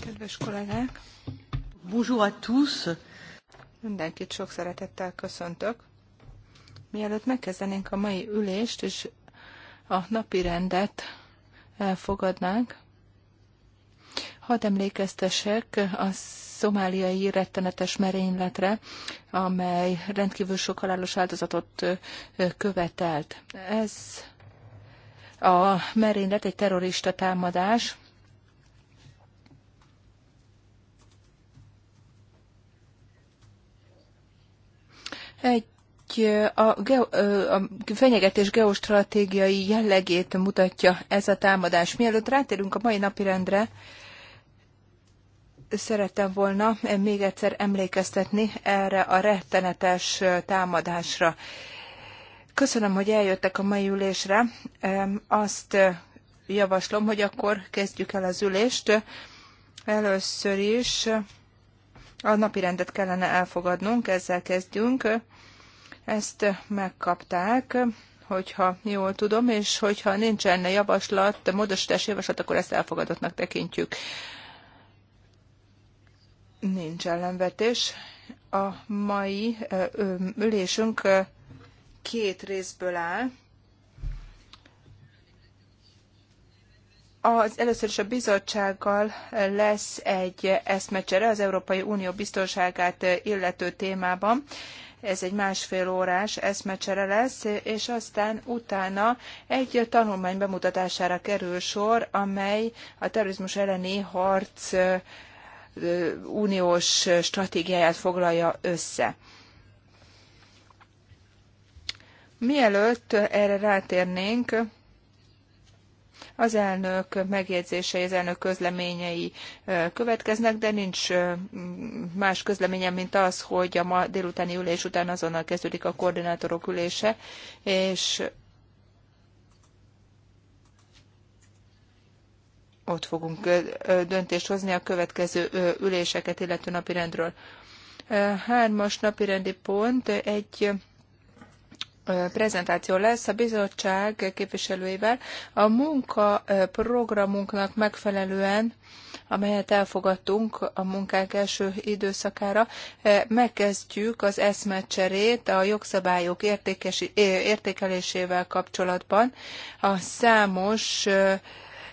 kedves kollégák, bonjour à tous. Mindenkit sok szeretettel köszöntök. Mielőtt megkezdenénk a mai ülést, és a napi rendet elfogadnánk, hadd emlékeztesek a szomáliai rettenetes merényletre, amely rendkívül sok halálos áldozatot követelt. Ez a merénylet egy terrorista támadás, egy a, a fenyegetés geostratégiai jellegét mutatja ez a támadás. Mielőtt rátérünk a mai napirendre, szerettem volna még egyszer emlékeztetni erre a rettenetes támadásra. Köszönöm, hogy eljöttek a mai ülésre. Azt javaslom, hogy akkor kezdjük el az ülést. Először is a napirendet kellene elfogadnunk, ezzel kezdjünk. Ezt megkapták, hogyha jól tudom, és hogyha nincsen javaslat, módosítási javaslat, akkor ezt elfogadottnak tekintjük. Nincs ellenvetés. A mai ülésünk két részből áll. Az, először is a bizottsággal lesz egy eszmecsere az Európai Unió biztonságát illető témában. Ez egy másfél órás eszmecsere lesz, és aztán utána egy tanulmány bemutatására kerül sor, amely a terrorizmus elleni harc uniós stratégiáját foglalja össze. Mielőtt erre rátérnénk, az elnök megjegyzései, az elnök közleményei következnek, de nincs más közleményem, mint az, hogy a ma délutáni ülés után azonnal kezdődik a koordinátorok ülése, és ott fogunk döntést hozni a következő üléseket, illető napirendről. Hármas napirendi pont, egy prezentáció lesz a bizottság képviselőivel. A munkaprogramunknak megfelelően amelyet elfogadtunk a munkák első időszakára. Megkezdjük az eszmecserét a jogszabályok értékelésével kapcsolatban. A számos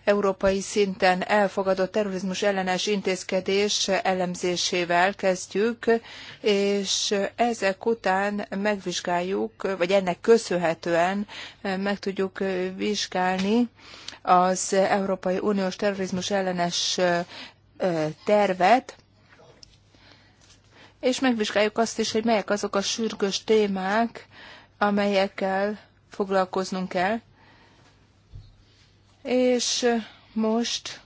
európai szinten elfogadott terrorizmus ellenes intézkedés elemzésével kezdjük, és ezek után megvizsgáljuk, vagy ennek köszönhetően meg tudjuk vizsgálni az Európai Uniós terrorizmus ellenes tervet, és megvizsgáljuk azt is, hogy melyek azok a sürgős témák, amelyekkel foglalkoznunk kell, és most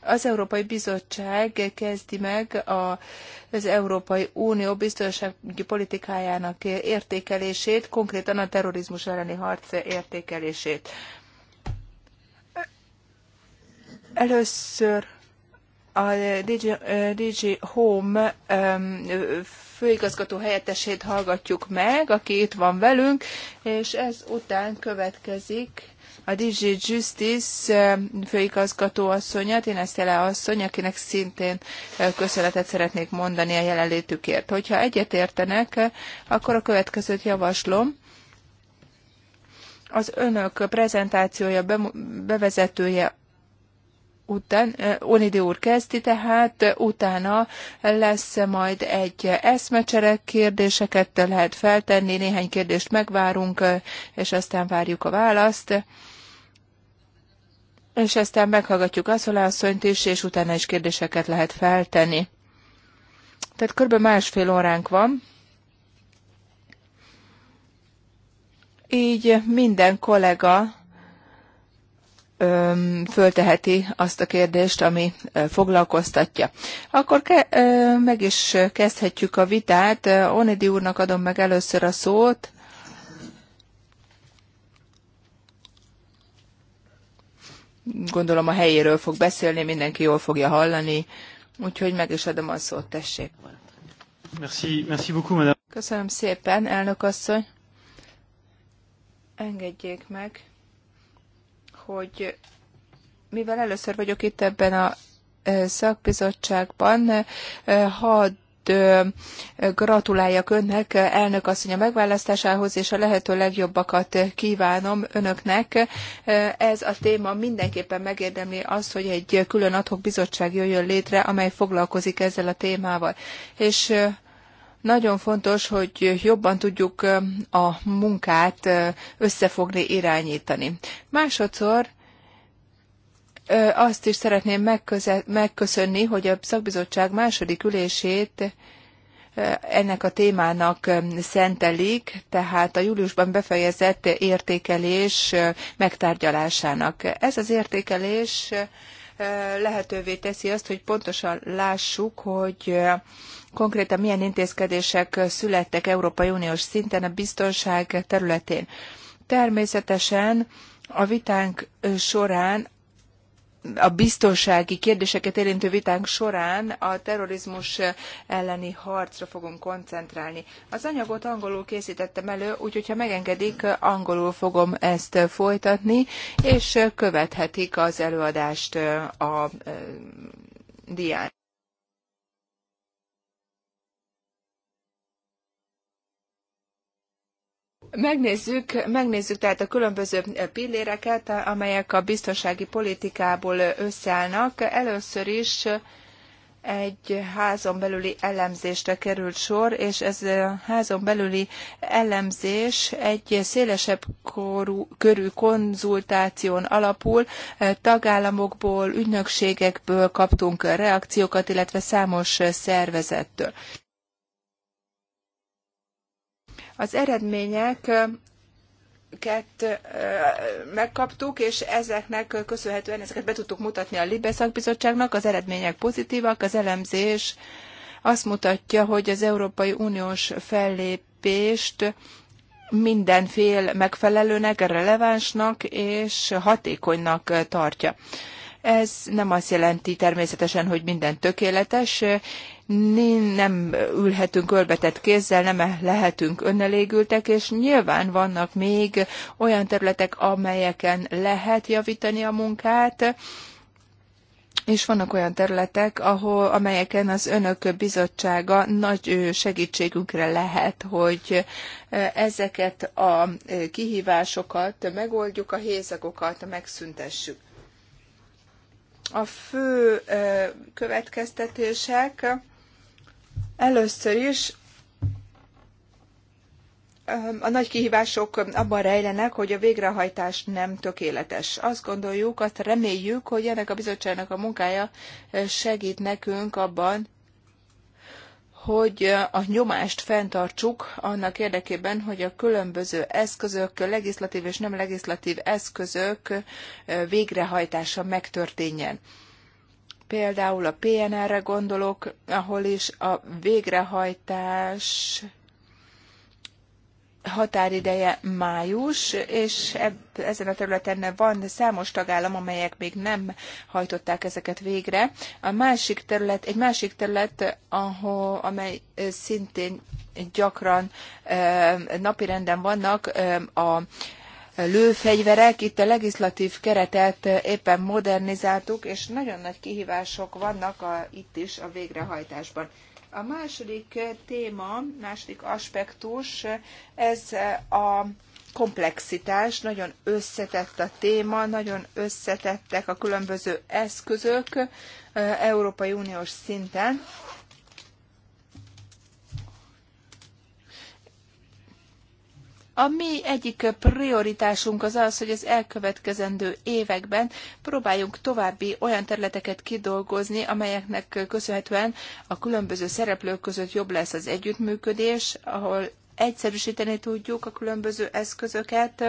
az Európai Bizottság kezdi meg a, az Európai Unió biztonsági politikájának értékelését, konkrétan a terrorizmus elleni harc értékelését. Először a DG, DG Home főigazgató helyettesét hallgatjuk meg, aki itt van velünk, és ez után következik a DG Justice főigazgató asszonyat, én ezt ele asszony, akinek szintén köszönetet szeretnék mondani a jelenlétükért. Hogyha egyetértenek, akkor a következőt javaslom az önök prezentációja, bevezetője után, Onidi úr kezdi, tehát utána lesz majd egy eszmecsere, kérdéseket lehet feltenni, néhány kérdést megvárunk, és aztán várjuk a választ és aztán meghallgatjuk Aszola asszonyt is, és utána is kérdéseket lehet feltenni. Tehát kb. másfél óránk van. Így minden kollega öm, fölteheti azt a kérdést, ami foglalkoztatja. Akkor ke- meg is kezdhetjük a vitát. Onedi úrnak adom meg először a szót, gondolom a helyéről fog beszélni, mindenki jól fogja hallani, úgyhogy meg is adom a szót, tessék. Merci, merci beaucoup, madame. Köszönöm szépen, elnök asszony. Engedjék meg, hogy mivel először vagyok itt ebben a szakbizottságban, hadd együtt gratuláljak önnek, elnök asszony a megválasztásához, és a lehető legjobbakat kívánom önöknek. Ez a téma mindenképpen megérdemli azt, hogy egy külön adhok bizottság jöjjön létre, amely foglalkozik ezzel a témával. És nagyon fontos, hogy jobban tudjuk a munkát összefogni, irányítani. Másodszor azt is szeretném megköszönni, hogy a szakbizottság második ülését ennek a témának szentelik, tehát a júliusban befejezett értékelés megtárgyalásának. Ez az értékelés lehetővé teszi azt, hogy pontosan lássuk, hogy konkrétan milyen intézkedések születtek Európai Uniós szinten a biztonság területén. Természetesen a vitánk során a biztonsági kérdéseket érintő vitánk során a terrorizmus elleni harcra fogunk koncentrálni. Az anyagot angolul készítettem elő, úgyhogy ha megengedik, angolul fogom ezt folytatni, és követhetik az előadást a dián. Megnézzük, megnézzük tehát a különböző eh, pilléreket, eh, amelyek a biztonsági politikából eh, összeállnak. Először is egy házon belüli elemzésre került sor, és ez a házon belüli elemzés egy szélesebb korú, körű konzultáción alapul. Tagállamokból, ügynökségekből kaptunk reakciókat, illetve számos szervezettől. Az eredmények megkaptuk, és ezeknek köszönhetően ezeket be tudtuk mutatni a Libe szakbizottságnak. Az eredmények pozitívak, az elemzés azt mutatja, hogy az Európai Uniós fellépést mindenfél megfelelőnek, relevánsnak és hatékonynak tartja. Ez nem azt jelenti természetesen, hogy minden tökéletes, nem ülhetünk ölbetett kézzel, nem lehetünk önelégültek, és nyilván vannak még olyan területek, amelyeken lehet javítani a munkát, és vannak olyan területek, ahol, amelyeken az önök bizottsága nagy segítségünkre lehet, hogy ezeket a kihívásokat megoldjuk, a hézagokat megszüntessük. A fő következtetések Először is a nagy kihívások abban rejlenek, hogy a végrehajtás nem tökéletes. Azt gondoljuk, azt reméljük, hogy ennek a bizottságnak a munkája segít nekünk abban, hogy a nyomást fenntartsuk annak érdekében, hogy a különböző eszközök, legislatív és nem legislatív eszközök végrehajtása megtörténjen. Például a PNR-re gondolok, ahol is a végrehajtás határideje május, és eb- ezen a területen van számos tagállam, amelyek még nem hajtották ezeket végre. A másik terület, egy másik terület, ahol, amely szintén gyakran napirenden vannak, a lőfegyverek. Itt a legislatív keretet éppen modernizáltuk, és nagyon nagy kihívások vannak a, itt is a végrehajtásban. A második téma, második aspektus, ez a komplexitás, nagyon összetett a téma, nagyon összetettek a különböző eszközök eh, Európai Uniós szinten, A mi egyik prioritásunk az az, hogy az elkövetkezendő években próbáljunk további olyan területeket kidolgozni, amelyeknek köszönhetően a különböző szereplők között jobb lesz az együttműködés, ahol egyszerűsíteni tudjuk a különböző eszközöket,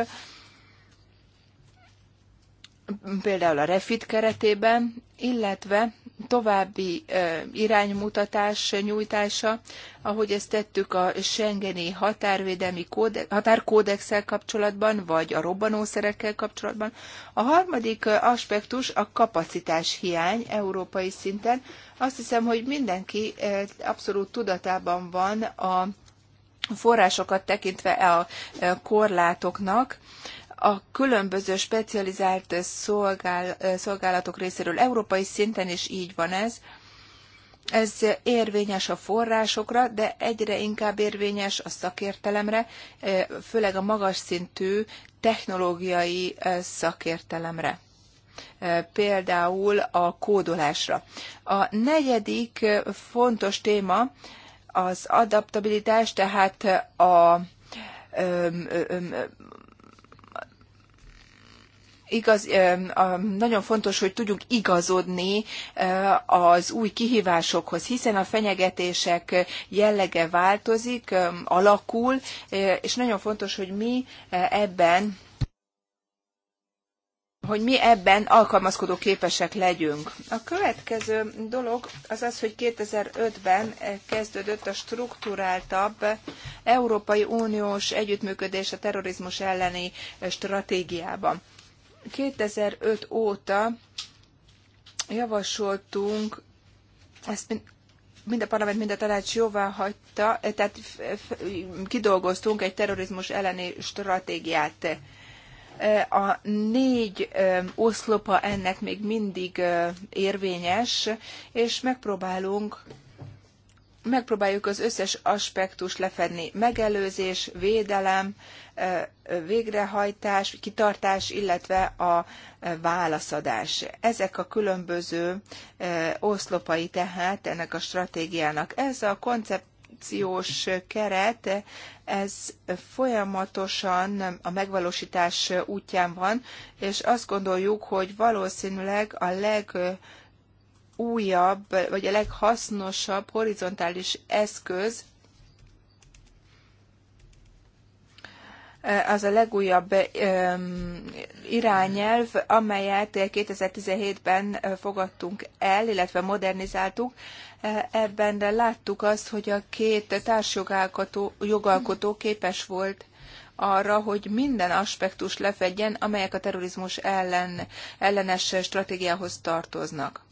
például a refit keretében, illetve további iránymutatás nyújtása, ahogy ezt tettük a Schengeni határvédelmi kóde, határkódexel kapcsolatban, vagy a robbanószerekkel kapcsolatban. A harmadik aspektus a kapacitás hiány európai szinten. Azt hiszem, hogy mindenki abszolút tudatában van a forrásokat tekintve e a korlátoknak, a különböző specializált szolgál, szolgálatok részéről európai szinten is így van ez. Ez érvényes a forrásokra, de egyre inkább érvényes a szakértelemre, főleg a magas szintű technológiai szakértelemre például a kódolásra. A negyedik fontos téma az adaptabilitás, tehát a igaz, nagyon fontos, hogy tudjunk igazodni az új kihívásokhoz, hiszen a fenyegetések jellege változik, alakul, és nagyon fontos, hogy mi ebben hogy mi ebben alkalmazkodó képesek legyünk. A következő dolog az az, hogy 2005-ben kezdődött a strukturáltabb Európai Uniós együttműködés a terrorizmus elleni stratégiában. 2005 óta javasoltunk, ezt mind a parlament, mind a tanács jóvá hagyta, eh, tehát kidolgoztunk egy terrorizmus elleni stratégiát. Eh, a négy eh, oszlopa ennek még mindig érvényes, és megpróbálunk megpróbáljuk az összes aspektust lefedni. Megelőzés, védelem, végrehajtás, kitartás, illetve a válaszadás. Ezek a különböző oszlopai tehát ennek a stratégiának. Ez a koncept keret, ez folyamatosan a megvalósítás útján van, és azt gondoljuk, hogy valószínűleg a legújabb, vagy a leghasznosabb horizontális eszköz az a legújabb irányelv, amelyet 2017-ben fogadtunk el, illetve modernizáltuk. Ebben láttuk azt, hogy a két társjogalkotó jogalkotó képes volt arra, hogy minden aspektus lefedjen, amelyek a terrorizmus ellen, ellenes stratégiához tartoznak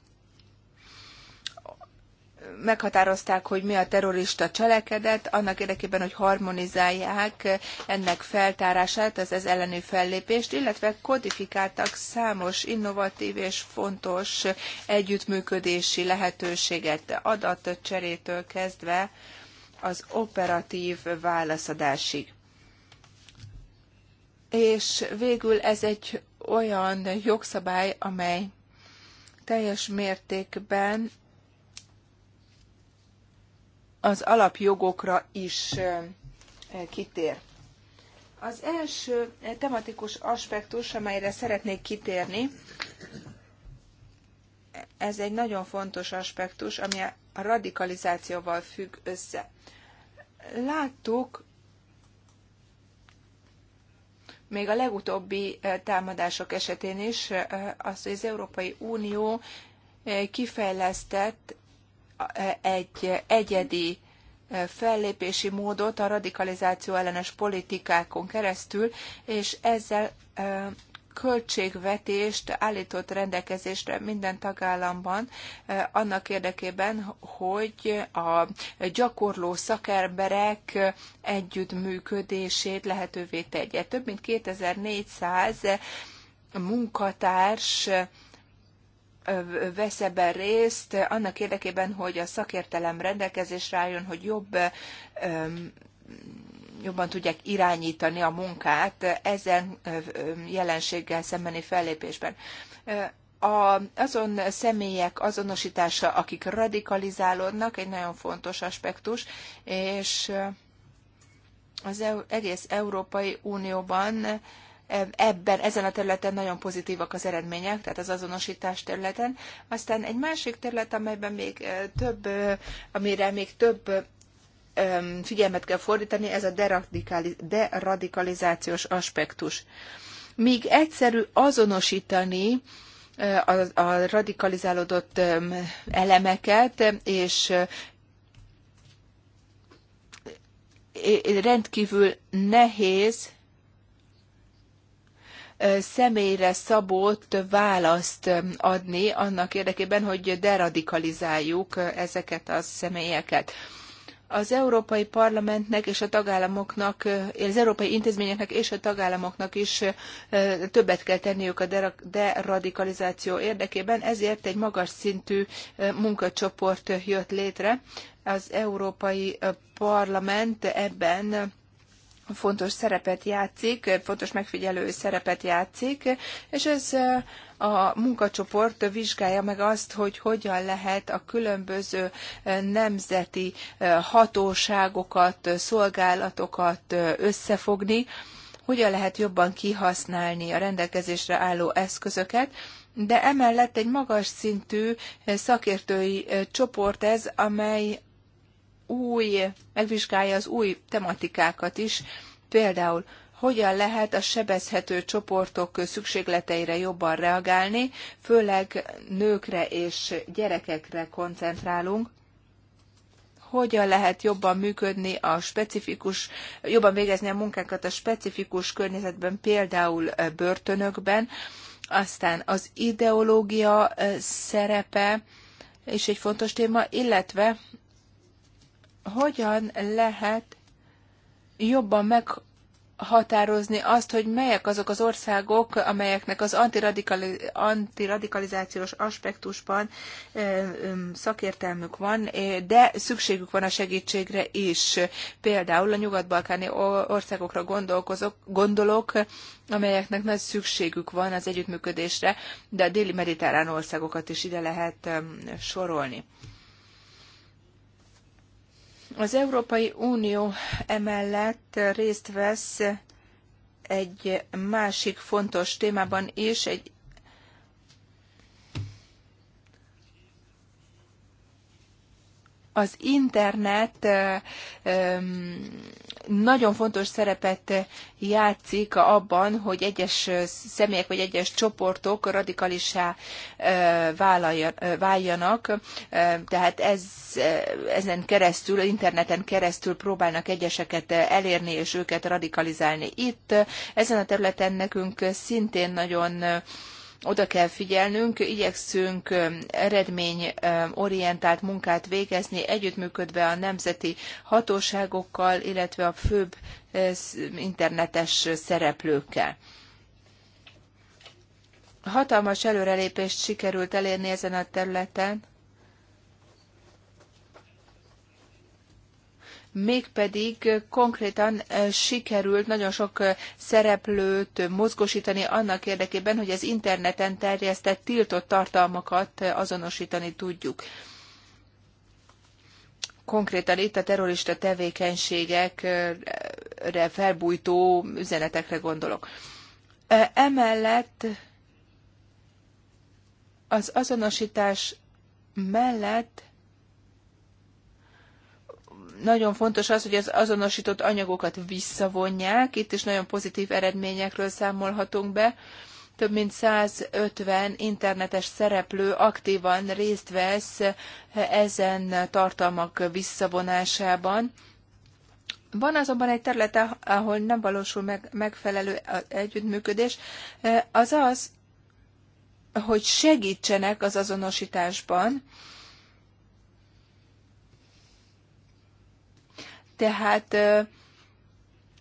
meghatározták, hogy mi a terrorista cselekedet, annak érdekében, hogy harmonizálják ennek feltárását, az ez elleni fellépést, illetve kodifikáltak számos innovatív és fontos együttműködési lehetőséget, adatcserétől kezdve az operatív válaszadásig. És végül ez egy olyan jogszabály, amely teljes mértékben az alapjogokra is kitér. Az első tematikus aspektus, amelyre szeretnék kitérni, ez egy nagyon fontos aspektus, ami a radikalizációval függ össze. Láttuk még a legutóbbi támadások esetén is azt, hogy az Európai Unió kifejlesztett egy egyedi e, fellépési módot a radikalizáció ellenes politikákon keresztül, és ezzel e, költségvetést állított rendelkezésre minden tagállamban e, annak érdekében, hogy a gyakorló szakemberek együttműködését lehetővé tegye. Több mint 2400 munkatárs vesz ebben részt annak érdekében, hogy a szakértelem rendelkezésre álljon, hogy jobb jobban tudják irányítani a munkát ezen jelenséggel szembeni fellépésben. A, azon személyek azonosítása, akik radikalizálódnak, egy nagyon fontos aspektus, és az e egész Európai Unióban ebben, ezen a területen nagyon pozitívak az eredmények, tehát az azonosítás területen. Aztán egy másik terület, amelyben még több, amire még több figyelmet kell fordítani, ez a deradikalizációs aspektus. Míg egyszerű azonosítani a, a radikalizálódott elemeket, és rendkívül nehéz személyre szabott választ adni annak érdekében, hogy deradikalizáljuk ezeket a személyeket az Európai Parlamentnek és a tagállamoknak, az európai intézményeknek és a tagállamoknak is többet kell tenniük a deradikalizáció érdekében, ezért egy magas szintű munkacsoport jött létre. Az Európai Parlament ebben fontos szerepet játszik, fontos megfigyelő szerepet játszik, és ez eh, a munkacsoport vizsgálja meg azt, hogy hogyan lehet a különböző eh, nemzeti eh, hatóságokat, szolgálatokat összefogni, hogyan lehet jobban kihasználni a rendelkezésre álló eszközöket, de emellett egy magas szintű szakértői csoport ez, amely új, megvizsgálja az új tematikákat is, például hogyan lehet a sebezhető csoportok szükségleteire jobban reagálni, főleg nőkre és gyerekekre koncentrálunk, hogyan lehet jobban működni a specifikus, jobban végezni a munkákat a specifikus környezetben, például börtönökben, aztán az ideológia szerepe, és egy fontos téma, illetve hogyan lehet jobban meghatározni azt, hogy melyek azok az országok, amelyeknek az antiradikali, antiradikalizációs aspektusban szakértelmük van, de szükségük van a segítségre is. Például a nyugat-balkáni országokra gondolkozok, gondolok, amelyeknek nagy szükségük van az együttműködésre, de a déli mediterrán országokat is ide lehet sorolni. Az Európai Unió emellett részt vesz egy másik fontos témában is, egy az internet nagyon fontos szerepet játszik abban, hogy egyes személyek vagy egyes csoportok radikalisá váljanak, tehát ez, ezen keresztül, interneten keresztül próbálnak egyeseket elérni és őket radikalizálni. Itt ezen a területen nekünk szintén nagyon oda kell figyelnünk, igyekszünk eredményorientált munkát végezni, együttműködve a nemzeti hatóságokkal, illetve a főbb internetes szereplőkkel. Hatalmas előrelépést sikerült elérni ezen a területen, mégpedig konkrétan sikerült nagyon sok szereplőt mozgosítani annak érdekében, hogy az interneten terjesztett tiltott tartalmakat azonosítani tudjuk. Konkrétan itt a terrorista tevékenységekre felbújtó üzenetekre gondolok. Emellett az azonosítás mellett nagyon fontos az, hogy az azonosított anyagokat visszavonják. Itt is nagyon pozitív eredményekről számolhatunk be. Több mint 150 internetes szereplő aktívan részt vesz ezen tartalmak visszavonásában. Van azonban egy terület, ahol nem valósul meg megfelelő együttműködés, az az, hogy segítsenek az azonosításban, tehát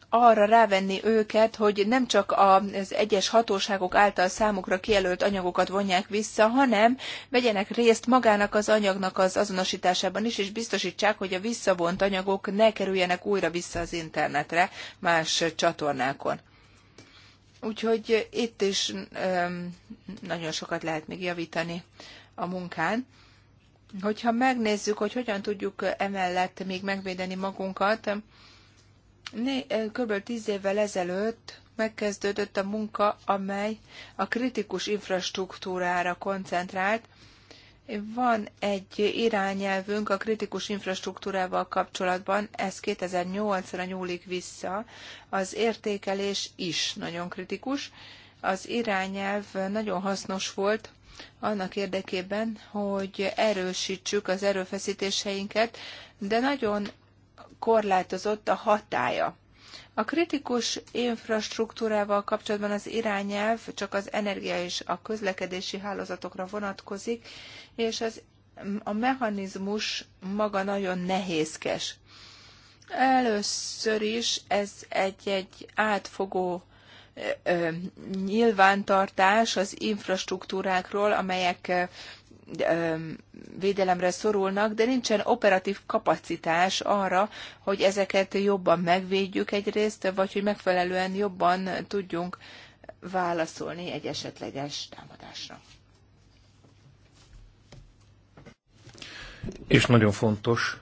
arra rávenni őket, hogy nem csak az egyes hatóságok által számukra kijelölt anyagokat vonják vissza, hanem vegyenek részt magának az anyagnak az azonosításában is, és biztosítsák, hogy a visszavont anyagok ne kerüljenek újra vissza az internetre más csatornákon. Úgyhogy itt is nagyon sokat lehet még javítani a munkán. Hogyha megnézzük, hogy hogyan tudjuk emellett még megvédeni magunkat, kb. tíz évvel ezelőtt megkezdődött a munka, amely a kritikus infrastruktúrára koncentrált. Van egy irányelvünk a kritikus infrastruktúrával kapcsolatban, ez 2008-ra nyúlik vissza. Az értékelés is nagyon kritikus. Az irányelv nagyon hasznos volt, annak érdekében, hogy erősítsük az erőfeszítéseinket, de nagyon korlátozott a hatája. A kritikus infrastruktúrával kapcsolatban az irányelv csak az energia és a közlekedési hálózatokra vonatkozik, és az, a mechanizmus maga nagyon nehézkes. Először is ez egy-egy átfogó nyilvántartás az infrastruktúrákról, amelyek védelemre szorulnak, de nincsen operatív kapacitás arra, hogy ezeket jobban megvédjük egyrészt, vagy hogy megfelelően jobban tudjunk válaszolni egy esetleges támadásra. És nagyon fontos,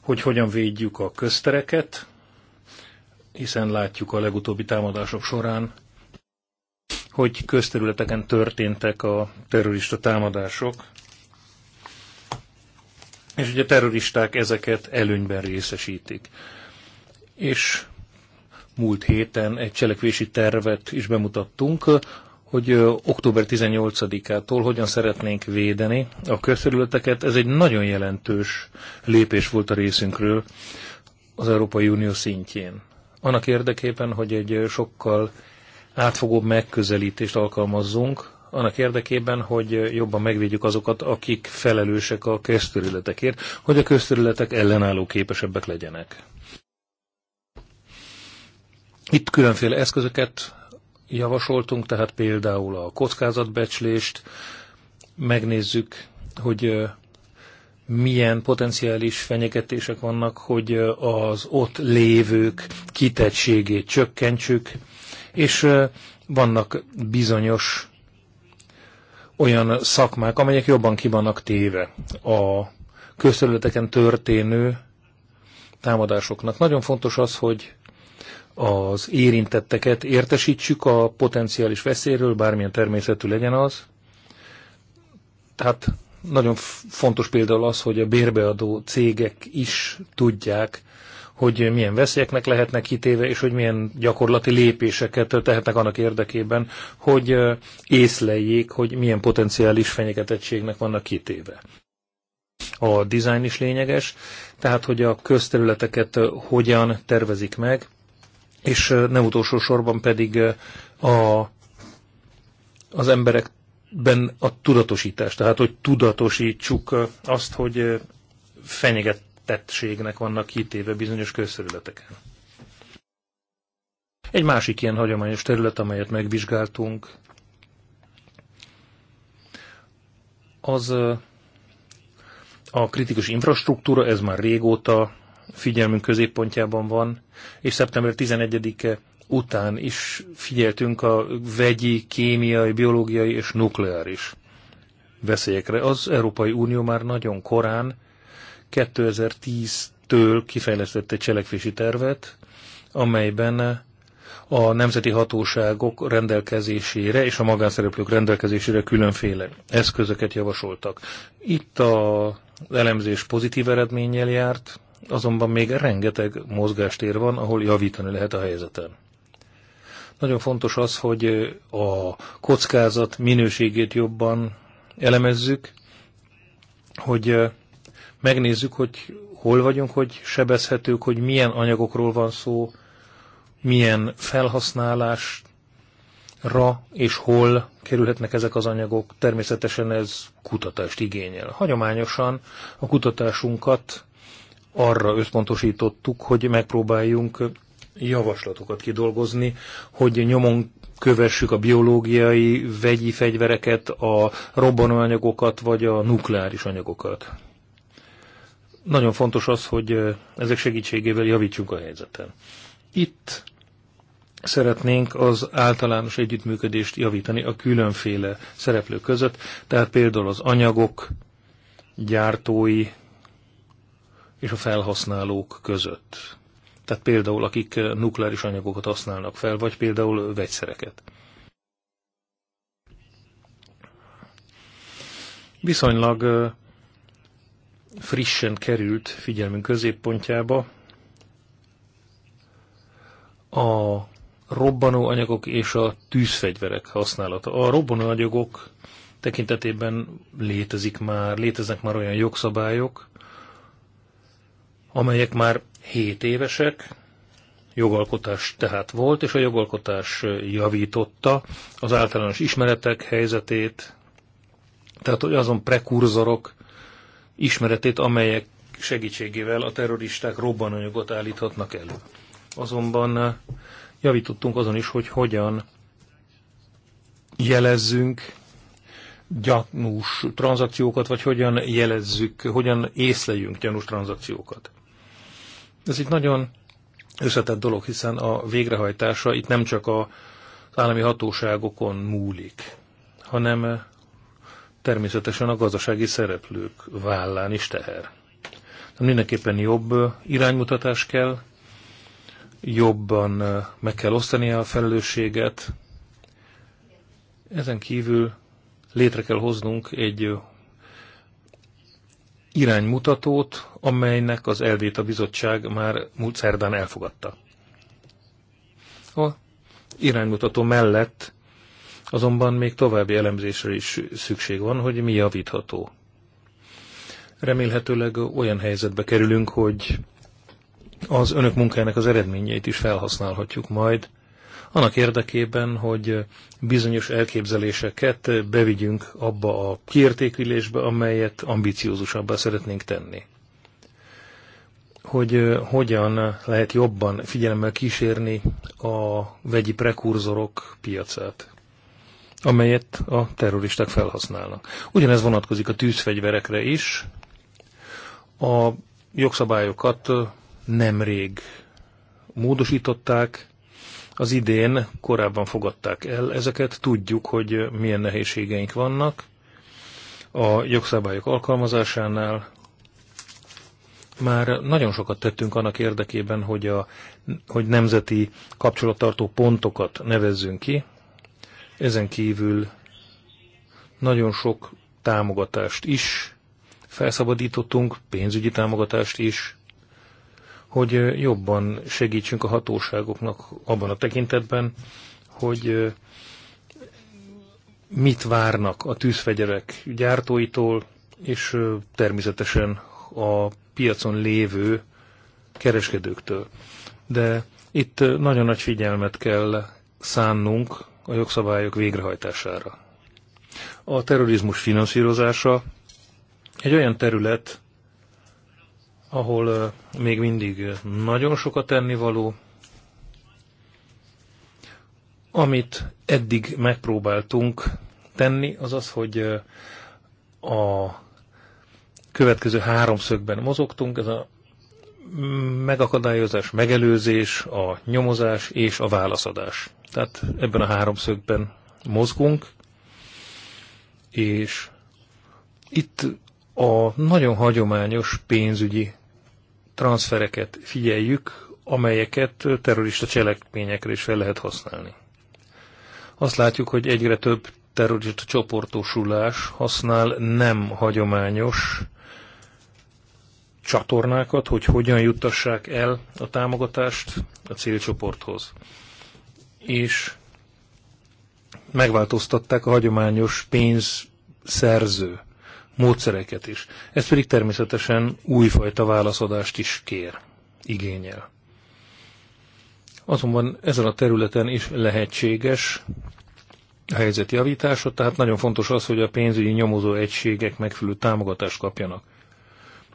hogy hogyan védjük a köztereket, hiszen látjuk a legutóbbi támadások során, hogy közterületeken történtek a terrorista támadások, és ugye a terroristák ezeket előnyben részesítik. És múlt héten egy cselekvési tervet is bemutattunk, hogy október 18-ától hogyan szeretnénk védeni a közterületeket. Ez egy nagyon jelentős lépés volt a részünkről az Európai Unió szintjén annak érdekében, hogy egy sokkal átfogóbb megközelítést alkalmazzunk, annak érdekében, hogy jobban megvédjük azokat, akik felelősek a közterületekért, hogy a közterületek ellenálló képesebbek legyenek. Itt különféle eszközöket javasoltunk, tehát például a kockázatbecslést, megnézzük, hogy milyen potenciális fenyegetések vannak, hogy az ott lévők kitettségét csökkentsük, és vannak bizonyos olyan szakmák, amelyek jobban kibannak téve a közterületeken történő támadásoknak. Nagyon fontos az, hogy az érintetteket értesítsük a potenciális veszélyről, bármilyen természetű legyen az. Tehát nagyon fontos például az, hogy a bérbeadó cégek is tudják, hogy milyen veszélyeknek lehetnek kitéve, és hogy milyen gyakorlati lépéseket tehetnek annak érdekében, hogy észleljék, hogy milyen potenciális fenyegetettségnek vannak kitéve. A design is lényeges, tehát hogy a közterületeket hogyan tervezik meg, és nem utolsó sorban pedig a, az emberek ben a tudatosítás, tehát hogy tudatosítsuk azt, hogy fenyegetettségnek vannak kitéve bizonyos közszerületeken. Egy másik ilyen hagyományos terület, amelyet megvizsgáltunk, az a kritikus infrastruktúra, ez már régóta figyelmünk középpontjában van, és szeptember 11-e után is figyeltünk a vegyi, kémiai, biológiai és nukleáris veszélyekre. Az Európai Unió már nagyon korán 2010-től kifejlesztette egy cselekvési tervet, amelyben a nemzeti hatóságok rendelkezésére és a magánszereplők rendelkezésére különféle eszközöket javasoltak. Itt a elemzés pozitív eredménnyel járt, azonban még rengeteg mozgástér van, ahol javítani lehet a helyzeten. Nagyon fontos az, hogy a kockázat minőségét jobban elemezzük, hogy megnézzük, hogy hol vagyunk, hogy sebezhetők, hogy milyen anyagokról van szó, milyen felhasználásra és hol kerülhetnek ezek az anyagok. Természetesen ez kutatást igényel. Hagyományosan a kutatásunkat arra összpontosítottuk, hogy megpróbáljunk javaslatokat kidolgozni, hogy nyomon kövessük a biológiai vegyi fegyvereket, a robbanóanyagokat vagy a nukleáris anyagokat. Nagyon fontos az, hogy ezek segítségével javítsunk a helyzeten. Itt szeretnénk az általános együttműködést javítani a különféle szereplők között, tehát például az anyagok, gyártói és a felhasználók között. Tehát például akik nukleáris anyagokat használnak fel, vagy például vegyszereket. Viszonylag frissen került figyelmünk középpontjába a robbanó anyagok és a tűzfegyverek használata. A robbanó anyagok tekintetében létezik már, léteznek már olyan jogszabályok, amelyek már 7 évesek, jogalkotás tehát volt, és a jogalkotás javította az általános ismeretek helyzetét, tehát hogy azon prekurzorok ismeretét, amelyek segítségével a terroristák robbananyagot állíthatnak elő. Azonban eh, javítottunk azon is, hogy hogyan jelezzünk gyanús tranzakciókat, vagy hogyan jelezzük, hogyan észleljünk gyanús tranzakciókat. Ez egy nagyon összetett dolog, hiszen a végrehajtása itt nem csak az állami hatóságokon múlik, hanem természetesen a gazdasági szereplők vállán is teher. De mindenképpen jobb iránymutatás kell, jobban meg kell osztani a felelősséget, ezen kívül létre kell hoznunk egy iránymutatót, amelynek az elvét a bizottság már múlt szerdán elfogadta. A iránymutató mellett azonban még további elemzésre is szükség van, hogy mi javítható. Remélhetőleg olyan helyzetbe kerülünk, hogy az önök munkájának az eredményeit is felhasználhatjuk majd annak érdekében, hogy bizonyos elképzeléseket bevigyünk abba a kiértékülésbe, amelyet ambiciózusabbá szeretnénk tenni. Hogy hogyan lehet jobban figyelemmel kísérni a vegyi prekurzorok piacát, amelyet a terroristák felhasználnak. Ugyanez vonatkozik a tűzfegyverekre is. A jogszabályokat nemrég módosították, az idén korábban fogadták el ezeket, tudjuk, hogy milyen nehézségeink vannak a jogszabályok alkalmazásánál. Már nagyon sokat tettünk annak érdekében, hogy, a, hogy nemzeti kapcsolattartó pontokat nevezzünk ki. Ezen kívül nagyon sok támogatást is felszabadítottunk, pénzügyi támogatást is, hogy jobban segítsünk a hatóságoknak abban a tekintetben, hogy mit várnak a tűzfegyerek gyártóitól, és természetesen a piacon lévő kereskedőktől. De itt nagyon nagy figyelmet kell szánnunk a jogszabályok végrehajtására. A terrorizmus finanszírozása egy olyan terület, ahol még mindig nagyon sokat tennivaló, amit eddig megpróbáltunk tenni, az az, hogy a következő háromszögben mozogtunk, ez a megakadályozás, megelőzés, a nyomozás és a válaszadás. Tehát ebben a háromszögben mozgunk, és itt a nagyon hagyományos pénzügyi transfereket figyeljük, amelyeket terrorista cselekményekre is fel lehet használni. Azt látjuk, hogy egyre több terrorista csoportosulás használ nem hagyományos csatornákat, hogy hogyan juttassák el a támogatást a célcsoporthoz. És megváltoztatták a hagyományos pénzszerző módszereket is. Ez pedig természetesen újfajta válaszadást is kér, igényel. Azonban ezen a területen is lehetséges a helyzet javítása, tehát nagyon fontos az, hogy a pénzügyi nyomozó egységek megfelelő támogatást kapjanak.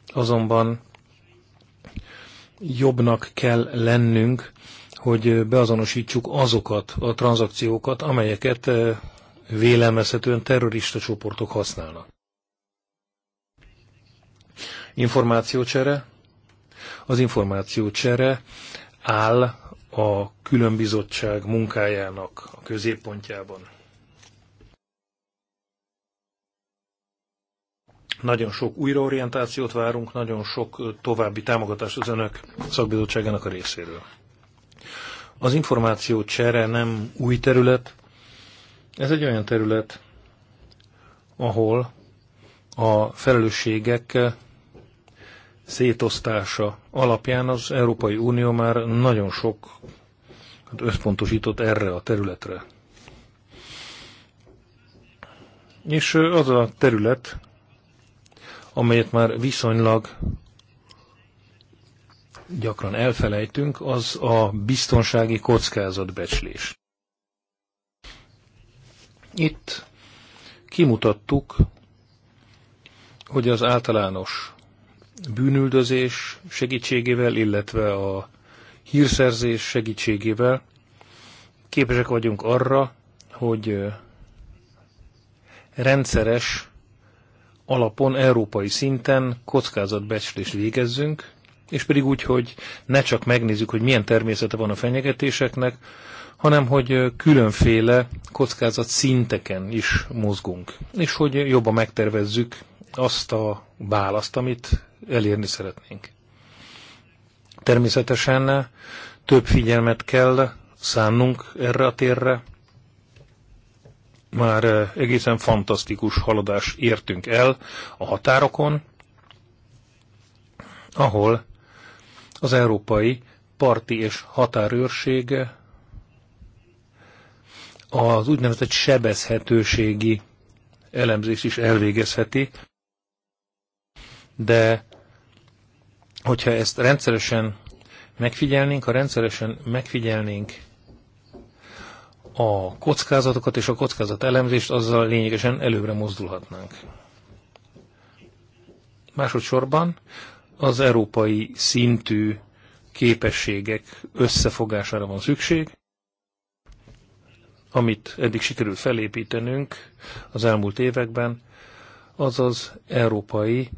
Azonban jobbnak kell lennünk, hogy beazonosítsuk azokat a tranzakciókat, amelyeket eh, vélelmezhetően terrorista csoportok használnak információcsere. Az információcsere áll a különbizottság munkájának a középpontjában. Nagyon sok újraorientációt várunk, nagyon sok további támogatást az önök szakbizottságának a részéről. Az információ csere nem új terület, ez egy olyan terület, ahol a felelősségek szétosztása alapján az Európai Unió már nagyon sok hát összpontosított erre a területre. És az a terület, amelyet már viszonylag gyakran elfelejtünk, az a biztonsági kockázatbecslés. Itt kimutattuk, hogy az általános bűnüldözés segítségével, illetve a hírszerzés segítségével képesek vagyunk arra, hogy rendszeres alapon európai szinten kockázatbecslést végezzünk, és pedig úgy, hogy ne csak megnézzük, hogy milyen természete van a fenyegetéseknek, hanem hogy különféle kockázat szinteken is mozgunk, és hogy jobban megtervezzük azt a választ, amit elérni szeretnénk. Természetesen több figyelmet kell szánnunk erre a térre. Már eh, egészen fantasztikus haladás értünk el a határokon, ahol az európai parti és határőrség az úgynevezett sebezhetőségi elemzés is elvégezheti, de Hogyha ezt rendszeresen megfigyelnénk, ha rendszeresen megfigyelnénk a kockázatokat és a kockázat elemzést, azzal lényegesen előre mozdulhatnánk. Másodszorban az európai szintű képességek összefogására van szükség, amit eddig sikerült felépítenünk az elmúlt években, az az európai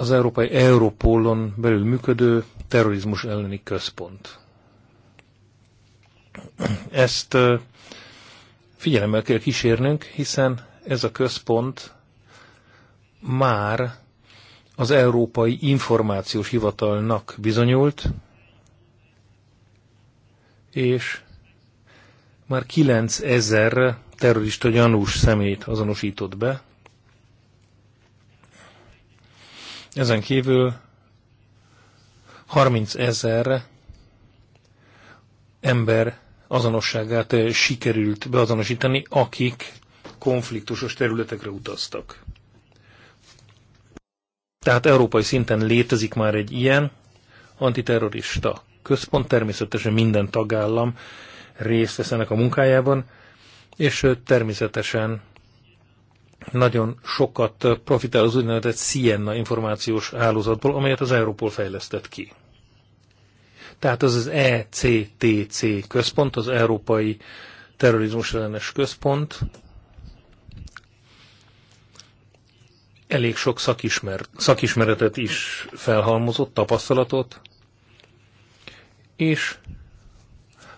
az Európai Európólon belül működő terrorizmus elleni központ. Ezt figyelemmel kell kísérnünk, hiszen ez a központ már az Európai Információs Hivatalnak bizonyult, és már 9000 terrorista gyanús szemét azonosított be, Ezen kívül 30 ezer ember azonosságát eh, sikerült beazonosítani, akik konfliktusos területekre utaztak. Tehát európai szinten létezik már egy ilyen antiterrorista központ, természetesen minden tagállam részt vesz ennek a munkájában, és eh, természetesen nagyon sokat profitál az úgynevezett Sienna információs hálózatból, amelyet az Europol fejlesztett ki. Tehát az az ECTC központ, az Európai Terrorizmus ellenes központ, elég sok szakismer, szakismeretet is felhalmozott, tapasztalatot, és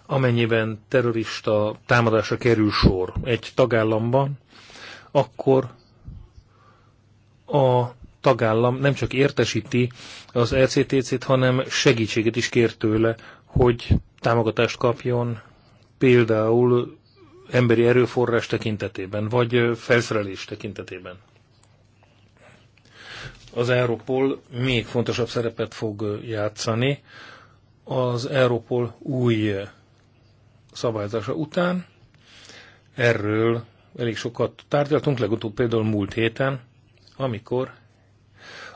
amennyiben terrorista támadásra kerül sor egy tagállamban, akkor a tagállam nem csak értesíti az LCTC-t, e hanem segítséget is kér tőle, hogy támogatást kapjon például emberi erőforrás tekintetében, vagy felszerelés tekintetében. Az Europol még fontosabb szerepet fog játszani az Europol új szabályzása után. Erről elég sokat tárgyaltunk, legutóbb például múlt héten, amikor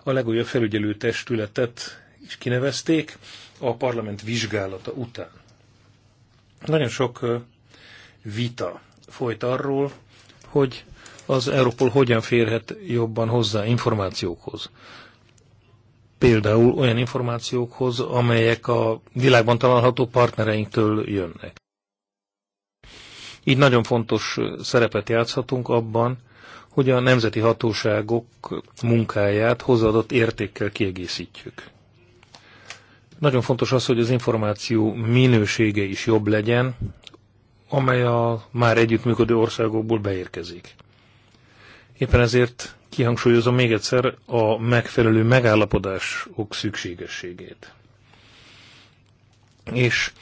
a legújabb felügyelő testületet is kinevezték a parlament vizsgálata után. Nagyon sok vita folyt arról, hogy az Európol hogyan férhet jobban hozzá információkhoz. Például olyan információkhoz, amelyek a világban található partnereinktől jönnek. Így nagyon fontos szerepet játszhatunk abban, hogy a nemzeti hatóságok munkáját hozzáadott értékkel kiegészítjük. Nagyon fontos az, hogy az információ minősége is jobb legyen, amely a már együttműködő országokból beérkezik. Éppen ezért kihangsúlyozom még egyszer a megfelelő megállapodások szükségességét. És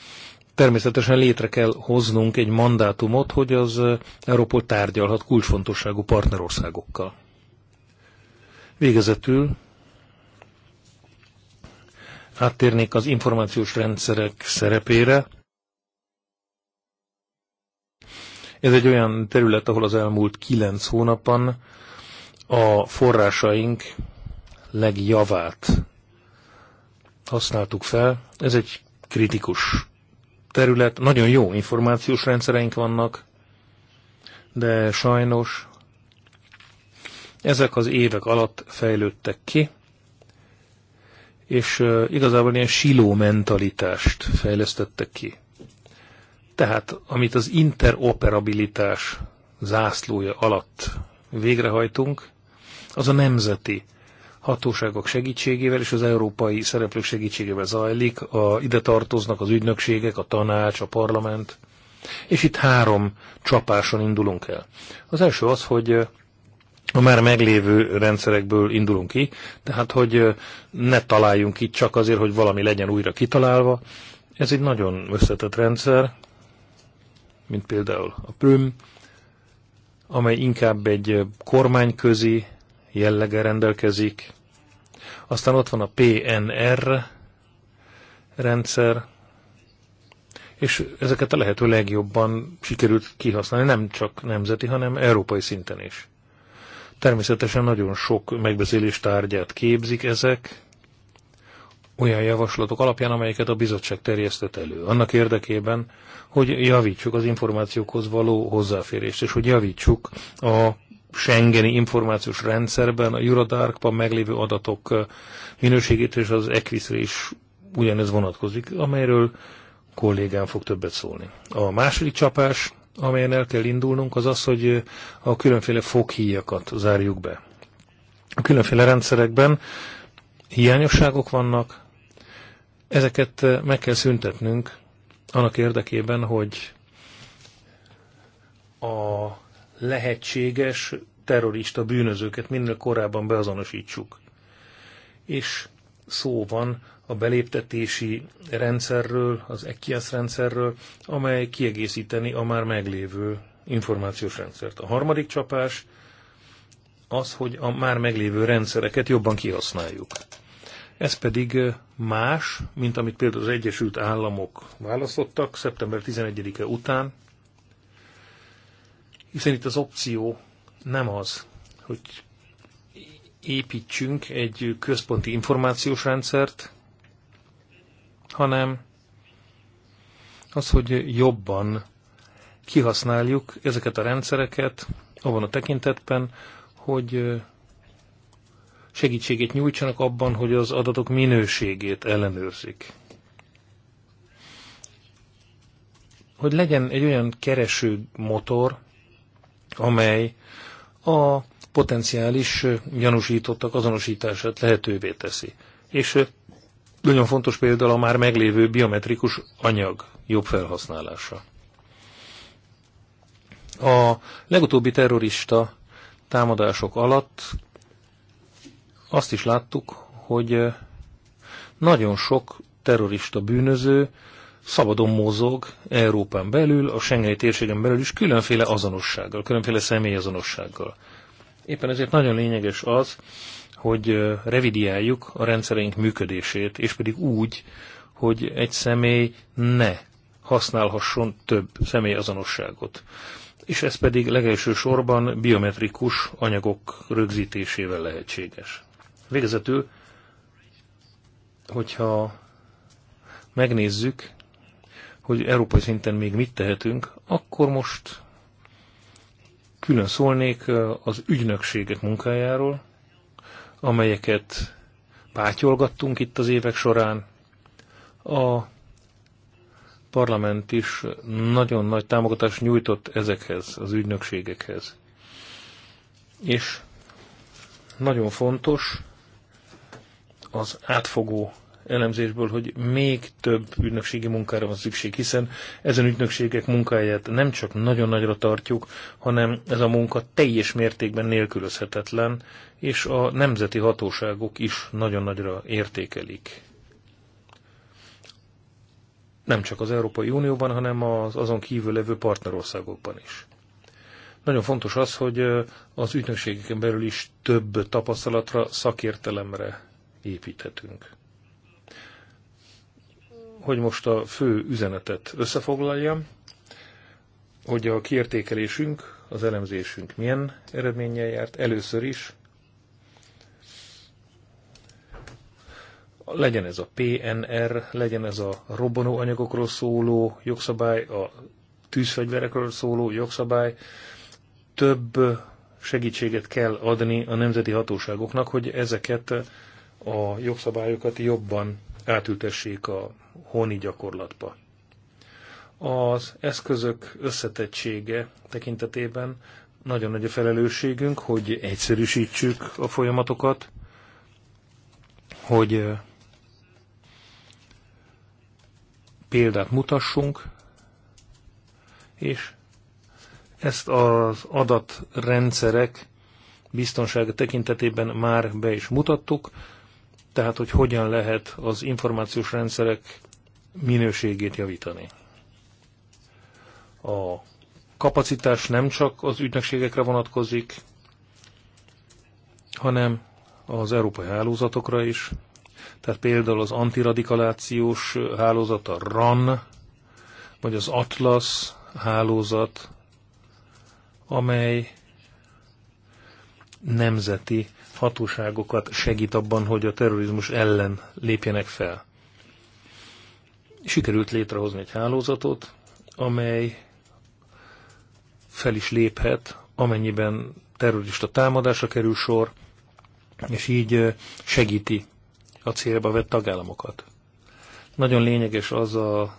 természetesen létre kell hoznunk egy mandátumot, hogy az eh, Európol tárgyalhat kulcsfontosságú partnerországokkal. Végezetül áttérnék az információs rendszerek szerepére. Ez egy olyan terület, ahol az elmúlt kilenc hónapban a forrásaink legjavát használtuk fel. Ez egy kritikus terület, nagyon jó információs rendszereink vannak, de sajnos ezek az évek alatt fejlődtek ki, és igazából ilyen siló mentalitást fejlesztettek ki. Tehát, amit az interoperabilitás zászlója alatt végrehajtunk, az a nemzeti hatóságok segítségével és az európai szereplők segítségével zajlik. A, ide tartoznak az ügynökségek, a tanács, a parlament. És itt három csapáson indulunk el. Az első az, hogy a már meglévő rendszerekből indulunk ki, tehát hogy ne találjunk itt csak azért, hogy valami legyen újra kitalálva. Ez egy nagyon összetett rendszer, mint például a Prüm, amely inkább egy kormányközi jellege rendelkezik, aztán ott van a PNR rendszer, és ezeket a lehető legjobban sikerült kihasználni, nem csak nemzeti, hanem európai szinten is. Természetesen nagyon sok megbeszélés tárgyát képzik ezek, olyan javaslatok alapján, amelyeket a bizottság terjesztett elő. Annak érdekében, hogy javítsuk az információkhoz való hozzáférést, és hogy javítsuk a Schengeni információs rendszerben, a Eurodarkban meglévő adatok minőségét és az Equisre is ugyanez vonatkozik, amelyről kollégám fog többet szólni. A második csapás, amelyen el kell indulnunk, az az, hogy a különféle foghíjakat zárjuk be. A különféle rendszerekben hiányosságok vannak, ezeket meg kell szüntetnünk annak érdekében, hogy a lehetséges terrorista bűnözőket minél korábban beazonosítsuk. És szó van a beléptetési rendszerről, az ECIAS rendszerről, amely kiegészíteni a már meglévő információs rendszert. A harmadik csapás az, hogy a már meglévő rendszereket jobban kihasználjuk. Ez pedig más, mint amit például az Egyesült Államok választottak szeptember 11-e után, hiszen itt az opció nem az, hogy építsünk egy központi információs rendszert, hanem az, hogy jobban kihasználjuk ezeket a rendszereket abban a tekintetben, hogy segítségét nyújtsanak abban, hogy az adatok minőségét ellenőrzik. Hogy legyen egy olyan kereső motor, amely a potenciális gyanúsítottak azonosítását lehetővé teszi. És nagyon fontos például a már meglévő biometrikus anyag jobb felhasználása. A legutóbbi terrorista támadások alatt azt is láttuk, hogy nagyon sok terrorista bűnöző szabadon mozog Európán belül, a Schengeni térségen belül is különféle azonossággal, különféle személyazonossággal. Éppen ezért nagyon lényeges az, hogy revidiáljuk a rendszereink működését, és pedig úgy, hogy egy személy ne használhasson több személyazonosságot. És ez pedig legelső sorban biometrikus anyagok rögzítésével lehetséges. Végezetül, hogyha megnézzük hogy európai szinten még mit tehetünk, akkor most külön szólnék az ügynökségek munkájáról, amelyeket pátyolgattunk itt az évek során. A parlament is nagyon nagy támogatást nyújtott ezekhez, az ügynökségekhez. És nagyon fontos az átfogó elemzésből, hogy még több ügynökségi munkára van szükség, hiszen ezen ügynökségek munkáját nem csak nagyon nagyra tartjuk, hanem ez a munka teljes mértékben nélkülözhetetlen, és a nemzeti hatóságok is nagyon nagyra értékelik. Nem csak az Európai Unióban, hanem az azon kívül levő partnerországokban is nagyon fontos az, hogy az ügynökségeken belül is több tapasztalatra, szakértelemre építhetünk hogy most a fő üzenetet összefoglaljam, hogy a kiértékelésünk, az elemzésünk milyen eredménnyel járt. Először is legyen ez a PNR, legyen ez a robbanóanyagokról szóló jogszabály, a tűzfegyverekről szóló jogszabály, több segítséget kell adni a nemzeti hatóságoknak, hogy ezeket a jogszabályokat jobban átültessék a honi gyakorlatba. Az eszközök összetettsége tekintetében nagyon nagy a felelősségünk, hogy egyszerűsítsük a folyamatokat, hogy eh, példát mutassunk, és ezt az adatrendszerek biztonsága tekintetében már be is mutattuk, tehát hogy hogyan lehet az információs rendszerek minőségét javítani. A kapacitás nem csak az ügynökségekre vonatkozik, hanem az európai hálózatokra is. Tehát például az antiradikalációs hálózat, a RAN, vagy az Atlas hálózat, amely nemzeti hatóságokat segít abban, hogy a terrorizmus ellen lépjenek fel. Sikerült létrehozni egy hálózatot, amely fel is léphet, amennyiben terrorista támadásra kerül sor, és így segíti a célba vett tagállamokat. Nagyon lényeges az a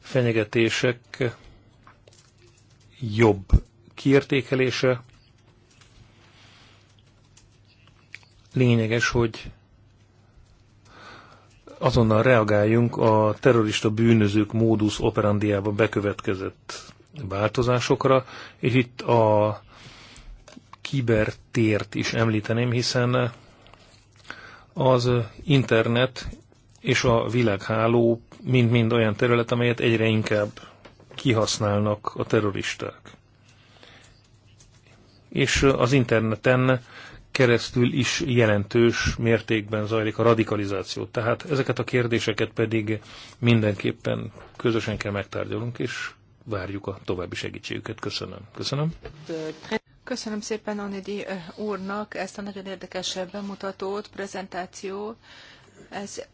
fenyegetések jobb kiértékelése, lényeges, hogy azonnal reagáljunk a terrorista bűnözők módusz operandiában bekövetkezett változásokra, és itt a kibertért is említeném, hiszen az internet és a világháló mind-mind olyan terület, amelyet egyre inkább kihasználnak a terroristák. És az interneten keresztül is jelentős mértékben zajlik a radikalizáció. Tehát ezeket a kérdéseket pedig mindenképpen közösen kell megtárgyalunk, és várjuk a további segítségüket. Köszönöm. Köszönöm. Köszönöm szépen Anidi eh, úrnak ezt a nagyon érdekes bemutatót, prezentáció. Ez eh,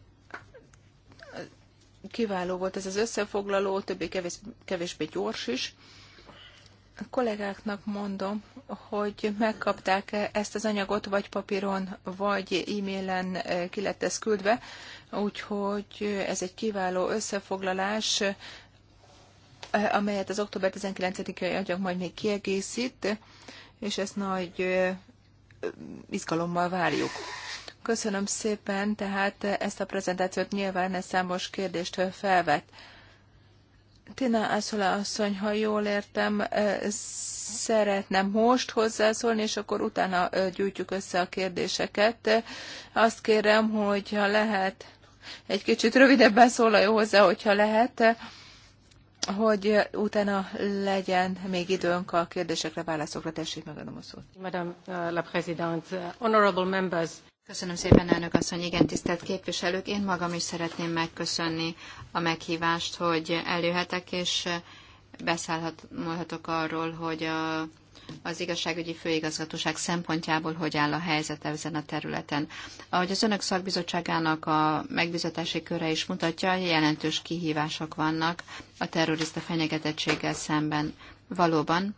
kiváló volt ez az összefoglaló, többé kevés, kevésbé gyors is kollégáknak mondom, hogy megkapták ezt az anyagot vagy papíron, vagy e-mailen eh, ki lett ez küldve, úgyhogy ez egy kiváló összefoglalás, eh, amelyet az október 19-i anyag majd még kiegészít, és ezt nagy eh, izgalommal várjuk. Köszönöm szépen, tehát ezt a prezentációt nyilván ez számos kérdést felvet. Tina Ászula asszony, ha jól értem, szeretne most hozzászólni, és akkor utána gyűjtjük össze a kérdéseket. Azt kérem, hogy ha lehet, egy kicsit rövidebben szólaljon hozzá, hogyha lehet, hogy utána legyen még időnk a kérdésekre, válaszokra. Tessék, megadom a szót. Madame euh, la Présidente, honorable members. Köszönöm szépen, elnök asszony, igen, tisztelt képviselők. Én magam is szeretném megköszönni a meghívást, hogy előhetek, és beszállhatok arról, hogy a, az igazságügyi főigazgatóság szempontjából hogy áll a helyzet ezen a területen. Ahogy az önök szakbizottságának a megbizatási köre is mutatja, jelentős kihívások vannak a terrorista fenyegetettséggel szemben. Valóban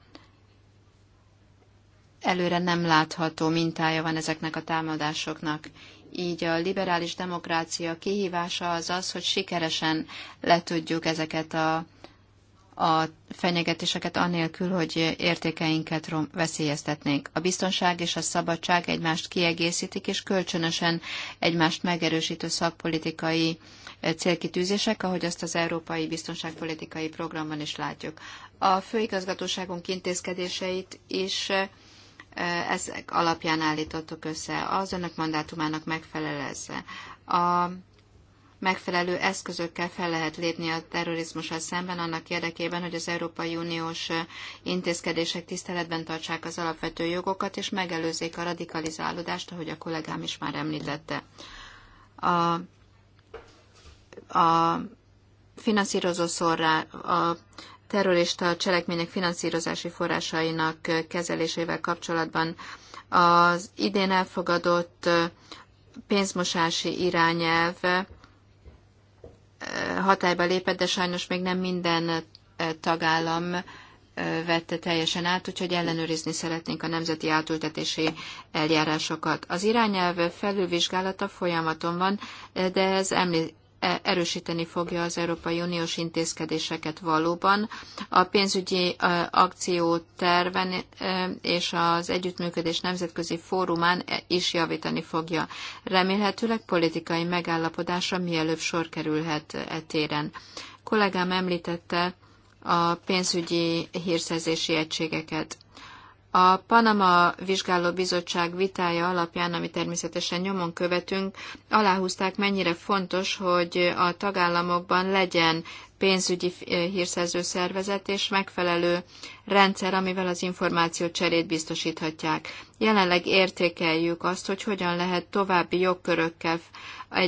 előre nem látható mintája van ezeknek a támadásoknak. Így a liberális demokrácia kihívása az az, hogy sikeresen le tudjuk ezeket a, a fenyegetéseket anélkül, hogy értékeinket veszélyeztetnénk. A biztonság és a szabadság egymást kiegészítik, és kölcsönösen egymást megerősítő szakpolitikai eh, célkitűzések, ahogy azt az Európai Biztonságpolitikai Programban is látjuk. A főigazgatóságunk intézkedéseit is eh, ezek alapján állítottuk össze. Az önök mandátumának megfelel ez. A megfelelő eszközökkel fel lehet lépni a terrorizmussal szemben, annak érdekében, hogy az Európai Uniós intézkedések tiszteletben tartsák az alapvető jogokat, és megelőzzék a radikalizálódást, ahogy a kollégám is már említette. A, a finanszírozó szorra a terrorista cselekmények finanszírozási forrásainak kezelésével kapcsolatban az idén elfogadott pénzmosási irányelv hatályba lépett, de sajnos még nem minden tagállam vette teljesen át, úgyhogy ellenőrizni szeretnénk a nemzeti átültetési eljárásokat. Az irányelv felülvizsgálata folyamaton van, de ez E, erősíteni fogja az Európai Uniós intézkedéseket valóban. A pénzügyi e, akció terven e, és az együttműködés nemzetközi fórumán is javítani fogja. Remélhetőleg politikai megállapodása mielőbb sor kerülhet e téren. Kollégám említette a pénzügyi hírszerzési egységeket. A Panama Vizsgáló Bizottság vitája alapján, ami természetesen nyomon követünk, aláhúzták, mennyire fontos, hogy a tagállamokban legyen pénzügyi eh, hírszerző szervezet és megfelelő rendszer, amivel az információ cserét biztosíthatják. Jelenleg értékeljük azt, hogy hogyan lehet további jogkörökkel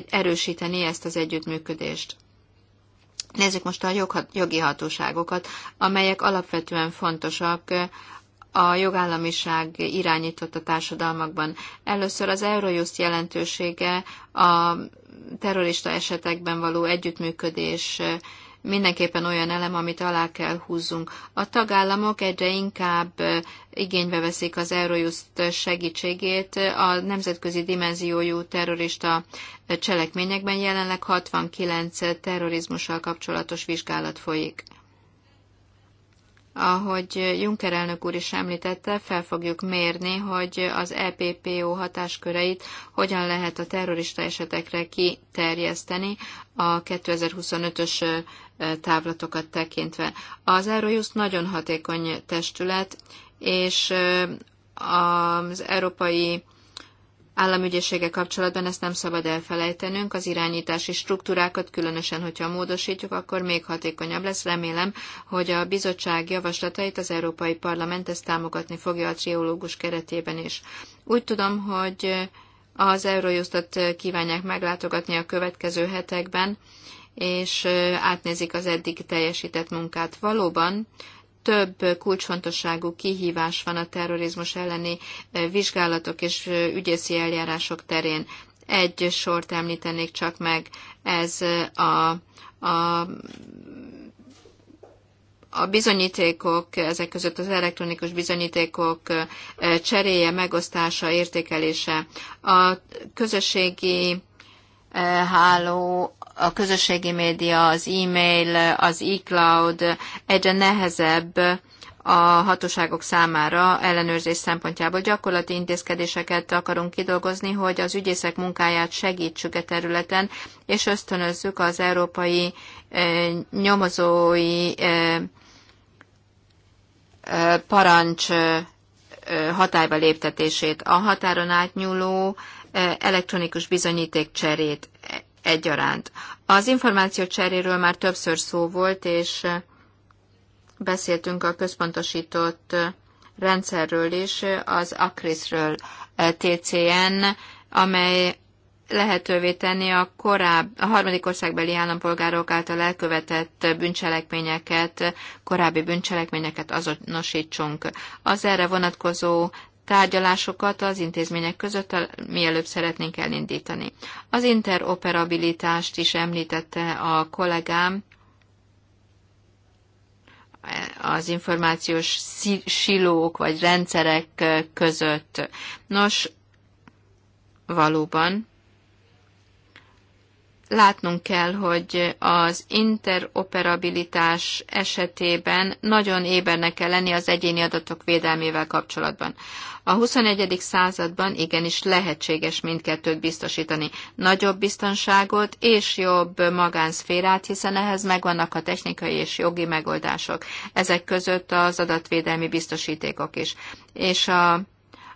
erősíteni ezt az együttműködést. Nézzük most a jogi hatóságokat, amelyek alapvetően fontosak eh, a jogállamiság irányított a társadalmakban. Először az Eurojust jelentősége a terrorista esetekben való együttműködés mindenképpen olyan elem, amit alá kell húzzunk. A tagállamok egyre inkább igénybe veszik az Eurojust segítségét a nemzetközi dimenziójú terrorista cselekményekben. Jelenleg 69 terrorizmussal kapcsolatos vizsgálat folyik. Ahogy Juncker elnök úr is említette, fel fogjuk mérni, hogy az EPPO hatásköreit hogyan lehet a terrorista esetekre kiterjeszteni a 2025-ös távlatokat tekintve. Az Eurojust nagyon hatékony testület, és az európai államügyészsége kapcsolatban ezt nem szabad elfelejtenünk, az irányítási struktúrákat, különösen, hogyha módosítjuk, akkor még hatékonyabb lesz. Remélem, hogy a bizottság javaslatait az Európai Parlament ezt támogatni fogja a triológus keretében is. Úgy tudom, hogy az Eurojustot kívánják meglátogatni a következő hetekben, és átnézik az eddig teljesített munkát. Valóban több kulcsfontosságú kihívás van a terrorizmus elleni vizsgálatok és ügyészi eljárások terén. Egy sort említenék csak meg, ez a, a a bizonyítékok, ezek között az elektronikus bizonyítékok cseréje, megosztása, értékelése. A közösségi háló a közösségi média, az e-mail, az e-cloud egyre nehezebb a hatóságok számára ellenőrzés szempontjából gyakorlati intézkedéseket akarunk kidolgozni, hogy az ügyészek munkáját segítsük e területen, és ösztönözzük az európai eh, nyomozói eh, eh, parancs hatályba léptetését, a határon átnyúló elektronikus bizonyíték cserét egyaránt. Az információ cseréről már többször szó volt, és beszéltünk a központosított rendszerről is, az ACRIS-ről eh, TCN, amely lehetővé tenni a korább, a harmadik országbeli állampolgárok által elkövetett bűncselekményeket, korábbi bűncselekményeket azonosítsunk. Az erre vonatkozó tárgyalásokat az intézmények között mielőbb szeretnénk elindítani. Az interoperabilitást is említette a kollégám, az információs silók vagy rendszerek között. Nos, valóban látnunk kell, hogy az interoperabilitás esetében nagyon ébernek kell lenni az egyéni adatok védelmével kapcsolatban. A 21. században igenis lehetséges mindkettőt biztosítani. Nagyobb biztonságot és jobb magánszférát, hiszen ehhez megvannak a technikai és jogi megoldások. Ezek között az adatvédelmi biztosítékok is. És a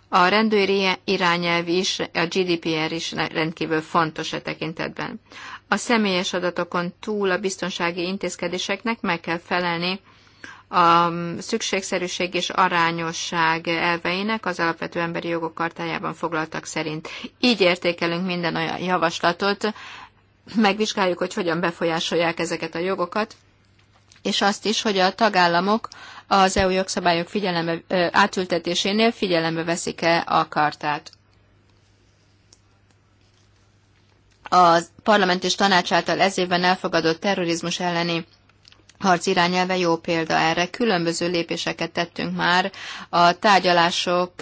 a rendőri irányelv is, a GDPR is rendkívül fontos e tekintetben. A személyes adatokon túl a biztonsági intézkedéseknek meg kell felelni a szükségszerűség és arányosság elveinek az alapvető emberi jogok kartájában foglaltak szerint. Így értékelünk minden olyan javaslatot, megvizsgáljuk, hogy hogyan befolyásolják ezeket a jogokat, és azt is, hogy a tagállamok az EU jogszabályok figyelembe, átültetésénél figyelembe veszik-e a kartát. A parlament és tanács által ez évben elfogadott terrorizmus elleni harc irányelve jó példa erre. Különböző lépéseket tettünk már a tárgyalások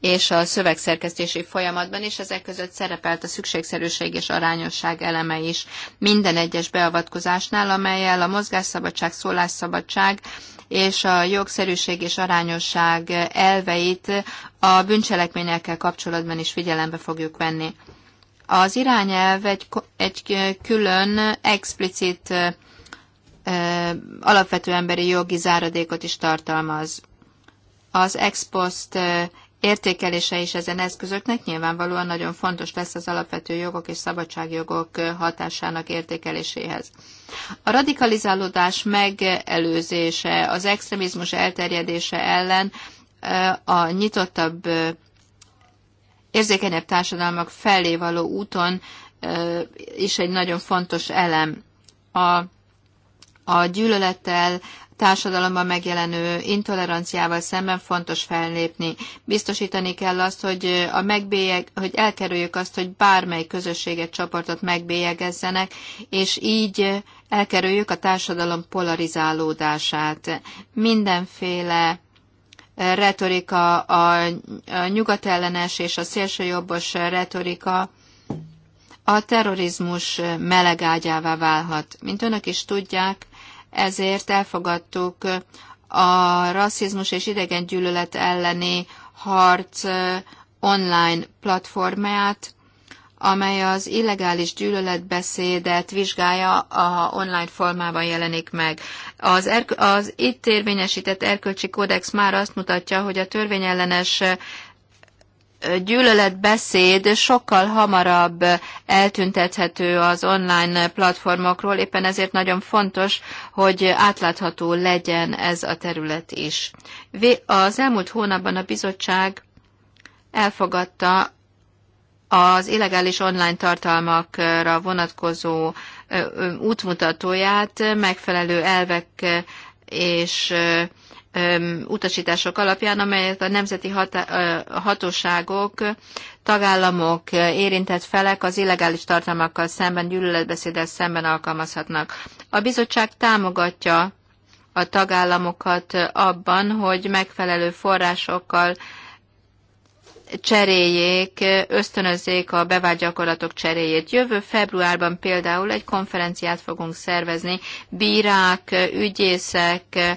és a szövegszerkesztési folyamatban, és ezek között szerepelt a szükségszerűség és arányosság eleme is minden egyes beavatkozásnál, amelyel a mozgásszabadság, szólásszabadság, és a jogszerűség és arányosság elveit a bűncselekményekkel kapcsolatban is figyelembe fogjuk venni. Az irányelv egy, egy külön, explicit alapvető emberi jogi záradékot is tartalmaz. Az ex post értékelése is ezen eszközöknek nyilvánvalóan nagyon fontos lesz az alapvető jogok és szabadságjogok hatásának értékeléséhez. A radikalizálódás megelőzése, az extrémizmus elterjedése ellen a nyitottabb, érzékenyebb társadalmak felé való úton is egy nagyon fontos elem. A, a gyűlölettel, társadalomban megjelenő intoleranciával szemben fontos fellépni. Biztosítani kell azt, hogy, a megbélyeg, hogy elkerüljük azt, hogy bármely közösséget, csoportot megbélyegezzenek, és így elkerüljük a társadalom polarizálódását. Mindenféle retorika, a, a nyugatellenes és a szélsőjobbos retorika a terrorizmus melegágyává válhat. Mint önök is tudják, ezért elfogadtuk a rasszizmus és idegengyűlölet elleni harc online platformját, amely az illegális gyűlöletbeszédet vizsgálja, a online formában jelenik meg. Az, erk- az itt érvényesített erkölcsi kódex már azt mutatja, hogy a törvényellenes gyűlöletbeszéd sokkal hamarabb eltüntethető az online platformokról, éppen ezért nagyon fontos, hogy átlátható legyen ez a terület is. Az elmúlt hónapban a bizottság elfogadta az illegális online tartalmakra vonatkozó útmutatóját megfelelő elvek és utasítások alapján, amelyet a nemzeti hatóságok, tagállamok, érintett felek az illegális tartalmakkal szemben, gyűlöletbeszéddel szemben alkalmazhatnak. A bizottság támogatja a tagállamokat abban, hogy megfelelő forrásokkal cseréljék, ösztönözzék a bevált gyakorlatok cseréjét. Jövő februárban például egy konferenciát fogunk szervezni, bírák, ügyészek,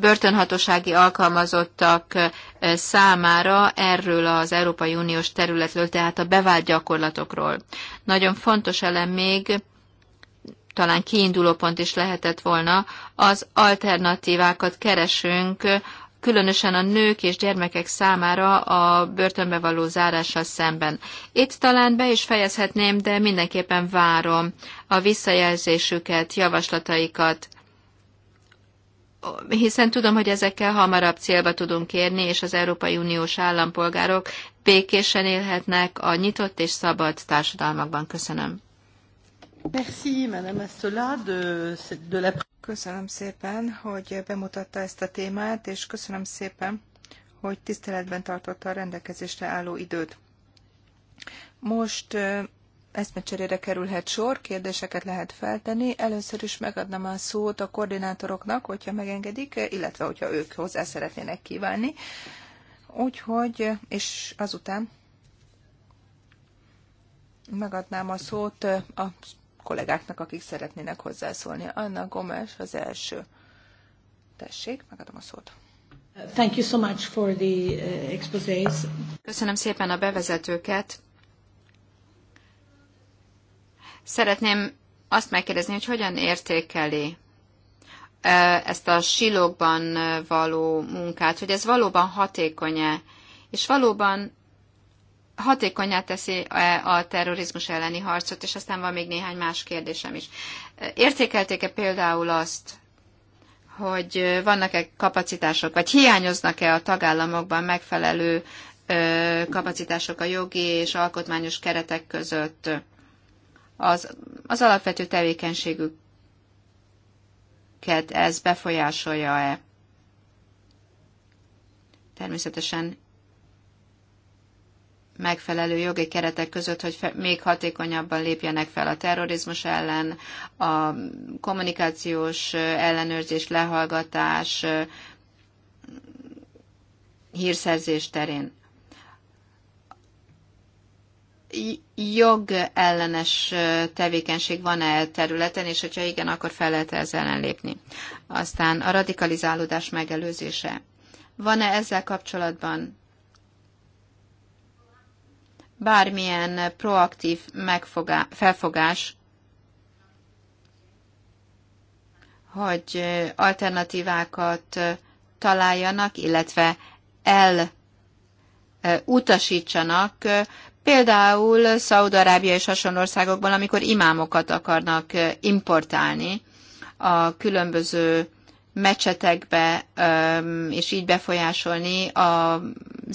börtönhatósági alkalmazottak számára erről az Európai Uniós területről, tehát a bevált gyakorlatokról. Nagyon fontos elem még, talán kiinduló pont is lehetett volna, az alternatívákat keresünk különösen a nők és gyermekek számára a börtönbe való zárással szemben. Itt talán be is fejezhetném, de mindenképpen várom a visszajelzésüket, javaslataikat, hiszen tudom, hogy ezekkel hamarabb célba tudunk érni, és az Európai Uniós állampolgárok békésen élhetnek a nyitott és szabad társadalmakban. Köszönöm. Merci, Madame Astola, de, de la... Köszönöm szépen, hogy bemutatta ezt a témát, és köszönöm szépen, hogy tiszteletben tartotta a rendelkezésre álló időt. Most eszmecserére kerülhet sor, kérdéseket lehet feltenni. Először is megadnám a szót a koordinátoroknak, hogyha megengedik, illetve hogyha ők hozzá szeretnének kívánni. Úgyhogy, és azután megadnám a szót a kollégáknak, akik szeretnének hozzászólni. Anna Gomes az első. Tessék, megadom a szót. Thank you so much for the uh, exposés. Köszönöm szépen a bevezetőket. Szeretném azt megkérdezni, hogy hogyan értékeli uh, ezt a silókban uh, való munkát, hogy ez valóban hatékony-e, és valóban hatékonyá teszi e, a terrorizmus elleni harcot, és aztán van még néhány más kérdésem is. Értékelték-e például azt, hogy vannak-e kapacitások, vagy hiányoznak-e a tagállamokban megfelelő kapacitások a jogi és alkotmányos keretek között az, az alapvető tevékenységüket ez befolyásolja-e? Természetesen megfelelő jogi keretek között, hogy még hatékonyabban lépjenek fel a terrorizmus ellen, a kommunikációs ellenőrzés, lehallgatás, hírszerzés terén. Jogellenes tevékenység van-e területen, és hogyha igen, akkor fel lehet -e ezzel ellen lépni. Aztán a radikalizálódás megelőzése. Van-e ezzel kapcsolatban bármilyen proaktív megfogá, felfogás, hogy alternatívákat találjanak, illetve el utasítsanak, például Szaúd-Arábia és hasonló országokban, amikor imámokat akarnak importálni a különböző mecsetekbe, és így befolyásolni az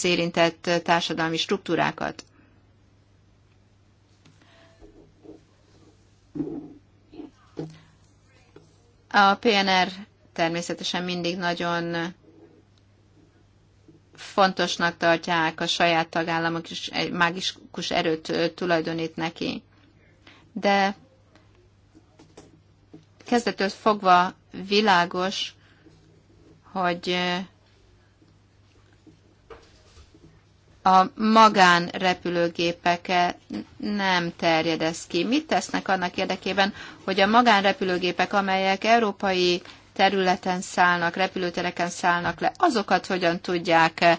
érintett társadalmi struktúrákat. A PNR természetesen mindig nagyon fontosnak tartják a saját tagállamok, és egy mágikus erőt tulajdonít neki. De kezdetől fogva világos, hogy a magánrepülőgépeke nem terjed ez ki. Mit tesznek annak érdekében, hogy a magánrepülőgépek, amelyek európai területen szállnak, repülőtereken szállnak le, azokat hogyan tudják eh,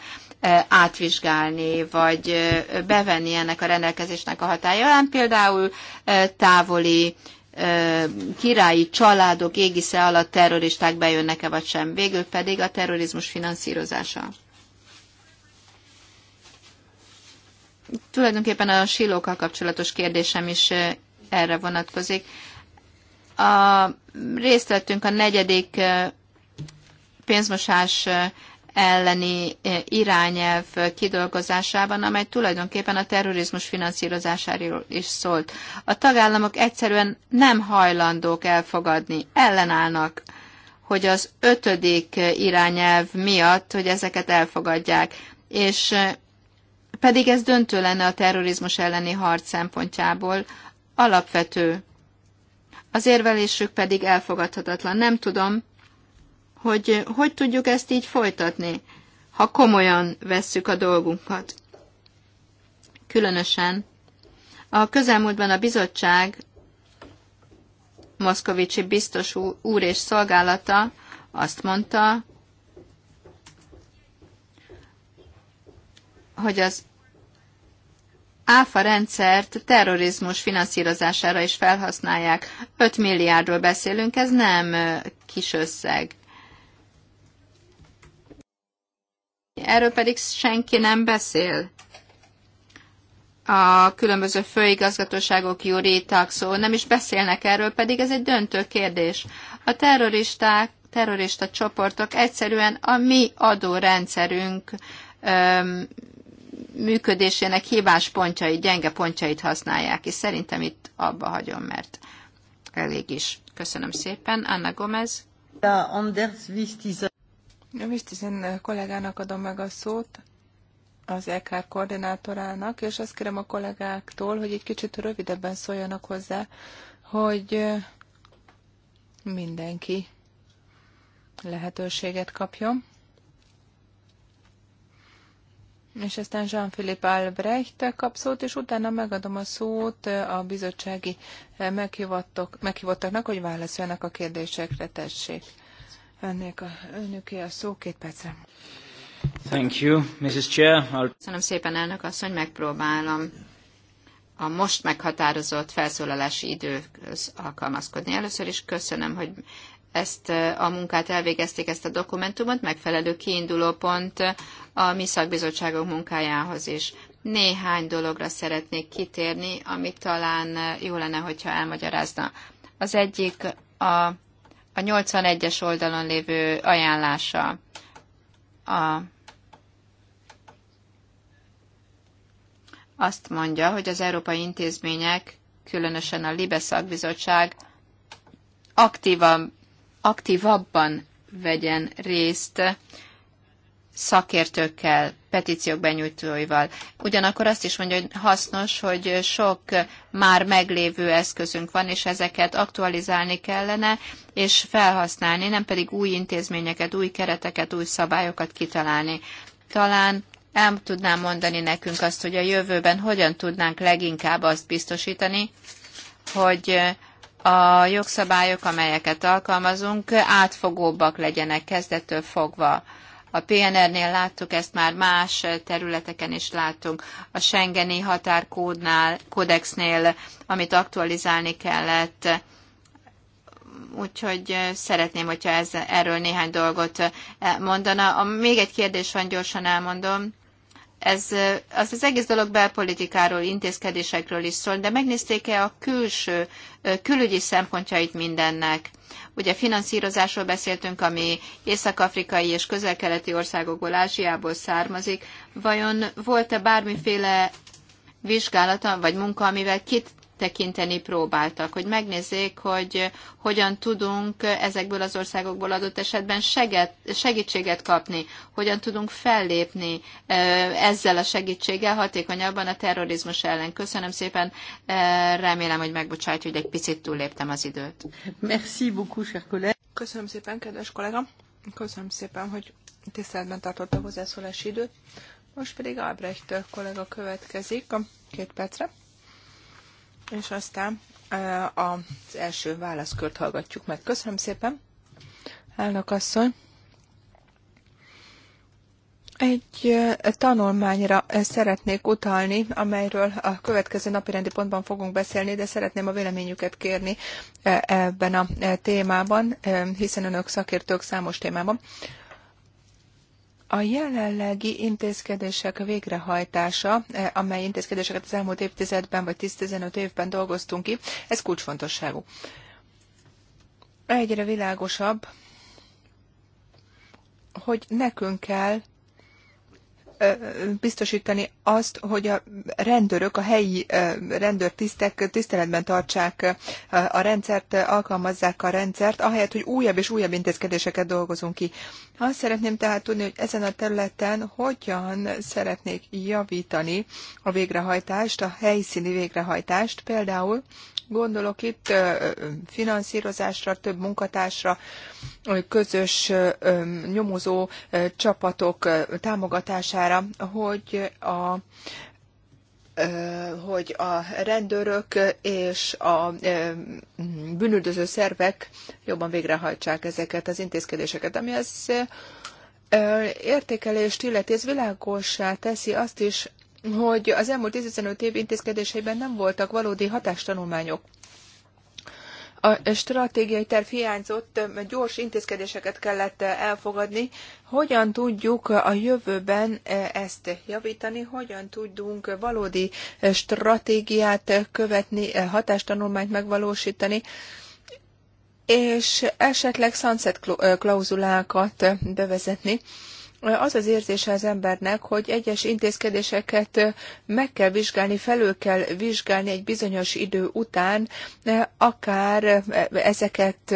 átvizsgálni, vagy eh, bevenni ennek a rendelkezésnek a hatája alá, például eh, távoli királyi családok égisze alatt terroristák bejönnek-e vagy sem. Végül pedig a terrorizmus finanszírozása. tulajdonképpen a sílókkal kapcsolatos kérdésem is erre vonatkozik. A, részt vettünk a negyedik pénzmosás elleni irányelv kidolgozásában, amely tulajdonképpen a terrorizmus finanszírozásáról is szólt. A tagállamok egyszerűen nem hajlandók elfogadni, ellenállnak, hogy az ötödik irányelv miatt, hogy ezeket elfogadják. És pedig ez döntő lenne a terrorizmus elleni harc szempontjából, alapvető. Az érvelésük pedig elfogadhatatlan. Nem tudom, hogy hogy tudjuk ezt így folytatni, ha komolyan vesszük a dolgunkat. Különösen a közelmúltban a bizottság, Moszkovicsi biztos úr és szolgálata azt mondta, hogy az áfa rendszert terrorizmus finanszírozására is felhasználják. 5 milliárdról beszélünk, ez nem kis összeg. Erről pedig senki nem beszél. A különböző főigazgatóságok, Juri, taxó szóval nem is beszélnek erről, pedig ez egy döntő kérdés. A terroristák, terrorista csoportok egyszerűen a mi adórendszerünk öm, működésének hibás pontjait, gyenge pontjait használják, és szerintem itt abba hagyom, mert elég is. Köszönöm szépen. Anna Gomez. Anders Vistizen. Vistizen kollégának adom meg a szót az EKR koordinátorának, és azt kérem a kollégáktól, hogy egy kicsit rövidebben szóljanak hozzá, hogy mindenki lehetőséget kapjon. És aztán Jean-Philippe Albrecht kap szót, és utána megadom a szót a bizottsági meghívottaknak, hogy válaszoljanak a kérdésekre, tessék. Önnek a, önöké a szó két percre. Thank you, Mrs. Chair. I'll... Köszönöm szépen, elnök asszony, megpróbálom a most meghatározott felszólalási időhöz alkalmazkodni. Először is köszönöm, hogy ezt a munkát elvégezték, ezt a dokumentumot, megfelelő kiinduló pont a mi szakbizottságok munkájához is. Néhány dologra szeretnék kitérni, amit talán jó lenne, hogyha elmagyarázna. Az egyik a, a 81-es oldalon lévő ajánlása a azt mondja, hogy az európai intézmények, különösen a Libe szakbizottság aktívan aktívabban vegyen részt szakértőkkel, petíciók benyújtóival. Ugyanakkor azt is mondja, hogy hasznos, hogy sok már meglévő eszközünk van, és ezeket aktualizálni kellene, és felhasználni, nem pedig új intézményeket, új kereteket, új szabályokat kitalálni. Talán el tudnám mondani nekünk azt, hogy a jövőben hogyan tudnánk leginkább azt biztosítani, hogy a jogszabályok, amelyeket alkalmazunk, átfogóbbak legyenek kezdettől fogva. A PNR-nél láttuk ezt már más területeken is láttunk. A Schengeni határkódnál, kódexnél, amit aktualizálni kellett, úgyhogy szeretném, hogyha ez, erről néhány dolgot mondana. A, még egy kérdés van, gyorsan elmondom. Ez, az az egész dolog belpolitikáról, intézkedésekről is szól, de megnézték-e a külső, külügyi szempontjait mindennek? Ugye finanszírozásról beszéltünk, ami észak-afrikai és közel-keleti országokból, Ázsiából származik. Vajon volt-e bármiféle vizsgálata vagy munka, amivel kit tekinteni próbáltak, hogy megnézzék, hogy hogyan tudunk ezekből az országokból adott esetben seget, segítséget kapni, hogyan tudunk fellépni ezzel a segítséggel hatékonyabban a terrorizmus ellen. Köszönöm szépen, remélem, hogy megbocsájt, hogy egy picit túlléptem az időt. Merci beaucoup, cher collègue. Köszönöm szépen, kedves kollega. Köszönöm szépen, hogy tiszteletben tartotta a hozzászólási időt. Most pedig Albrecht kollega következik a két percre. És aztán az első válaszkört hallgatjuk meg. Köszönöm szépen, elnök asszony. Egy tanulmányra szeretnék utalni, amelyről a következő napirendi pontban fogunk beszélni, de szeretném a véleményüket kérni ebben a témában, hiszen önök szakértők számos témában. A jelenlegi intézkedések végrehajtása, eh, amely intézkedéseket az elmúlt évtizedben vagy 10-15 évben dolgoztunk ki, ez kulcsfontosságú. Egyre világosabb, hogy nekünk kell biztosítani azt, hogy a rendőrök, a helyi rendőrtisztek tiszteletben tartsák a rendszert, alkalmazzák a rendszert, ahelyett, hogy újabb és újabb intézkedéseket dolgozunk ki. Azt szeretném tehát tudni, hogy ezen a területen hogyan szeretnék javítani a végrehajtást, a helyszíni végrehajtást, például gondolok itt finanszírozásra, több munkatársra, közös nyomozó csapatok támogatására, számára, hogy a hogy a rendőrök és a bűnüldöző szervek jobban végrehajtsák ezeket az intézkedéseket, ami az értékelést illeti, ez világossá teszi azt is, hogy az elmúlt 15 év intézkedéseiben nem voltak valódi hatástanulmányok a stratégiai terv hiányzott, gyors intézkedéseket kellett elfogadni. Hogyan tudjuk a jövőben ezt javítani, hogyan tudunk valódi stratégiát követni, hatástanulmányt megvalósítani, és esetleg sunset klauzulákat bevezetni az az érzése az embernek, hogy egyes intézkedéseket meg kell vizsgálni, felül kell vizsgálni egy bizonyos idő után, akár ezeket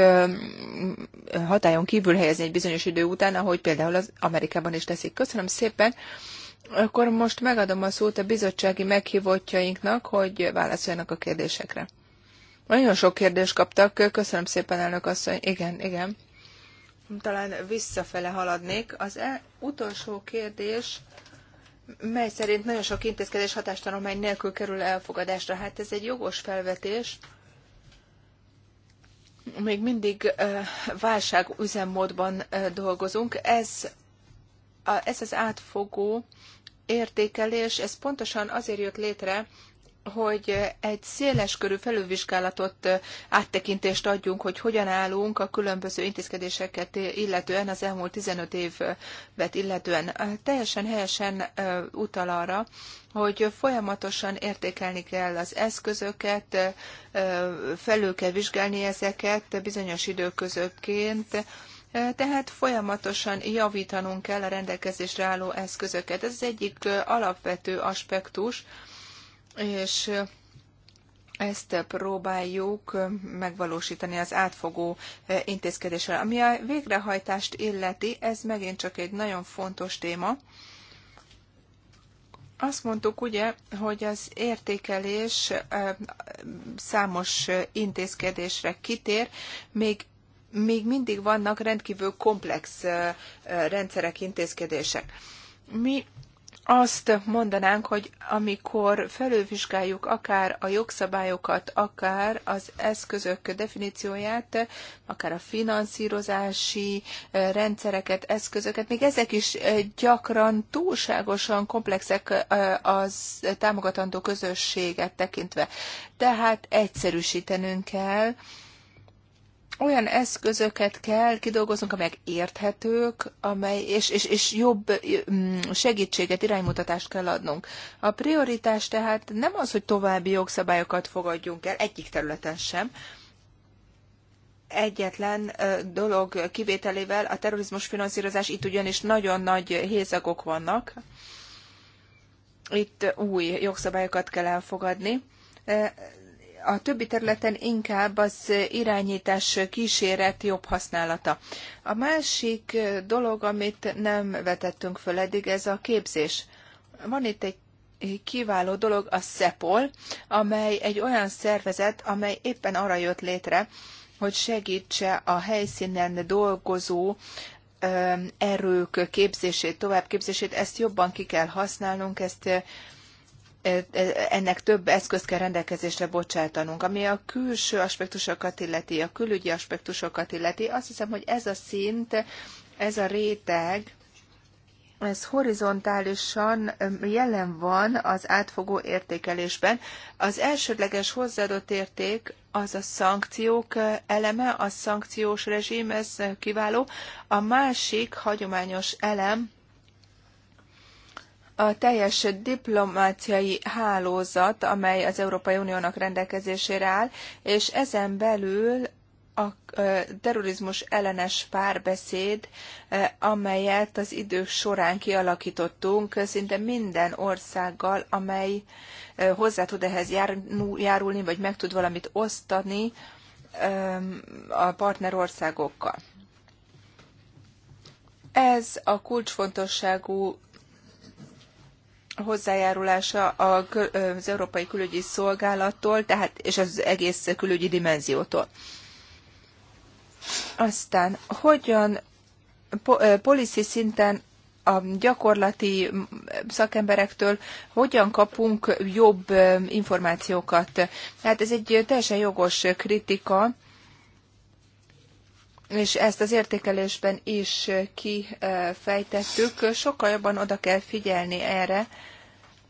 hatályon kívül helyezni egy bizonyos idő után, ahogy például az Amerikában is teszik. Köszönöm szépen! Akkor most megadom a szót a bizottsági meghívottjainknak, hogy válaszoljanak a kérdésekre. Nagyon sok kérdést kaptak, köszönöm szépen, elnök asszony. Igen, igen talán visszafele haladnék. Az e utolsó kérdés, mely szerint nagyon sok intézkedés hatástanulmány nélkül kerül elfogadásra. Hát ez egy jogos felvetés. Még mindig válság üzemmódban dolgozunk. Ez, ez az átfogó értékelés, ez pontosan azért jött létre, hogy egy körű felülvizsgálatot, áttekintést adjunk, hogy hogyan állunk a különböző intézkedéseket illetően, az elmúlt 15 évet illetően. Teljesen helyesen utal arra, hogy folyamatosan értékelni kell az eszközöket, felül kell vizsgálni ezeket bizonyos időközökként, tehát folyamatosan javítanunk kell a rendelkezésre álló eszközöket. Ez az egyik alapvető aspektus, és ezt próbáljuk megvalósítani az átfogó intézkedéssel. Ami a végrehajtást illeti, ez megint csak egy nagyon fontos téma. Azt mondtuk ugye, hogy az értékelés számos intézkedésre kitér, még még mindig vannak rendkívül komplex rendszerek, intézkedések. Mi azt mondanánk, hogy amikor felülvizsgáljuk akár a jogszabályokat, akár az eszközök definícióját, akár a finanszírozási eh, rendszereket, eszközöket, még ezek is eh, gyakran túlságosan komplexek eh, az támogatandó közösséget tekintve. Tehát egyszerűsítenünk kell, olyan eszközöket kell kidolgoznunk, amelyek érthetők, amely, és, és, és jobb mm, segítséget, iránymutatást kell adnunk. A prioritás tehát nem az, hogy további jogszabályokat fogadjunk el, egyik területen sem, egyetlen dolog kivételével a terrorizmus finanszírozás itt ugyanis nagyon nagy hézagok vannak. Itt új jogszabályokat kell elfogadni a többi területen inkább az irányítás kíséret jobb használata. A másik dolog, amit nem vetettünk föl eddig, ez a képzés. Van itt egy kiváló dolog a SEPOL, amely egy olyan szervezet, amely éppen arra jött létre, hogy segítse a helyszínen dolgozó erők képzését, továbbképzését, ezt jobban ki kell használnunk, ezt ennek több eszközt kell rendelkezésre bocsátanunk. Ami a külső aspektusokat illeti, a külügyi aspektusokat illeti, azt hiszem, hogy ez a szint, ez a réteg, ez horizontálisan jelen van az átfogó értékelésben. Az elsődleges hozzáadott érték az a szankciók eh, eleme, a szankciós rezsim, ez eh, kiváló. A másik hagyományos elem a teljes diplomáciai hálózat, amely az Európai Uniónak rendelkezésére áll, és ezen belül a terrorizmus ellenes párbeszéd, amelyet az idők során kialakítottunk szinte minden országgal, amely hozzá tud ehhez járulni, vagy meg tud valamit osztani a partnerországokkal. Ez a kulcsfontosságú hozzájárulása az Európai Külügyi Szolgálattól, tehát és az egész külügyi dimenziótól. Aztán hogyan policy szinten a gyakorlati szakemberektől hogyan kapunk jobb információkat. Tehát ez egy teljesen jogos kritika, és ezt az értékelésben is kifejtettük, sokkal jobban oda kell figyelni erre,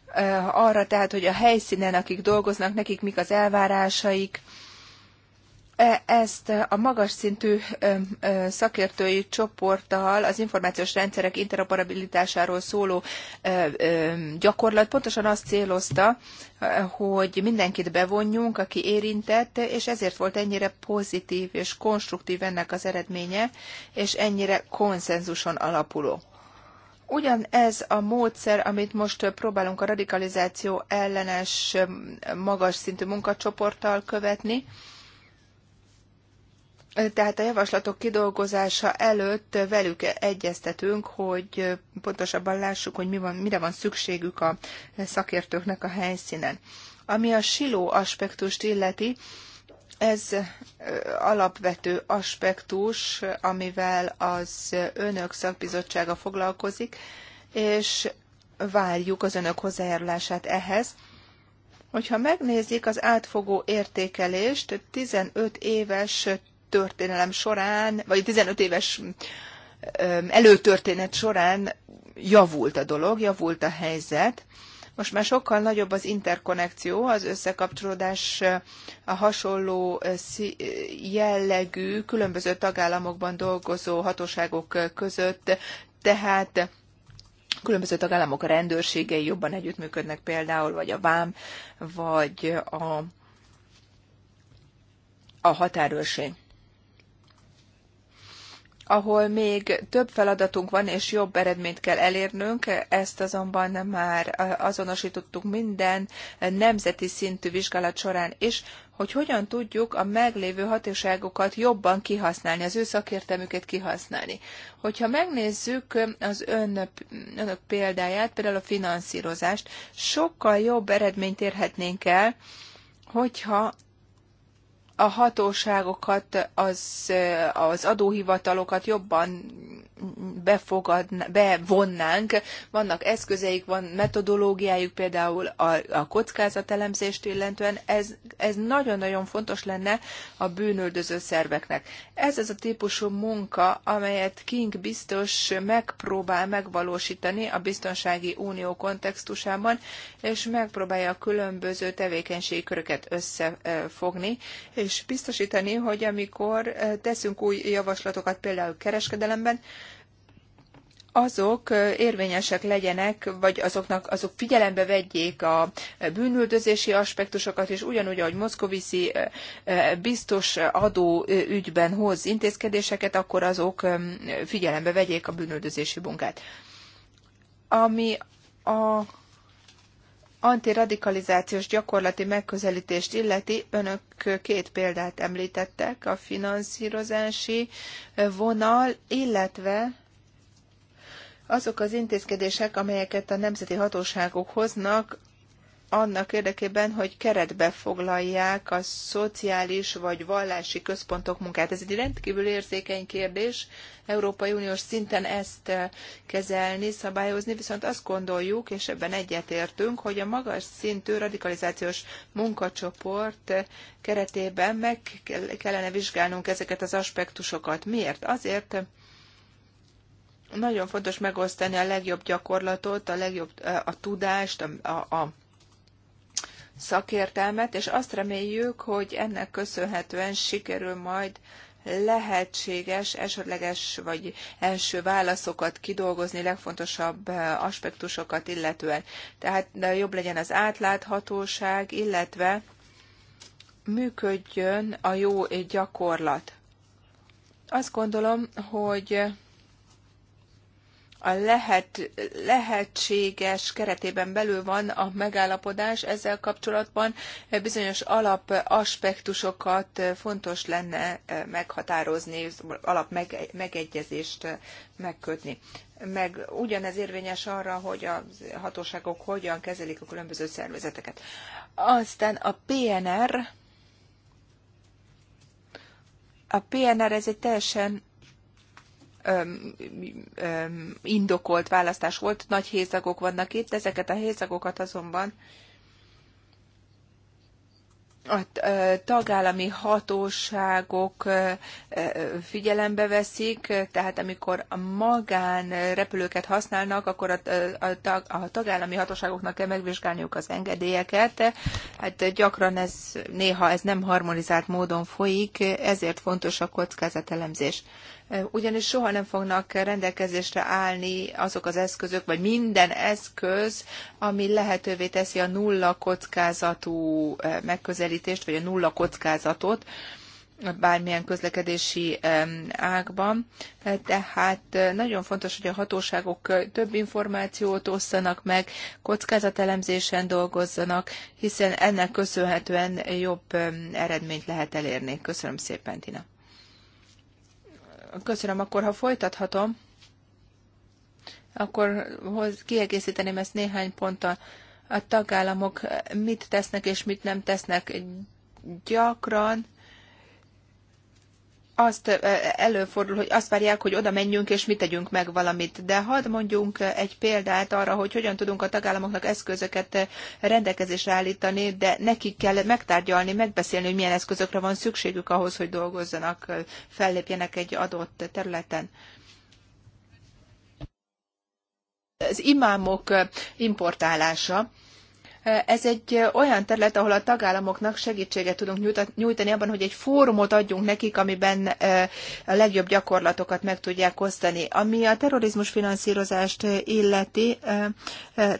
eh, arra tehát, hogy a helyszínen, akik dolgoznak, nekik mik az elvárásaik, E, ezt a magas szintű szakértői csoporttal az információs rendszerek interoperabilitásáról szóló gyakorlat pontosan azt célozta, hogy mindenkit bevonjunk, aki érintett, és ezért volt ennyire pozitív és konstruktív ennek az eredménye, és ennyire konszenzuson alapuló. Ugyanez a módszer, amit most próbálunk a radikalizáció ellenes magas szintű munkacsoporttal követni, tehát a javaslatok kidolgozása előtt velük egyeztetünk, hogy pontosabban lássuk, hogy mi van, mire van szükségük a szakértőknek a helyszínen. Ami a siló aspektust illeti, ez alapvető aspektus, amivel az önök szakbizottsága foglalkozik, és várjuk az önök hozzájárulását ehhez. Hogyha megnézik az átfogó értékelést, 15 éves történelem során, vagy 15 éves előtörténet során javult a dolog, javult a helyzet. Most már sokkal nagyobb az interkonnekció, az összekapcsolódás a hasonló jellegű, különböző tagállamokban dolgozó hatóságok között, tehát különböző tagállamok a rendőrségei jobban együttműködnek például, vagy a vám, vagy a, a határőrség ahol még több feladatunk van, és jobb eredményt kell elérnünk, ezt azonban már azonosítottuk minden nemzeti szintű vizsgálat során is, hogy hogyan tudjuk a meglévő hatóságokat jobban kihasználni, az ő szakértelmüket kihasználni. Hogyha megnézzük az ön, önök példáját, például a finanszírozást, sokkal jobb eredményt érhetnénk el, hogyha a hatóságokat, az, az adóhivatalokat jobban befogadna, bevonnánk. Vannak eszközeik, van metodológiájuk, például a, a kockázatelemzést illetően. Ez, ez nagyon-nagyon fontos lenne a bűnöldöző szerveknek. Ez az a típusú munka, amelyet King biztos megpróbál megvalósítani a biztonsági unió kontextusában, és megpróbálja a különböző tevékenységi köröket összefogni, és biztosítani, hogy amikor teszünk új javaslatokat például kereskedelemben, azok érvényesek legyenek, vagy azoknak, azok figyelembe vegyék a bűnüldözési aspektusokat, és ugyanúgy, ahogy Moszkoviszi biztos adó ügyben hoz intézkedéseket, akkor azok figyelembe vegyék a bűnüldözési munkát. Ami a antiradikalizációs gyakorlati megközelítést illeti, önök két példát említettek, a finanszírozási vonal, illetve azok az intézkedések, amelyeket a nemzeti hatóságok hoznak, annak érdekében, hogy keretbe foglalják a szociális vagy vallási központok munkát. Ez egy rendkívül érzékeny kérdés, Európai Uniós szinten ezt eh, kezelni, szabályozni, viszont azt gondoljuk, és ebben egyetértünk, hogy a magas szintű radikalizációs munkacsoport eh, keretében meg kellene vizsgálnunk ezeket az aspektusokat. Miért? Azért, nagyon fontos megosztani a legjobb gyakorlatot, a legjobb a tudást, a, a szakértelmet, és azt reméljük, hogy ennek köszönhetően sikerül majd lehetséges, esetleges vagy első válaszokat kidolgozni, legfontosabb aspektusokat illetően. Tehát jobb legyen az átláthatóság, illetve működjön a jó gyakorlat. Azt gondolom, hogy a lehet, lehetséges keretében belül van a megállapodás ezzel kapcsolatban, bizonyos alapaspektusokat fontos lenne eh, meghatározni, alap meg, megegyezést eh, megkötni. Meg ugyanez érvényes arra, hogy a hatóságok hogyan kezelik a különböző szervezeteket. Aztán a PNR, a PNR ez egy teljesen öm, öm, indokolt választás volt, nagy hézagok vannak itt, ezeket a hézagokat azonban a tagállami hatóságok figyelembe veszik, tehát amikor a magán repülőket használnak, akkor a, a, tag, a tagállami hatóságoknak kell megvizsgálniuk az engedélyeket. Hát gyakran ez, néha ez nem harmonizált módon folyik, ezért fontos a kockázatelemzés ugyanis soha nem fognak rendelkezésre állni azok az eszközök, vagy minden eszköz, ami lehetővé teszi a nulla kockázatú eh, megközelítést, vagy a nulla kockázatot bármilyen közlekedési ágban. Eh, tehát eh, nagyon fontos, hogy a hatóságok több információt osszanak meg, kockázatelemzésen dolgozzanak, hiszen ennek köszönhetően jobb eredményt lehet elérni. Köszönöm szépen, Tina. Köszönöm, akkor ha folytathatom, akkor kiegészíteném ezt néhány ponttal. A tagállamok mit tesznek és mit nem tesznek. Gyakran azt előfordul, hogy azt várják, hogy oda menjünk és mi tegyünk meg valamit. De hadd mondjunk egy példát arra, hogy hogyan tudunk a tagállamoknak eszközöket rendelkezésre állítani, de nekik kell megtárgyalni, megbeszélni, hogy milyen eszközökre van szükségük ahhoz, hogy dolgozzanak, fellépjenek egy adott területen. Az imámok importálása ez egy olyan terület, ahol a tagállamoknak segítséget tudunk nyújtani abban, hogy egy fórumot adjunk nekik, amiben a legjobb gyakorlatokat meg tudják osztani. Ami a terrorizmus finanszírozást illeti,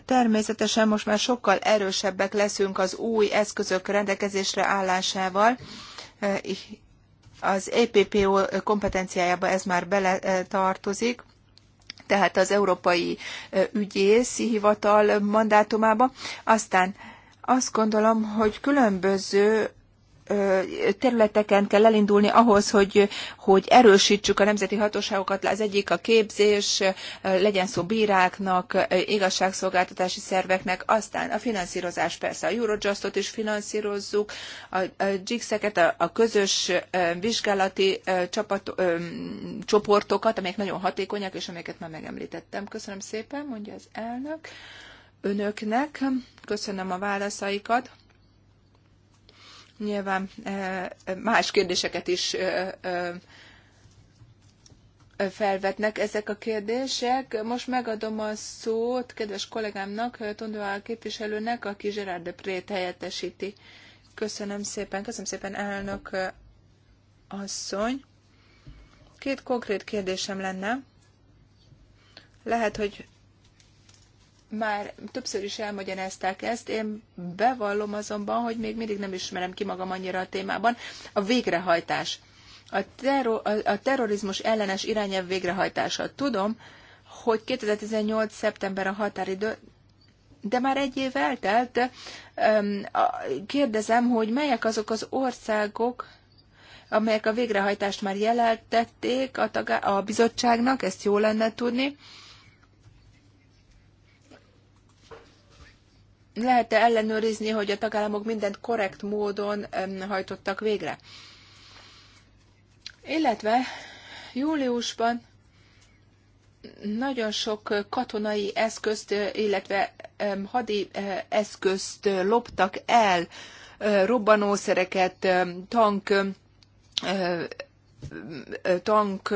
természetesen most már sokkal erősebbek leszünk az új eszközök rendelkezésre állásával, az EPPO kompetenciájába ez már bele tartozik tehát az Európai Ügyészi Hivatal mandátumába. Aztán azt gondolom, hogy különböző területeken kell elindulni ahhoz, hogy, hogy erősítsük a nemzeti hatóságokat. Az egyik a képzés, legyen szó bíráknak, igazságszolgáltatási szerveknek, aztán a finanszírozás persze. A Eurojustot is finanszírozzuk, a, a GIX-eket, a, a közös vizsgálati csapat, csoportokat, amelyek nagyon hatékonyak, és amelyeket már megemlítettem. Köszönöm szépen, mondja az elnök önöknek. Köszönöm a válaszaikat nyilván eh, más kérdéseket is eh, eh, felvetnek ezek a kérdések. Most megadom a szót kedves kollégámnak, Tondoál képviselőnek, aki Gerard de Prét helyettesíti. Köszönöm szépen, köszönöm szépen elnök asszony. Két konkrét kérdésem lenne. Lehet, hogy már többször is elmagyarázták ezt, én bevallom azonban, hogy még mindig nem ismerem ki magam annyira a témában. A végrehajtás. A, terro- a terrorizmus ellenes irányelv végrehajtása. Tudom, hogy 2018. szeptember a határidő, de már egy év eltelt. Kérdezem, hogy melyek azok az országok, amelyek a végrehajtást már jelentették a, tagá- a bizottságnak, ezt jó lenne tudni lehet-e ellenőrizni, hogy a tagállamok mindent korrekt módon hajtottak végre? Illetve júliusban nagyon sok katonai eszközt, illetve hadi e, eszközt loptak el, e, robbanószereket, tank, e, tank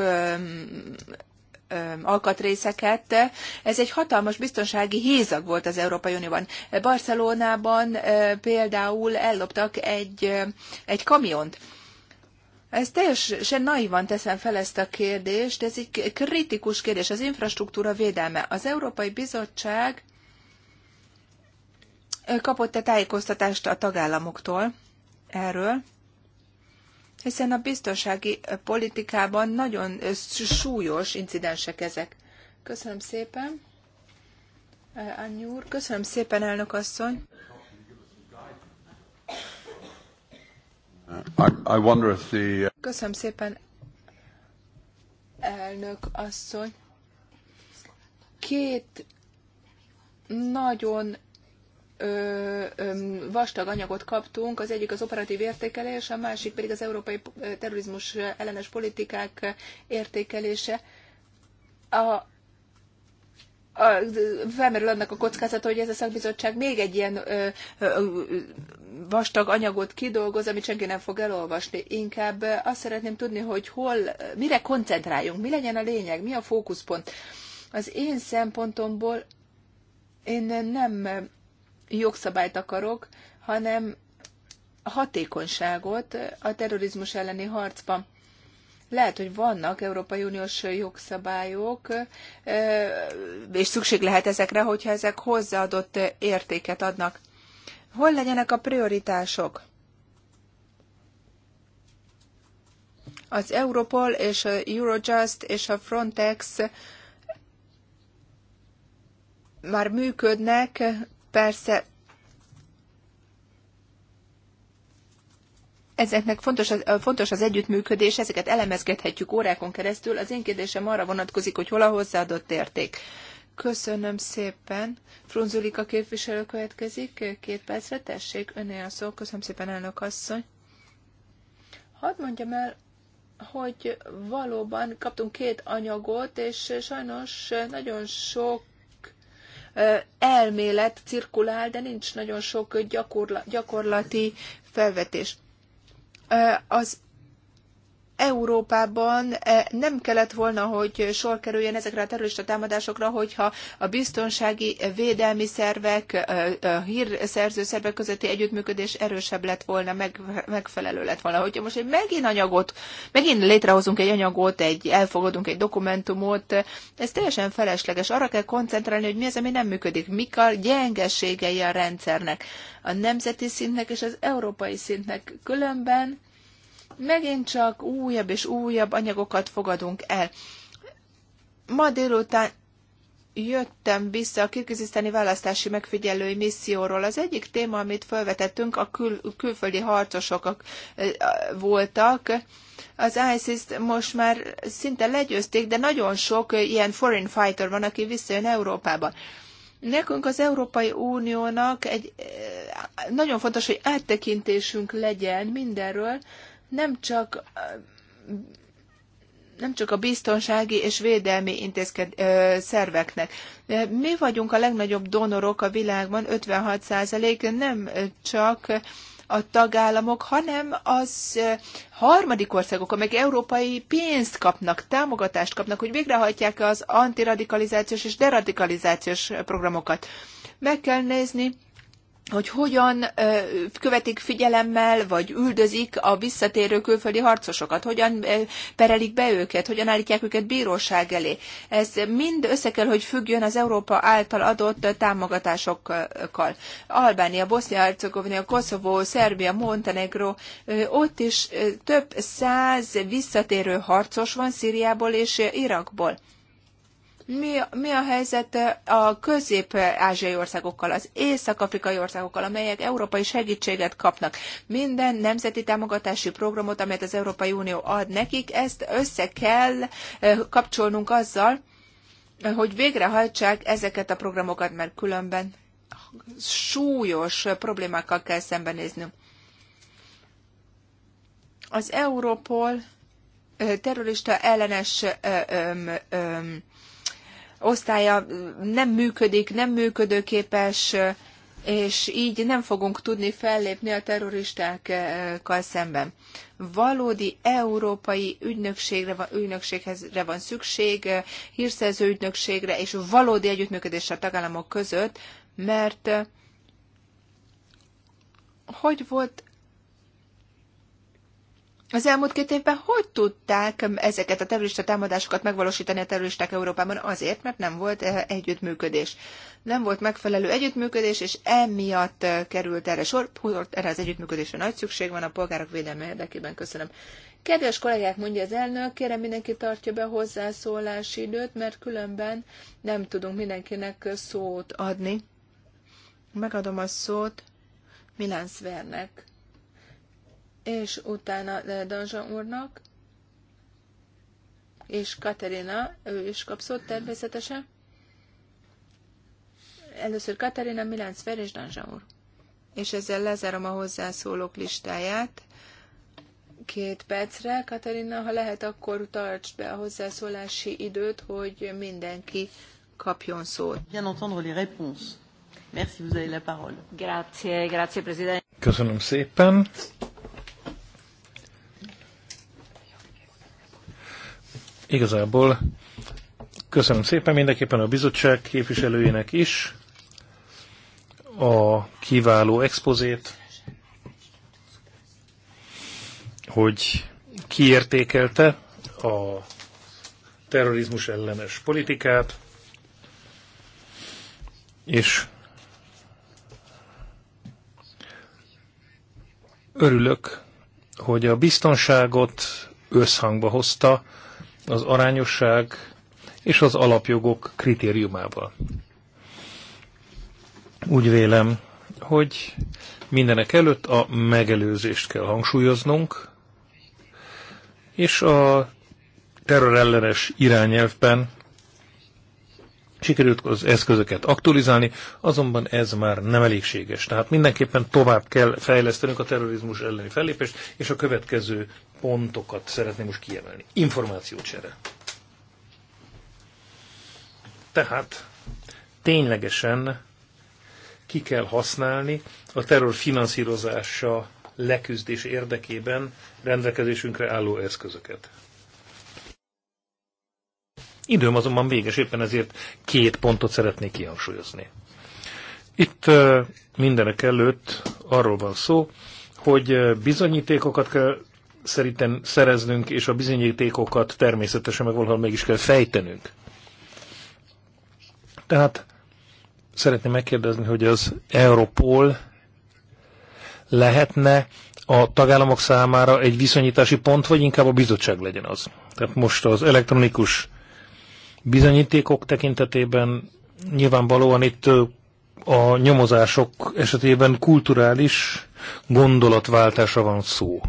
alkatrészeket. Ez egy hatalmas biztonsági hézag volt az Európai Unióban. Barcelonában például elloptak egy, egy kamiont. Ez teljesen naivan teszem fel ezt a kérdést, ez egy kritikus kérdés, az infrastruktúra védelme. Az Európai Bizottság kapott-e tájékoztatást a tagállamoktól erről? hiszen a biztonsági politikában nagyon súlyos incidensek ezek. Köszönöm szépen. Annyi úr, köszönöm szépen, elnök asszony. I, wonder if the... Uh, köszönöm szépen, elnök asszony. Két nagyon ö, ö, vastag anyagot kaptunk, az egyik az operatív értékelés, a másik pedig az európai terrorizmus ellenes politikák értékelése. A, a, felmerül annak a kockázata, hogy ez a szakbizottság még egy ilyen ö, ö, vastag anyagot kidolgoz, amit senki nem fog elolvasni. Inkább azt szeretném tudni, hogy hol, mire koncentráljunk, mi legyen a lényeg, mi a fókuszpont. Az én szempontomból én nem jogszabályt akarok, hanem hatékonyságot a terrorizmus elleni harcban. Lehet, hogy vannak Európai Uniós jogszabályok, és szükség lehet ezekre, hogyha ezek hozzáadott értéket adnak. Hol legyenek a prioritások? Az Europol és a Eurojust és a Frontex már működnek, Persze ezeknek fontos, fontos az együttműködés, ezeket elemezgethetjük órákon keresztül. Az én kérdésem arra vonatkozik, hogy hol a hozzáadott érték. Köszönöm szépen. Frunzulika képviselő következik. Két percre tessék, öné a szó. Köszönöm szépen, elnök asszony. Hadd mondjam el, hogy valóban kaptunk két anyagot, és sajnos nagyon sok elmélet cirkulál, de nincs nagyon sok gyakorla, gyakorlati felvetés. Az Európában eh, nem kellett volna, hogy sor kerüljön ezekre a terrorista támadásokra, hogyha a biztonsági eh, védelmi szervek, eh, a hírszerző szervek közötti együttműködés erősebb lett volna, megfelelő lett volna. Hogyha most egy megint anyagot, megint létrehozunk egy anyagot, egy, elfogadunk egy dokumentumot, ez teljesen felesleges. Arra kell koncentrálni, hogy mi az, ami nem működik, mik a gyengeségei a rendszernek, a nemzeti szintnek és az európai szintnek. Különben megint csak újabb és újabb anyagokat fogadunk el. Ma délután jöttem vissza a kirgizisztáni választási megfigyelői misszióról. Az egyik téma, amit felvetettünk, a kül- külföldi harcosok voltak. Az isis most már szinte legyőzték, de nagyon sok ilyen foreign fighter van, aki visszajön Európába. Nekünk az Európai Uniónak egy nagyon fontos, hogy áttekintésünk legyen mindenről, nem csak nem csak a biztonsági és védelmi intézked, ö, szerveknek. Mi vagyunk a legnagyobb donorok a világban, 56% nem csak a tagállamok, hanem az harmadik országok, amelyek európai pénzt kapnak, támogatást kapnak, hogy végrehajtják az antiradikalizációs és deradikalizációs programokat. Meg kell nézni, hogy hogyan követik figyelemmel, vagy üldözik a visszatérő külföldi harcosokat, hogyan perelik be őket, hogyan állítják őket bíróság elé. Ez mind össze kell, hogy függjön az Európa által adott támogatásokkal. Albánia, Bosznia-Hercegovina, Koszovó, Szerbia, Montenegro, ott is több száz visszatérő harcos van Szíriából és Irakból mi, mi a helyzet a közép-ázsiai országokkal, az észak-afrikai országokkal, amelyek európai segítséget kapnak? Minden nemzeti támogatási programot, amelyet az Európai Unió ad nekik, ezt össze kell kapcsolnunk azzal, hogy végrehajtsák ezeket a programokat, mert különben súlyos problémákkal kell szembenéznünk. Az Európol terrorista ellenes ö, ö, osztálya nem működik, nem működőképes, és így nem fogunk tudni fellépni a terroristákkal szemben. Valódi európai ügynökségre, ügynökségre van szükség, hírszerző ügynökségre, és valódi együttműködésre a tagállamok között, mert hogy volt az elmúlt két évben hogy tudták ezeket a terrorista támadásokat megvalósítani a terroristák Európában? Azért, mert nem volt eh, együttműködés. Nem volt megfelelő együttműködés, és emiatt eh, került erre sor. Erre az együttműködésre nagy szükség van a polgárok védelme érdekében. Köszönöm. Kedves kollégák, mondja az elnök, kérem mindenki tartja be hozzászólási időt, mert különben nem tudunk mindenkinek szót adni. Megadom a szót Milán Szvernek és utána eh, Danzsa úrnak, és Katerina, ő is szót természetesen. Először Katerina, Milánc Fer és Danzsa úr. És ezzel lezárom a hozzászólók listáját. Két percre, Katerina, ha lehet, akkor tartsd be a hozzászólási időt, hogy mindenki kapjon szót. Bien entendre les réponses. Merci, vous avez la parole. Grazie, grazie, Köszönöm szépen. Igazából köszönöm szépen mindenképpen a bizottság képviselőjének is a kiváló expozét, hogy kiértékelte a terrorizmus ellenes politikát, és örülök, hogy a biztonságot összhangba hozta az arányosság és az alapjogok kritériumával. Úgy vélem, hogy mindenek előtt a megelőzést kell hangsúlyoznunk, és a terrorellenes irányelvben sikerült az eszközöket aktualizálni, azonban ez már nem elégséges. Tehát mindenképpen tovább kell fejlesztenünk a terrorizmus elleni fellépést, és a következő pontokat szeretném most kiemelni. Információcsere. Tehát ténylegesen ki kell használni a terror finanszírozása leküzdés érdekében rendelkezésünkre álló eszközöket. Időm azonban véges, éppen ezért két pontot szeretnék kihangsúlyozni. Itt mindenek előtt arról van szó, hogy bizonyítékokat kell szerintem szereznünk, és a bizonyítékokat természetesen meg valahol mégis kell fejtenünk. Tehát szeretném megkérdezni, hogy az Europol lehetne a tagállamok számára egy viszonyítási pont, vagy inkább a bizottság legyen az. Tehát most az elektronikus bizonyítékok tekintetében nyilvánvalóan itt a nyomozások esetében kulturális gondolatváltásra van szó.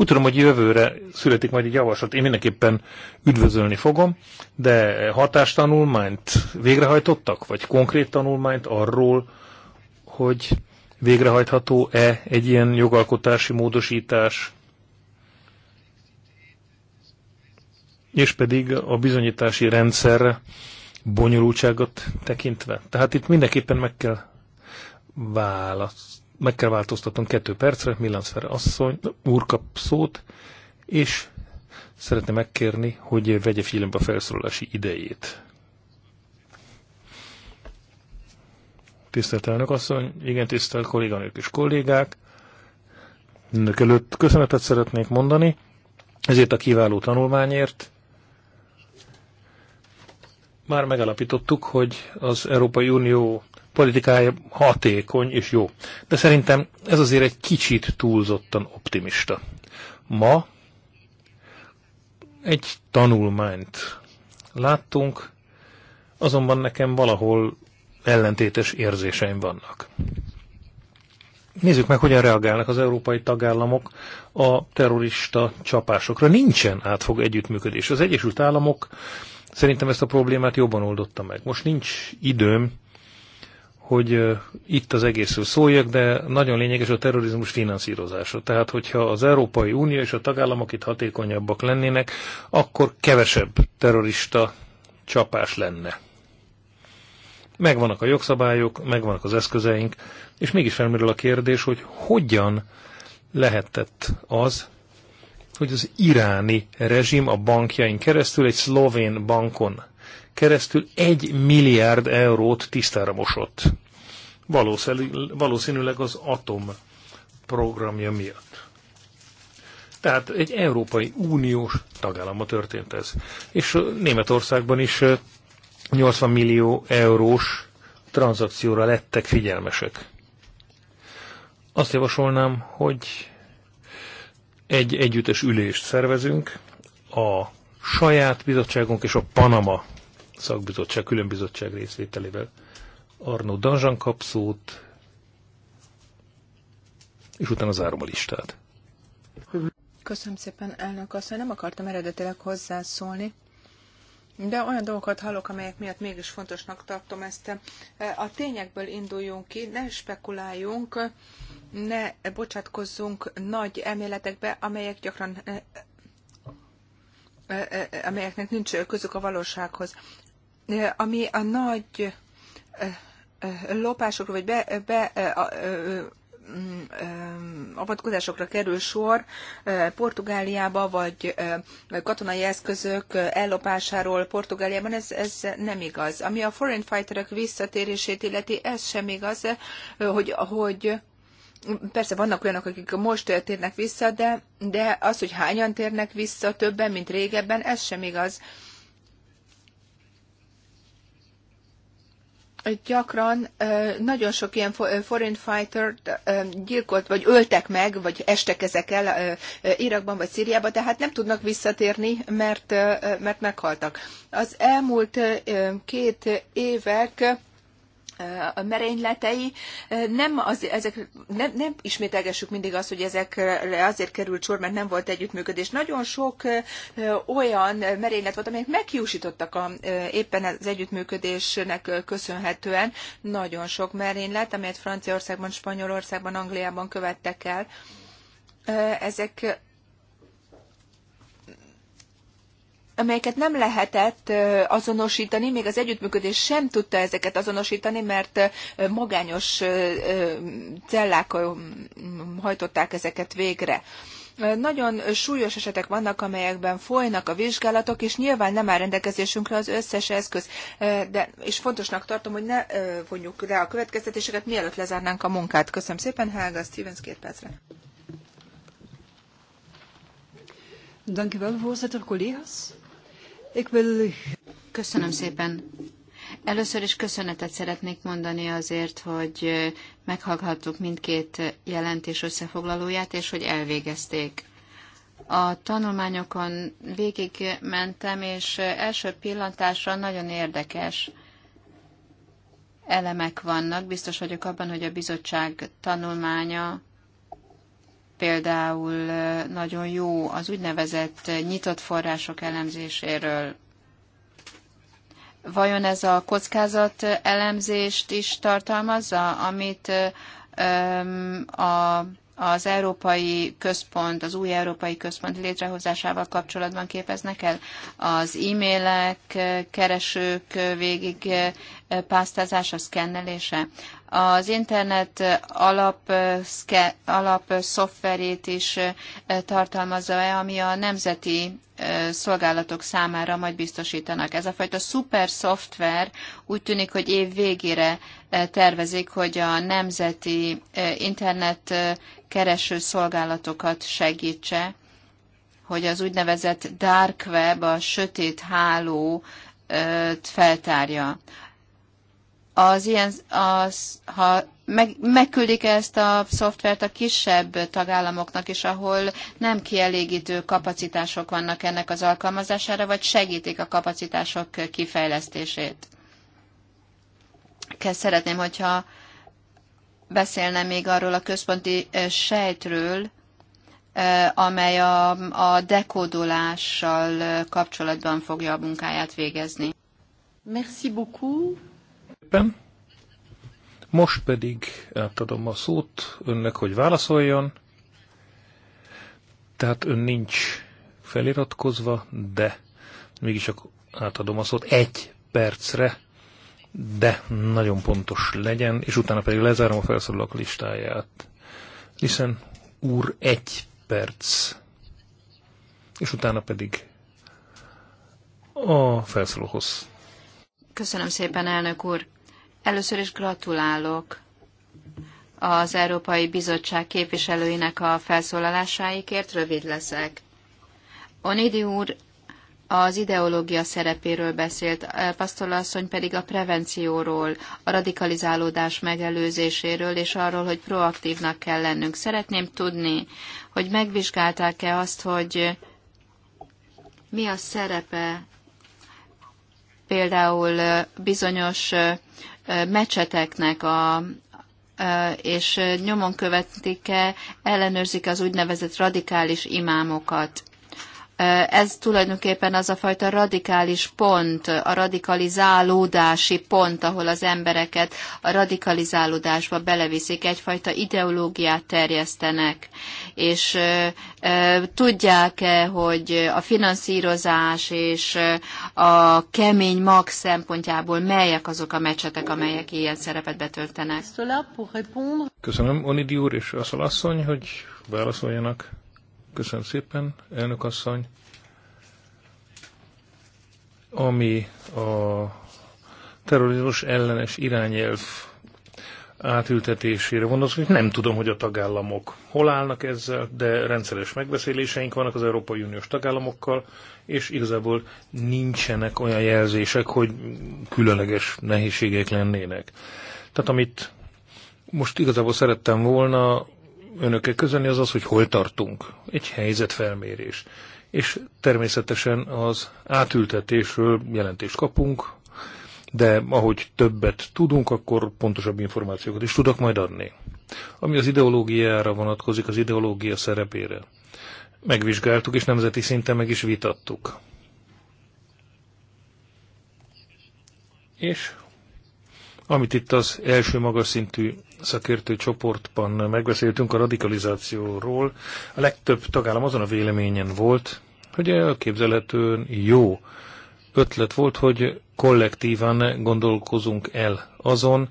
Úgy tudom, hogy jövőre születik majd egy javaslat. Én mindenképpen üdvözölni fogom, de hatástanulmányt végrehajtottak, vagy konkrét tanulmányt arról, hogy végrehajtható-e egy ilyen jogalkotási módosítás, és pedig a bizonyítási rendszer bonyolultságot tekintve. Tehát itt mindenképpen meg kell választ meg kell változtatnom kettő percre, Milánszfere asszony, úr kap szót, és szeretne megkérni, hogy vegye figyelembe a felszólalási idejét. Tisztelt elnök asszony, igen, tisztelt kolléganők és kollégák, önök előtt köszönetet szeretnék mondani, ezért a kiváló tanulmányért. Már megalapítottuk, hogy az Európai Unió politikája hatékony és jó. De szerintem ez azért egy kicsit túlzottan optimista. Ma egy tanulmányt láttunk, azonban nekem valahol ellentétes érzéseim vannak. Nézzük meg, hogyan reagálnak az európai tagállamok a terrorista csapásokra. Nincsen átfog együttműködés. Az Egyesült Államok szerintem ezt a problémát jobban oldotta meg. Most nincs időm hogy itt az egészről szóljak, de nagyon lényeges a terrorizmus finanszírozása. Tehát, hogyha az Európai Unió és a tagállamok itt hatékonyabbak lennének, akkor kevesebb terrorista csapás lenne. Megvannak a jogszabályok, megvannak az eszközeink, és mégis felmerül a kérdés, hogy hogyan lehetett az, hogy az iráni rezsim a bankjain keresztül egy szlovén bankon keresztül egy milliárd eurót tisztára mosott. Valószínűleg az atom programja miatt. Tehát egy Európai Uniós tagállama történt ez. És Németországban is 80 millió eurós tranzakcióra lettek figyelmesek. Azt javasolnám, hogy egy együttes ülést szervezünk a saját bizottságunk és a Panama szakbizottság, különbizottság részvételével. Arno Danzsan kapszót, és utána zárom a listát. Köszönöm szépen, elnök asszony. Nem akartam eredetileg hozzászólni, de olyan dolgokat hallok, amelyek miatt mégis fontosnak tartom ezt. A tényekből induljunk ki, ne spekuláljunk, ne bocsátkozzunk nagy elméletekbe, amelyek gyakran eh, eh, eh, amelyeknek nincs közük a valósághoz ami a nagy lopásokra vagy be, be a, mm, avatkozásokra kerül sor Portugáliába, vagy katonai eszközök ellopásáról Portugáliában, ez, ez nem igaz. Ami a foreign fighterek visszatérését illeti, ez sem igaz, hogy, hogy Persze vannak olyanok, akik most térnek vissza, de, de az, hogy hányan térnek vissza többen, mint régebben, ez sem igaz. gyakran nagyon sok ilyen foreign fighter gyilkolt, vagy öltek meg, vagy estek ezek el Irakban vagy Szíriában, tehát nem tudnak visszatérni, mert, mert meghaltak. Az elmúlt két évek a merényletei. Nem, az, ezek, nem, nem ismételgessük mindig azt, hogy ezekre azért került sor, mert nem volt együttműködés. Nagyon sok olyan merénylet volt, amelyek meghiúsítottak a, éppen az együttműködésnek köszönhetően. Nagyon sok merénylet, amelyet Franciaországban, Spanyolországban, Angliában követtek el. Ezek amelyeket nem lehetett azonosítani, még az együttműködés sem tudta ezeket azonosítani, mert magányos cellák hajtották ezeket végre. Nagyon súlyos esetek vannak, amelyekben folynak a vizsgálatok, és nyilván nem áll rendelkezésünkre az összes eszköz, de, és fontosnak tartom, hogy ne vonjuk le a következtetéseket, mielőtt lezárnánk a munkát. Köszönöm szépen, Helga Stevens, két percre. Dank u wel, voorzitter, collega's. Köszönöm szépen. Először is köszönetet szeretnék mondani azért, hogy meghallgattuk mindkét jelentés összefoglalóját, és hogy elvégezték. A tanulmányokon végigmentem, és első pillantásra nagyon érdekes elemek vannak. Biztos vagyok abban, hogy a bizottság tanulmánya Például nagyon jó az úgynevezett nyitott források elemzéséről. Vajon ez a kockázat elemzést is tartalmazza, amit a az Európai Központ, az új Európai Központ létrehozásával kapcsolatban képeznek el? Az e-mailek, keresők végig pásztázása, szkennelése? az internet alap, alap szoftverét is tartalmazza-e, ami a nemzeti szolgálatok számára majd biztosítanak. Ez a fajta szuper szoftver úgy tűnik, hogy év végére tervezik, hogy a nemzeti internet kereső szolgálatokat segítse, hogy az úgynevezett dark web, a sötét háló feltárja az ilyen, az, ha meg, megküldik ezt a szoftvert a kisebb tagállamoknak is, ahol nem kielégítő kapacitások vannak ennek az alkalmazására, vagy segítik a kapacitások kifejlesztését. Kezd szeretném, hogyha beszélne még arról a központi sejtről, amely a, a dekódolással kapcsolatban fogja a munkáját végezni. Merci beaucoup szépen. Most pedig átadom a szót önnek, hogy válaszoljon. Tehát ön nincs feliratkozva, de mégis akkor átadom a szót egy percre, de nagyon pontos legyen, és utána pedig lezárom a felszólalók listáját. Hiszen úr egy perc, és utána pedig a felszólóhoz. Köszönöm szépen, elnök úr. Először is gratulálok az Európai Bizottság képviselőinek a felszólalásáikért. Rövid leszek. Onidi úr az ideológia szerepéről beszélt, Pasztola asszony pedig a prevencióról, a radikalizálódás megelőzéséről, és arról, hogy proaktívnak kell lennünk. Szeretném tudni, hogy megvizsgálták-e azt, hogy mi a szerepe például bizonyos mecseteknek a, és nyomon követik-e, ellenőrzik az úgynevezett radikális imámokat. Ez tulajdonképpen az a fajta radikális pont, a radikalizálódási pont, ahol az embereket a radikalizálódásba beleviszik, egyfajta ideológiát terjesztenek, és tudják-e, hogy a finanszírozás és a kemény mag szempontjából melyek azok a mecsetek, amelyek ilyen szerepet betöltenek? Köszönöm, Onidi úr és Asszalasszony, hogy válaszoljanak. Köszönöm szépen, elnök asszony. Ami a terrorizmus ellenes irányelv átültetésére vonatkozik. Nem tudom, hogy a tagállamok hol állnak ezzel, de rendszeres megbeszéléseink vannak az Európai Uniós tagállamokkal, és igazából nincsenek olyan jelzések, hogy különleges nehézségek lennének. Tehát amit most igazából szerettem volna, önökkel közölni, az az, hogy hol tartunk. Egy helyzetfelmérés. És természetesen az átültetésről jelentést kapunk, de ahogy többet tudunk, akkor pontosabb információkat is tudok majd adni. Ami az ideológiára vonatkozik, az ideológia szerepére. Megvizsgáltuk, és nemzeti szinten meg is vitattuk. És amit itt az első magas szintű szakértő csoportban megbeszéltünk a radikalizációról, a legtöbb tagállam azon a véleményen volt, hogy elképzelhetően jó ötlet volt, hogy kollektívan gondolkozunk el azon,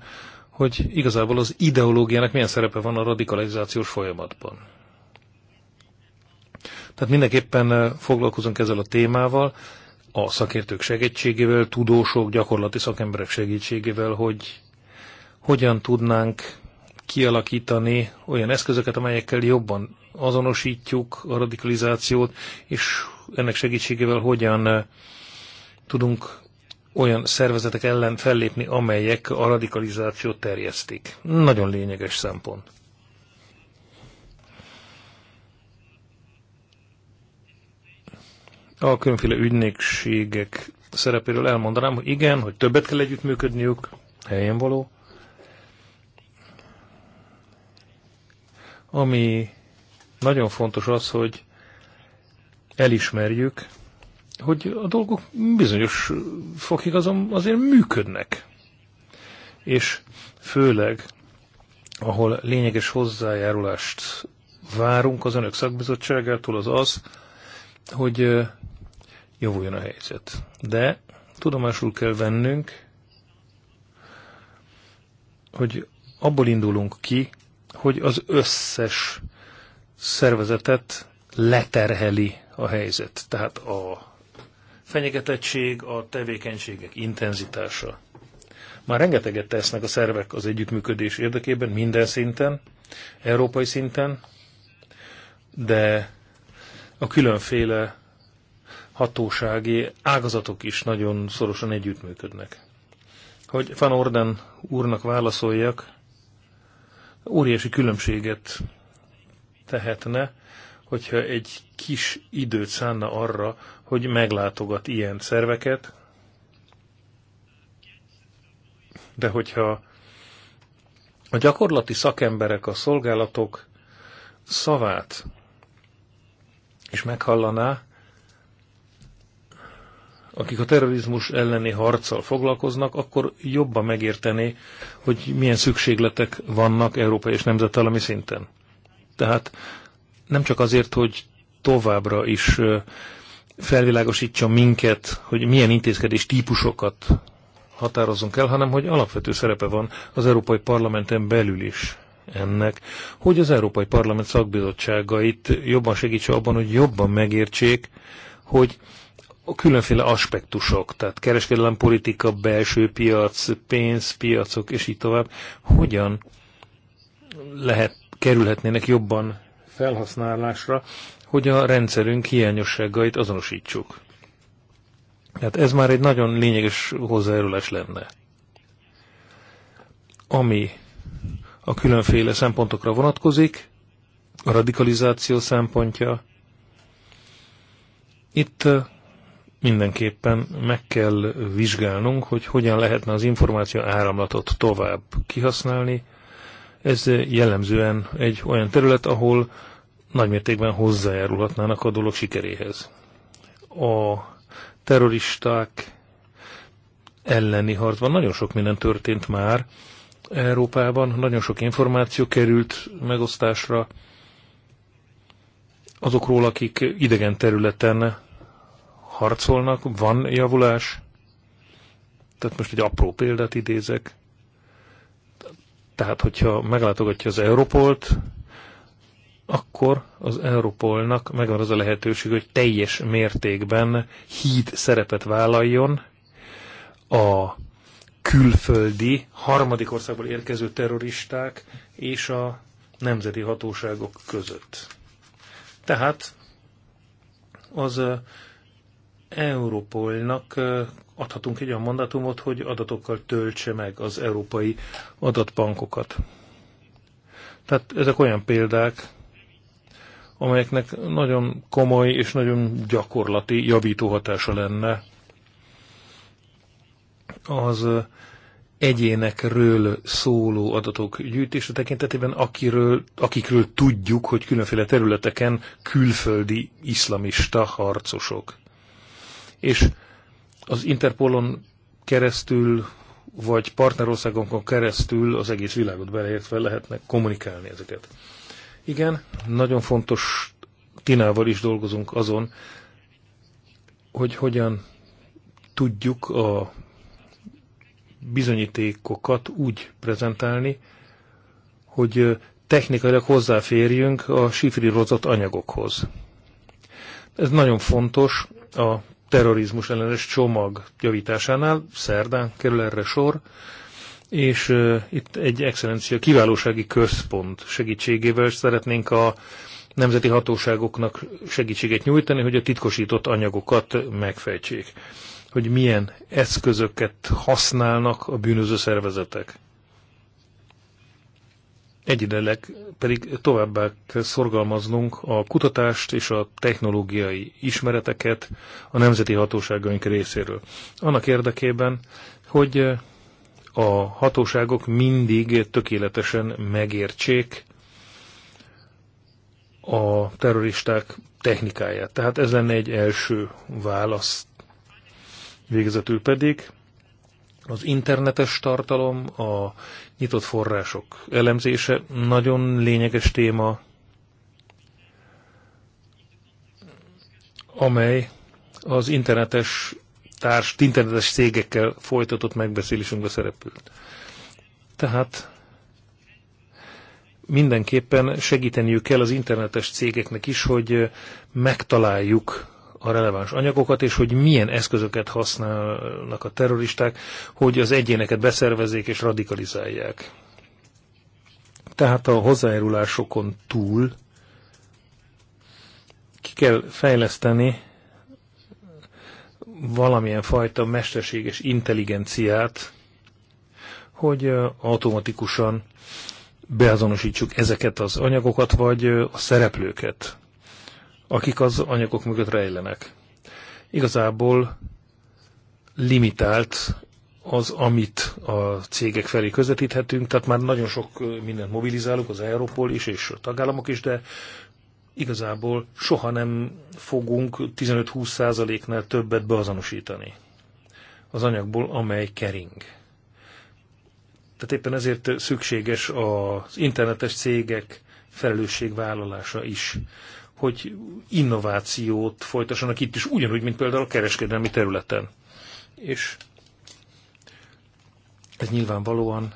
hogy igazából az ideológiának milyen szerepe van a radikalizációs folyamatban. Tehát mindenképpen foglalkozunk ezzel a témával, a szakértők segítségével, tudósok, gyakorlati szakemberek segítségével, hogy hogyan tudnánk kialakítani olyan eszközöket, amelyekkel jobban azonosítjuk a radikalizációt, és ennek segítségével hogyan eh, tudunk olyan szervezetek ellen fellépni, amelyek a radikalizációt terjesztik. Nagyon lényeges szempont. a különféle ügynökségek szerepéről elmondanám, hogy igen, hogy többet kell együttműködniük, helyen való. Ami nagyon fontos az, hogy elismerjük, hogy a dolgok bizonyos fokig azon azért működnek. És főleg, ahol lényeges hozzájárulást várunk az önök szakbizottságától, az az, hogy javuljon a helyzet. De tudomásul kell vennünk, hogy abból indulunk ki, hogy az összes szervezetet leterheli a helyzet. Tehát a fenyegetettség, a tevékenységek intenzitása. Már rengeteget tesznek a szervek az együttműködés érdekében, minden szinten, európai szinten, de a különféle hatósági ágazatok is nagyon szorosan együttműködnek. Hogy Van Orden úrnak válaszoljak, óriási különbséget tehetne, hogyha egy kis időt szánna arra, hogy meglátogat ilyen szerveket, de hogyha a gyakorlati szakemberek, a szolgálatok szavát is meghallaná, akik a terrorizmus elleni harccal foglalkoznak, akkor jobban megértené, hogy milyen szükségletek vannak európai és nemzetállami szinten. Tehát nem csak azért, hogy továbbra is felvilágosítsa minket, hogy milyen intézkedés típusokat határozzunk el, hanem hogy alapvető szerepe van az Európai Parlamenten belül is ennek, hogy az Európai Parlament szakbizottságait jobban segítse abban, hogy jobban megértsék, hogy a különféle aspektusok, tehát kereskedelem, politika, belső piac, pénzpiacok, és így tovább, hogyan lehet, kerülhetnének jobban felhasználásra, hogy a rendszerünk hiányosságait azonosítsuk. Tehát ez már egy nagyon lényeges hozzájárulás lenne. Ami a különféle szempontokra vonatkozik, a radikalizáció szempontja. Itt mindenképpen meg kell vizsgálnunk, hogy hogyan lehetne az információ áramlatot tovább kihasználni. Ez jellemzően egy olyan terület, ahol nagymértékben hozzájárulhatnának a dolog sikeréhez. A terroristák elleni harcban nagyon sok minden történt már Európában, nagyon sok információ került megosztásra azokról, akik idegen területen harcolnak, van javulás. Tehát most egy apró példát idézek. Tehát, hogyha meglátogatja az Europolt, akkor az Europolnak megvan az a lehetőség, hogy teljes mértékben híd szerepet vállaljon a külföldi, harmadik országból érkező terroristák és a nemzeti hatóságok között. Tehát az Európolnak adhatunk egy olyan mandátumot, hogy adatokkal töltse meg az európai adatbankokat. Tehát ezek olyan példák, amelyeknek nagyon komoly és nagyon gyakorlati javító hatása lenne az egyénekről szóló adatok gyűjtése tekintetében, akiről, akikről tudjuk, hogy különféle területeken külföldi iszlamista harcosok és az Interpolon keresztül, vagy partnerországonkon keresztül az egész világot beleértve lehetnek kommunikálni ezeket. Igen, nagyon fontos Tinával is dolgozunk azon, hogy hogyan tudjuk a bizonyítékokat úgy prezentálni, hogy technikailag hozzáférjünk a sifrírozott anyagokhoz. Ez nagyon fontos a terrorizmus ellenes csomag javításánál, szerdán kerül erre sor, és uh, itt egy excellencia kiválósági központ segítségével szeretnénk a nemzeti hatóságoknak segítséget nyújtani, hogy a titkosított anyagokat megfejtsék. Hogy milyen eszközöket használnak a bűnöző szervezetek. Egyideleg pedig továbbá kell szorgalmaznunk a kutatást és a technológiai ismereteket a nemzeti hatóságaink részéről. Annak érdekében, hogy a hatóságok mindig tökéletesen megértsék a terroristák technikáját. Tehát ez lenne egy első válasz. Végezetül pedig az internetes tartalom, a nyitott források elemzése nagyon lényeges téma, amely az internetes társ, internetes cégekkel folytatott megbeszélésünkbe szerepült. Tehát mindenképpen segíteniük kell az internetes cégeknek is, hogy megtaláljuk a releváns anyagokat, és hogy milyen eszközöket használnak a terroristák, hogy az egyéneket beszervezzék és radikalizálják. Tehát a hozzájárulásokon túl ki kell fejleszteni valamilyen fajta mesterséges intelligenciát, hogy automatikusan beazonosítsuk ezeket az anyagokat, vagy a szereplőket akik az anyagok mögött rejlenek. Igazából limitált az, amit a cégek felé közvetíthetünk, tehát már nagyon sok mindent mobilizálunk, az Európol is és a tagállamok is, de igazából soha nem fogunk 15-20 százaléknál többet beazonosítani az anyagból, amely kering. Tehát éppen ezért szükséges az internetes cégek felelősségvállalása is hogy innovációt folytassanak itt is, ugyanúgy, mint például a kereskedelmi területen. És ez nyilvánvalóan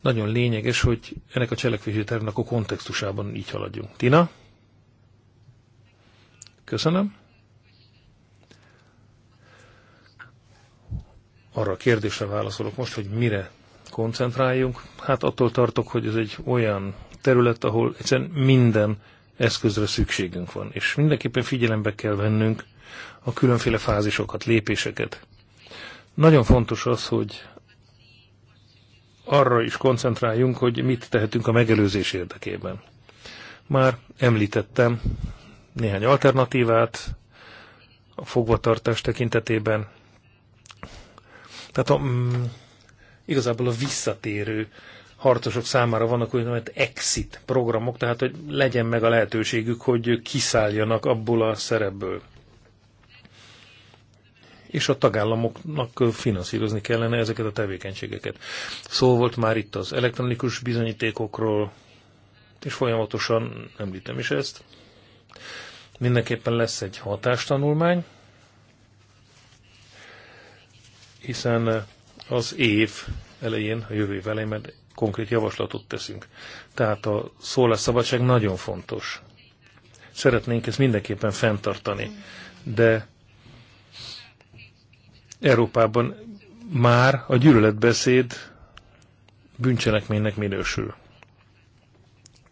nagyon lényeges, hogy ennek a cselekvési tervnek a kontextusában így haladjunk. Tina? Köszönöm. Arra a kérdésre válaszolok most, hogy mire koncentráljunk. Hát attól tartok, hogy ez egy olyan terület, ahol egyszerűen minden eszközre szükségünk van, és mindenképpen figyelembe kell vennünk a különféle fázisokat, lépéseket. Nagyon fontos az, hogy arra is koncentráljunk, hogy mit tehetünk a megelőzés érdekében. Már említettem néhány alternatívát a fogvatartás tekintetében. Tehát a, mm, igazából a visszatérő harcosok számára vannak úgynevezett exit programok, tehát hogy legyen meg a lehetőségük, hogy kiszálljanak abból a szerepből. És a tagállamoknak finanszírozni kellene ezeket a tevékenységeket. Szó volt már itt az elektronikus bizonyítékokról, és folyamatosan említem is ezt. Mindenképpen lesz egy hatástanulmány, hiszen az év elején, a jövő év elején, mert konkrét javaslatot teszünk. Tehát a szólásszabadság nagyon fontos. Szeretnénk ezt mindenképpen fenntartani, de Európában már a gyűlöletbeszéd bűncselekménynek minősül.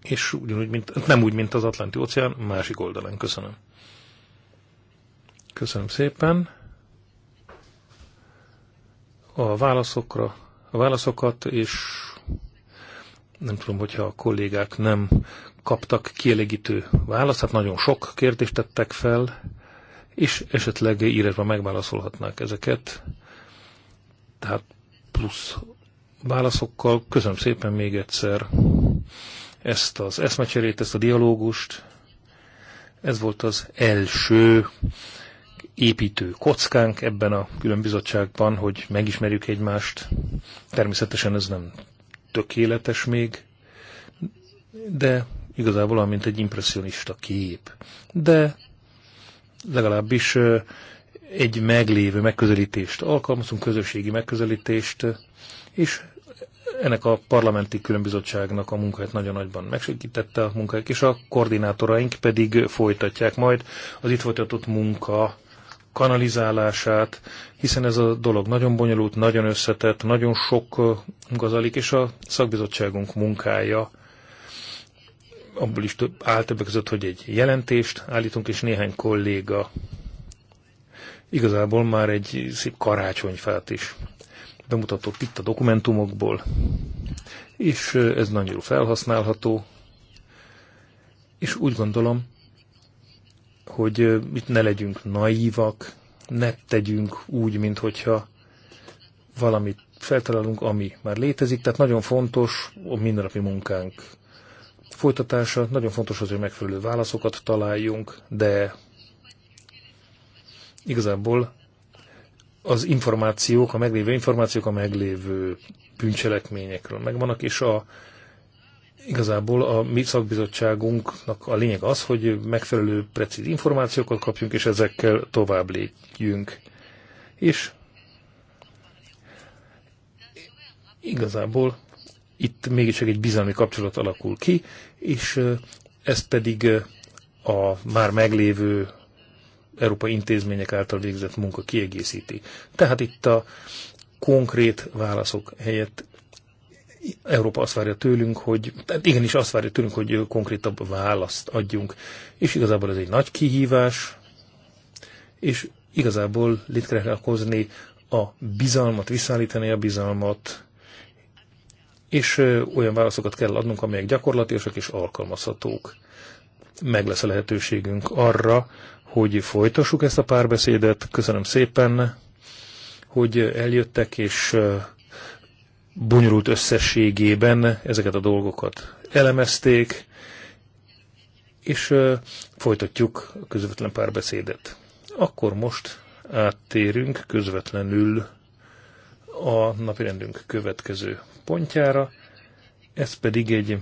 És ugyanúgy, mint, nem úgy, mint az Atlanti óceán, másik oldalán. Köszönöm. Köszönöm szépen a válaszokra, a válaszokat, és nem tudom, hogyha a kollégák nem kaptak kielégítő választ, hát nagyon sok kérdést tettek fel, és esetleg írásban megválaszolhatnák ezeket. Tehát plusz válaszokkal köszönöm szépen még egyszer ezt az eszmecserét, ezt a dialógust. Ez volt az első építő kockánk ebben a különbizottságban, bizottságban, hogy megismerjük egymást. Természetesen ez nem tökéletes még, de igazából mint egy impressionista kép. De legalábbis egy meglévő megközelítést alkalmazunk, közösségi megközelítést, és ennek a parlamenti különbizottságnak a munkáját nagyon nagyban megsegítette a munkájuk, és a koordinátoraink pedig folytatják majd az itt folytatott munka kanalizálását, hiszen ez a dolog nagyon bonyolult, nagyon összetett, nagyon sok gazalik, és a szakbizottságunk munkája abból is több, áll többek között, hogy egy jelentést állítunk, és néhány kolléga igazából már egy szép karácsonyfát is bemutatott itt a dokumentumokból, és ez nagyon jól felhasználható, és úgy gondolom, hogy itt ne legyünk naívak, ne tegyünk úgy, hogyha valamit feltalálunk, ami már létezik. Tehát nagyon fontos a mindennapi munkánk folytatása, nagyon fontos az, hogy megfelelő válaszokat találjunk, de igazából az információk, a meglévő információk a meglévő bűncselekményekről megvannak, és a Igazából a mi szakbizottságunknak a lényeg az, hogy megfelelő precíz információkat kapjunk, és ezekkel tovább lépjünk. És igazából itt mégis egy bizalmi kapcsolat alakul ki, és ez pedig a már meglévő európai intézmények által végzett munka kiegészíti. Tehát itt a konkrét válaszok helyett Európa azt várja tőlünk, hogy, tehát igenis azt várja tőlünk, hogy konkrétabb választ adjunk. És igazából ez egy nagy kihívás, és igazából létre kell hozni a bizalmat, visszaállítani a bizalmat, és olyan válaszokat kell adnunk, amelyek gyakorlatilag és alkalmazhatók. Meg lesz a lehetőségünk arra, hogy folytassuk ezt a párbeszédet. Köszönöm szépen, hogy eljöttek, és bonyolult összességében ezeket a dolgokat elemezték, és folytatjuk a közvetlen párbeszédet. Akkor most áttérünk közvetlenül a napirendünk következő pontjára, ez pedig egy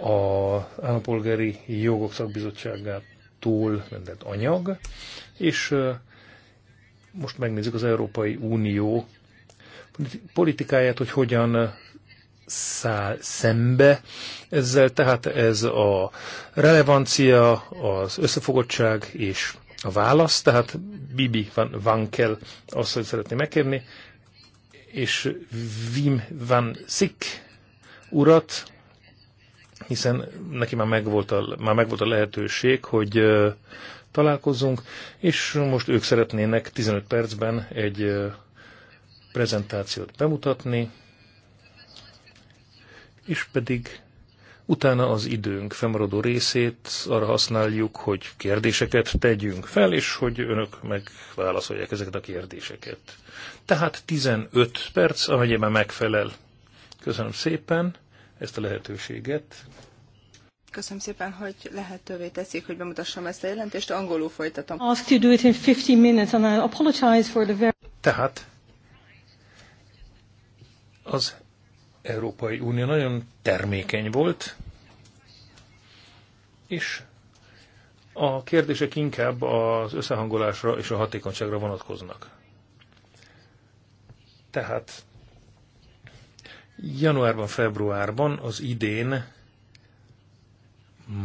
a Állampolgári Jogok Szakbizottságától rendelt anyag, és most megnézzük az Európai Unió politikáját, hogy hogyan eh, száll szembe ezzel, tehát ez a relevancia, az összefogottság és a válasz, tehát Bibi van van kell, azt, hogy szeretné megkérni, és Wim van Sik urat, hiszen neki már megvolt a, már megvolt a lehetőség, hogy eh, találkozzunk, és most ők szeretnének 15 percben egy eh, prezentációt bemutatni, és pedig utána az időnk fennmaradó részét arra használjuk, hogy kérdéseket tegyünk fel, és hogy önök megválaszolják ezeket a kérdéseket. Tehát 15 perc, amennyiben megfelel. Köszönöm szépen ezt a lehetőséget. Köszönöm szépen, hogy lehetővé teszik, hogy bemutassam ezt a jelentést. Angolul folytatom. Tehát az Európai Unió nagyon termékeny volt, és a kérdések inkább az összehangolásra és a hatékonyságra vonatkoznak. Tehát januárban, februárban az idén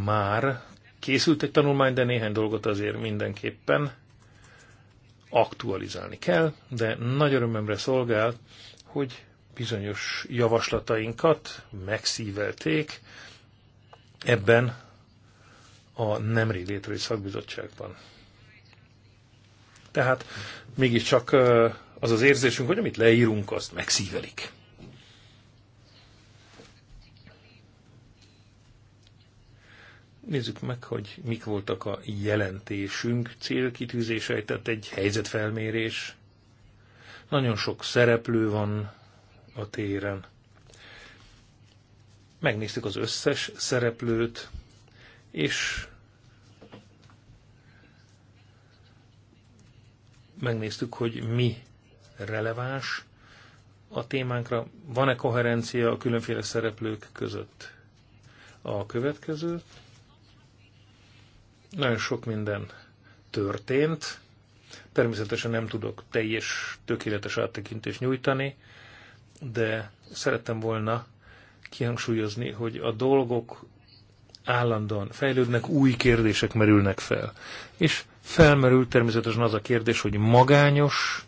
már készült egy tanulmány, de néhány dolgot azért mindenképpen aktualizálni kell, de nagy örömömre szolgál, hogy bizonyos javaslatainkat megszívelték ebben a nemrég létrejött szakbizottságban. Tehát mégiscsak az az érzésünk, hogy amit leírunk, azt megszívelik. Nézzük meg, hogy mik voltak a jelentésünk célkitűzései, tehát egy helyzetfelmérés. Nagyon sok szereplő van, a téren. Megnéztük az összes szereplőt, és megnéztük, hogy mi releváns a témánkra, van-e koherencia a különféle szereplők között. A következő. Nagyon sok minden történt. Természetesen nem tudok teljes, tökéletes áttekintést nyújtani, de szerettem volna kihangsúlyozni, hogy a dolgok állandóan fejlődnek, új kérdések merülnek fel. És felmerül természetesen az a kérdés, hogy magányos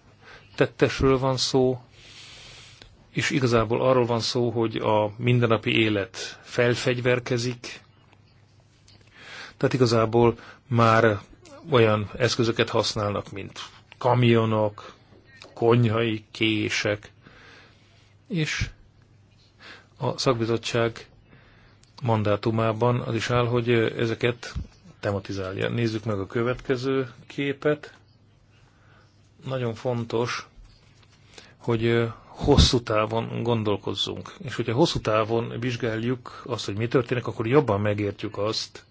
tettesről van szó, és igazából arról van szó, hogy a mindennapi élet felfegyverkezik, tehát igazából már olyan eszközöket használnak, mint kamionok, konyhai kések, és a szakbizottság mandátumában az is áll, hogy ezeket tematizálja. Nézzük meg a következő képet. Nagyon fontos, hogy hosszú távon gondolkozzunk. És hogyha hosszú távon vizsgáljuk azt, hogy mi történik, akkor jobban megértjük azt,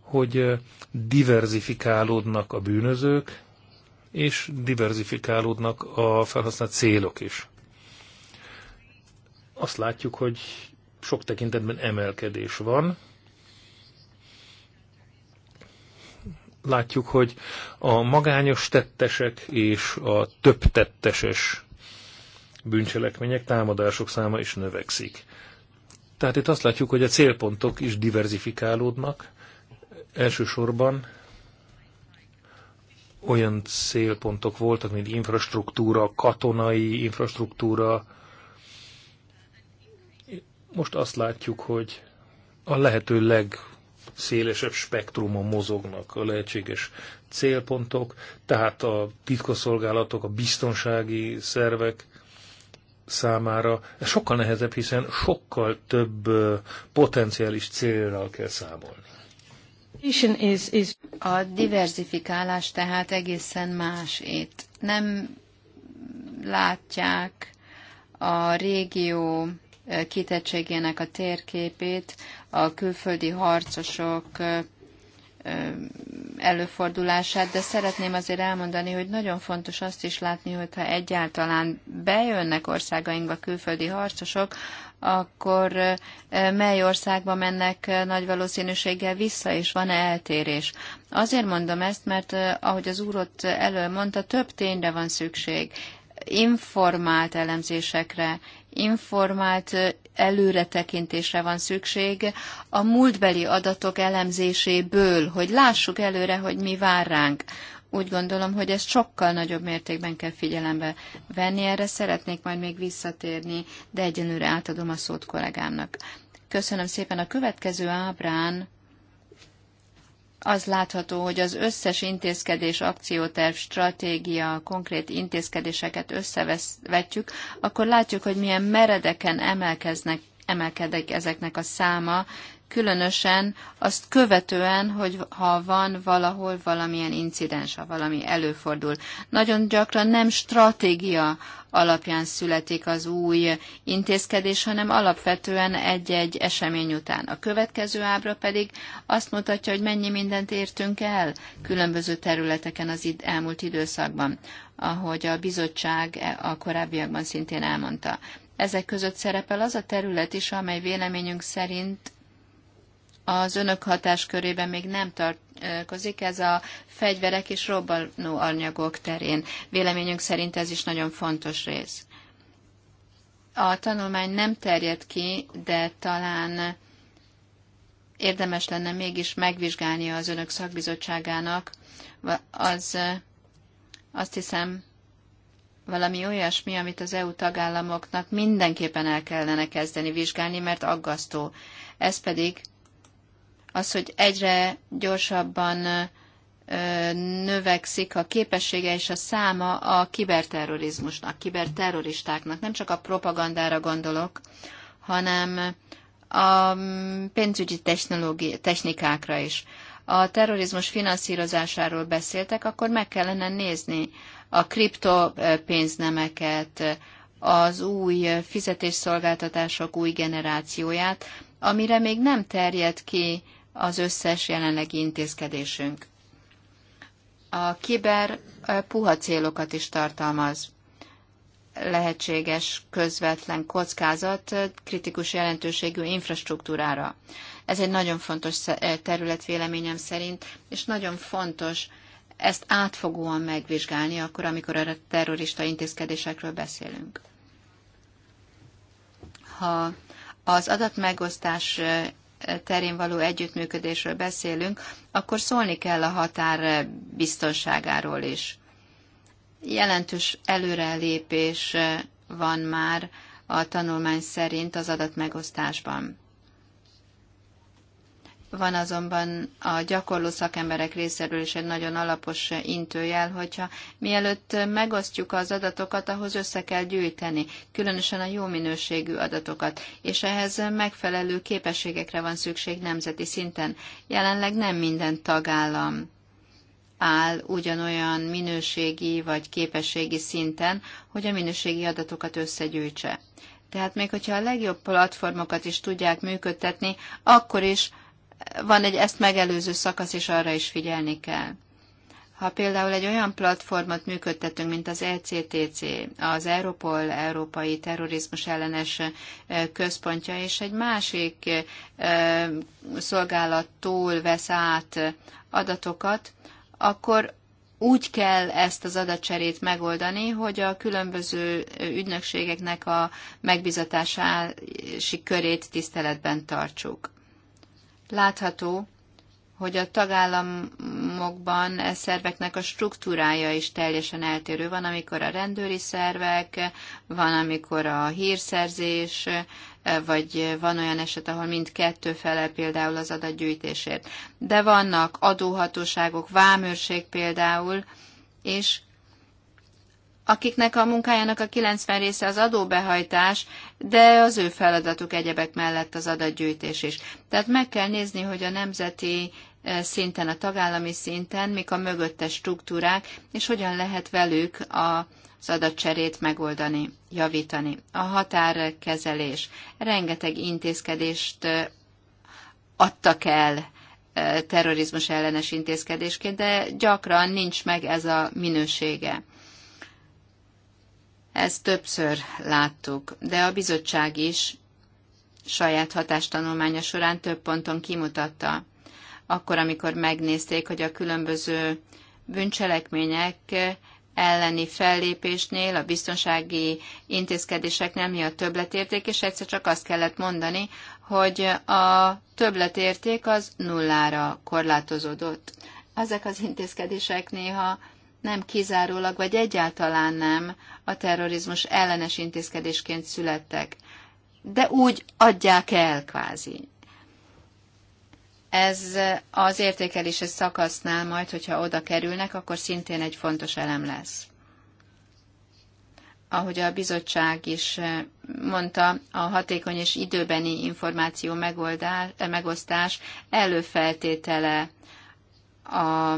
hogy diverzifikálódnak a bűnözők, és diverzifikálódnak a felhasznált célok is azt látjuk, hogy sok tekintetben emelkedés van. Látjuk, hogy a magányos tettesek és a több tetteses bűncselekmények, támadások száma is növekszik. Tehát itt azt látjuk, hogy a célpontok is diverzifikálódnak. Elsősorban olyan célpontok voltak, mint infrastruktúra, katonai infrastruktúra, most azt látjuk, hogy a lehető legszélesebb spektrumon mozognak a lehetséges célpontok, tehát a titkosszolgálatok, a biztonsági szervek számára. Ez sokkal nehezebb, hiszen sokkal több potenciális célral kell számolni. A diversifikálás tehát egészen más itt. Nem látják a régió kitettségének a térképét a külföldi harcosok előfordulását, de szeretném azért elmondani, hogy nagyon fontos azt is látni, hogyha egyáltalán bejönnek országainkba külföldi harcosok, akkor mely országba mennek nagy valószínűséggel vissza, és van-e eltérés. Azért mondom ezt, mert ahogy az úr ott több tényre van szükség informált elemzésekre, informált előretekintésre van szükség a múltbeli adatok elemzéséből, hogy lássuk előre, hogy mi vár ránk. Úgy gondolom, hogy ezt sokkal nagyobb mértékben kell figyelembe venni, erre szeretnék majd még visszatérni, de egyenőre átadom a szót kollégámnak. Köszönöm szépen a következő ábrán az látható, hogy az összes intézkedés, akcióterv, stratégia, konkrét intézkedéseket összevetjük, akkor látjuk, hogy milyen meredeken emelkeznek, emelkedik ezeknek a száma, különösen azt követően, hogy ha van valahol valamilyen incidens, ha valami előfordul. Nagyon gyakran nem stratégia alapján születik az új intézkedés, hanem alapvetően egy-egy esemény után. A következő ábra pedig azt mutatja, hogy mennyi mindent értünk el különböző területeken az id- elmúlt időszakban, ahogy a bizottság e- a korábbiakban szintén elmondta. Ezek között szerepel az a terület is, amely véleményünk szerint az önök hatáskörében még nem tartozik, ez a fegyverek és robbanó anyagok terén. Véleményünk szerint ez is nagyon fontos rész. A tanulmány nem terjed ki, de talán érdemes lenne mégis megvizsgálnia az önök szakbizottságának, az azt hiszem valami olyasmi, amit az EU tagállamoknak mindenképpen el kellene kezdeni vizsgálni, mert aggasztó. Ez pedig az, hogy egyre gyorsabban növekszik a képessége és a száma a kiberterrorizmusnak, kiberterroristáknak. Nem csak a propagandára gondolok, hanem a pénzügyi technikákra is. A terrorizmus finanszírozásáról beszéltek, akkor meg kellene nézni a kriptopénznemeket, az új fizetésszolgáltatások új generációját, amire még nem terjed ki az összes jelenlegi intézkedésünk. A kiber puha célokat is tartalmaz. Lehetséges közvetlen kockázat kritikus jelentőségű infrastruktúrára. Ez egy nagyon fontos terület véleményem szerint, és nagyon fontos ezt átfogóan megvizsgálni akkor, amikor a terrorista intézkedésekről beszélünk. Ha az adatmegosztás terén való együttműködésről beszélünk, akkor szólni kell a határ biztonságáról is. Jelentős előrelépés van már a tanulmány szerint az adatmegosztásban. Van azonban a gyakorló szakemberek részéről is egy nagyon alapos intőjel, hogyha mielőtt megosztjuk az adatokat, ahhoz össze kell gyűjteni, különösen a jó minőségű adatokat, és ehhez megfelelő képességekre van szükség nemzeti szinten. Jelenleg nem minden tagállam áll ugyanolyan minőségi vagy képességi szinten, hogy a minőségi adatokat összegyűjtse. Tehát még hogyha a legjobb platformokat is tudják működtetni, akkor is van egy ezt megelőző szakasz, és arra is figyelni kell. Ha például egy olyan platformot működtetünk, mint az ECTC, az Europol Európai Terrorizmus Ellenes Központja, és egy másik szolgálattól vesz át adatokat, akkor úgy kell ezt az adatcserét megoldani, hogy a különböző ügynökségeknek a megbizatási körét tiszteletben tartsuk látható, hogy a tagállamokban e szerveknek a struktúrája is teljesen eltérő. Van, amikor a rendőri szervek, van, amikor a hírszerzés, vagy van olyan eset, ahol mind kettő fele például az adatgyűjtésért. De vannak adóhatóságok, vámőrség például, és akiknek a munkájának a 90 része az adóbehajtás, de az ő feladatuk egyebek mellett az adatgyűjtés is. Tehát meg kell nézni, hogy a nemzeti e, szinten, a tagállami szinten mik a mögöttes struktúrák, és hogyan lehet velük a, az adatcserét megoldani, javítani. A határkezelés. Rengeteg intézkedést e, adtak el e, terrorizmus ellenes intézkedésként, de gyakran nincs meg ez a minősége. Ezt többször láttuk, de a bizottság is saját hatástanulmánya során több ponton kimutatta. Akkor, amikor megnézték, hogy a különböző bűncselekmények elleni fellépésnél, a biztonsági intézkedéseknél mi a többletérték, és egyszer csak azt kellett mondani, hogy a többletérték az nullára korlátozódott. Ezek az intézkedések néha nem kizárólag, vagy egyáltalán nem a terrorizmus ellenes intézkedésként születtek, de úgy adják el kvázi. Ez az értékelési szakasznál majd, hogyha oda kerülnek, akkor szintén egy fontos elem lesz. Ahogy a bizottság is mondta, a hatékony és időbeni információ megoldás, megosztás előfeltétele a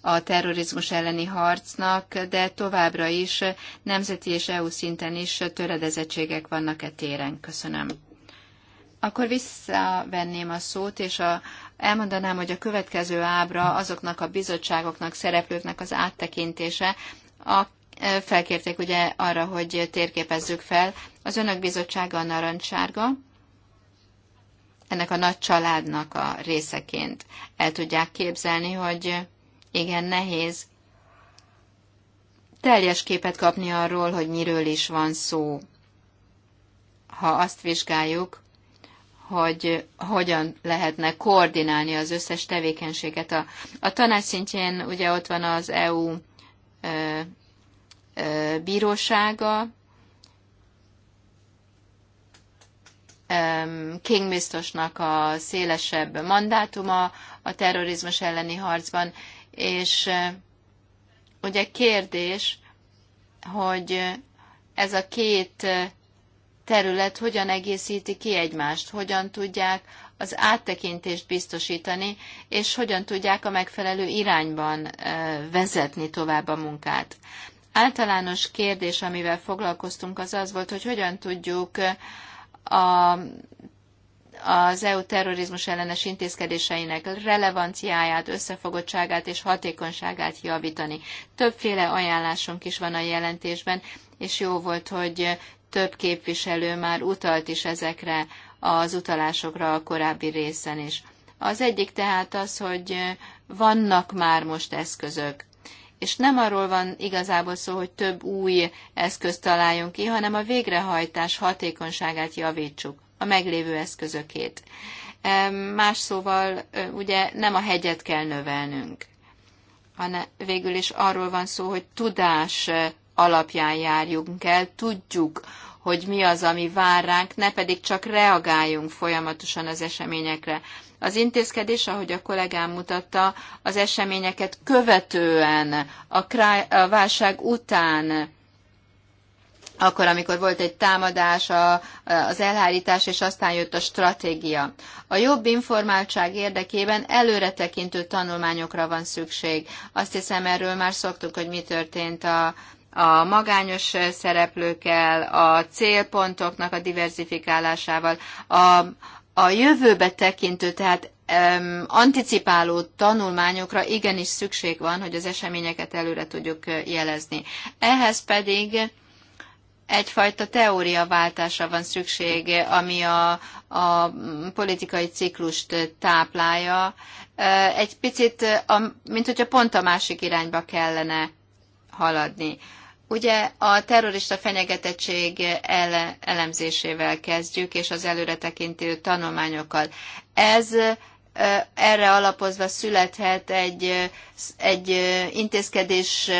a terrorizmus elleni harcnak, de továbbra is nemzeti és EU szinten is töredezettségek vannak e téren. Köszönöm. Akkor visszavenném a szót, és a, elmondanám, hogy a következő ábra azoknak a bizottságoknak, szereplőknek az áttekintése, a, e, felkérték ugye arra, hogy térképezzük fel. Az önök bizottsága a narancssárga, ennek a nagy családnak a részeként. El tudják képzelni, hogy igen nehéz teljes képet kapni arról, hogy miről is van szó. Ha azt vizsgáljuk, hogy hogyan lehetne koordinálni az összes tevékenységet. A, a tanács szintjén ugye ott van az EU ö, ö, bírósága, King biztosnak a szélesebb mandátuma a terrorizmus elleni harcban, és ugye kérdés, hogy ez a két terület hogyan egészíti ki egymást, hogyan tudják az áttekintést biztosítani, és hogyan tudják a megfelelő irányban vezetni tovább a munkát. Általános kérdés, amivel foglalkoztunk, az az volt, hogy hogyan tudjuk a az EU terrorizmus ellenes intézkedéseinek relevanciáját, összefogottságát és hatékonyságát javítani. Többféle ajánlásunk is van a jelentésben, és jó volt, hogy több képviselő már utalt is ezekre az utalásokra a korábbi részen is. Az egyik tehát az, hogy vannak már most eszközök, és nem arról van igazából szó, hogy több új eszközt találjunk ki, hanem a végrehajtás hatékonyságát javítsuk a meglévő eszközökét. Más szóval ugye nem a hegyet kell növelnünk, hanem végül is arról van szó, hogy tudás alapján járjunk el, tudjuk, hogy mi az, ami vár ránk, ne pedig csak reagáljunk folyamatosan az eseményekre. Az intézkedés, ahogy a kollégám mutatta, az eseményeket követően, a, krá- a válság után akkor, amikor volt egy támadás, a, az elhárítás, és aztán jött a stratégia. A jobb informáltság érdekében előretekintő tanulmányokra van szükség. Azt hiszem, erről már szoktuk, hogy mi történt a, a magányos szereplőkkel, a célpontoknak a diversifikálásával, a, a jövőbe tekintő, tehát um, anticipáló tanulmányokra igenis szükség van, hogy az eseményeket előre tudjuk jelezni. Ehhez pedig egyfajta teóriaváltásra van szükség, ami a, a politikai ciklust táplálja. Egy picit, mint hogyha pont a másik irányba kellene haladni. Ugye a terrorista fenyegetettség ele, elemzésével kezdjük, és az előretekintő tanulmányokkal. Ez erre alapozva születhet egy, egy intézkedés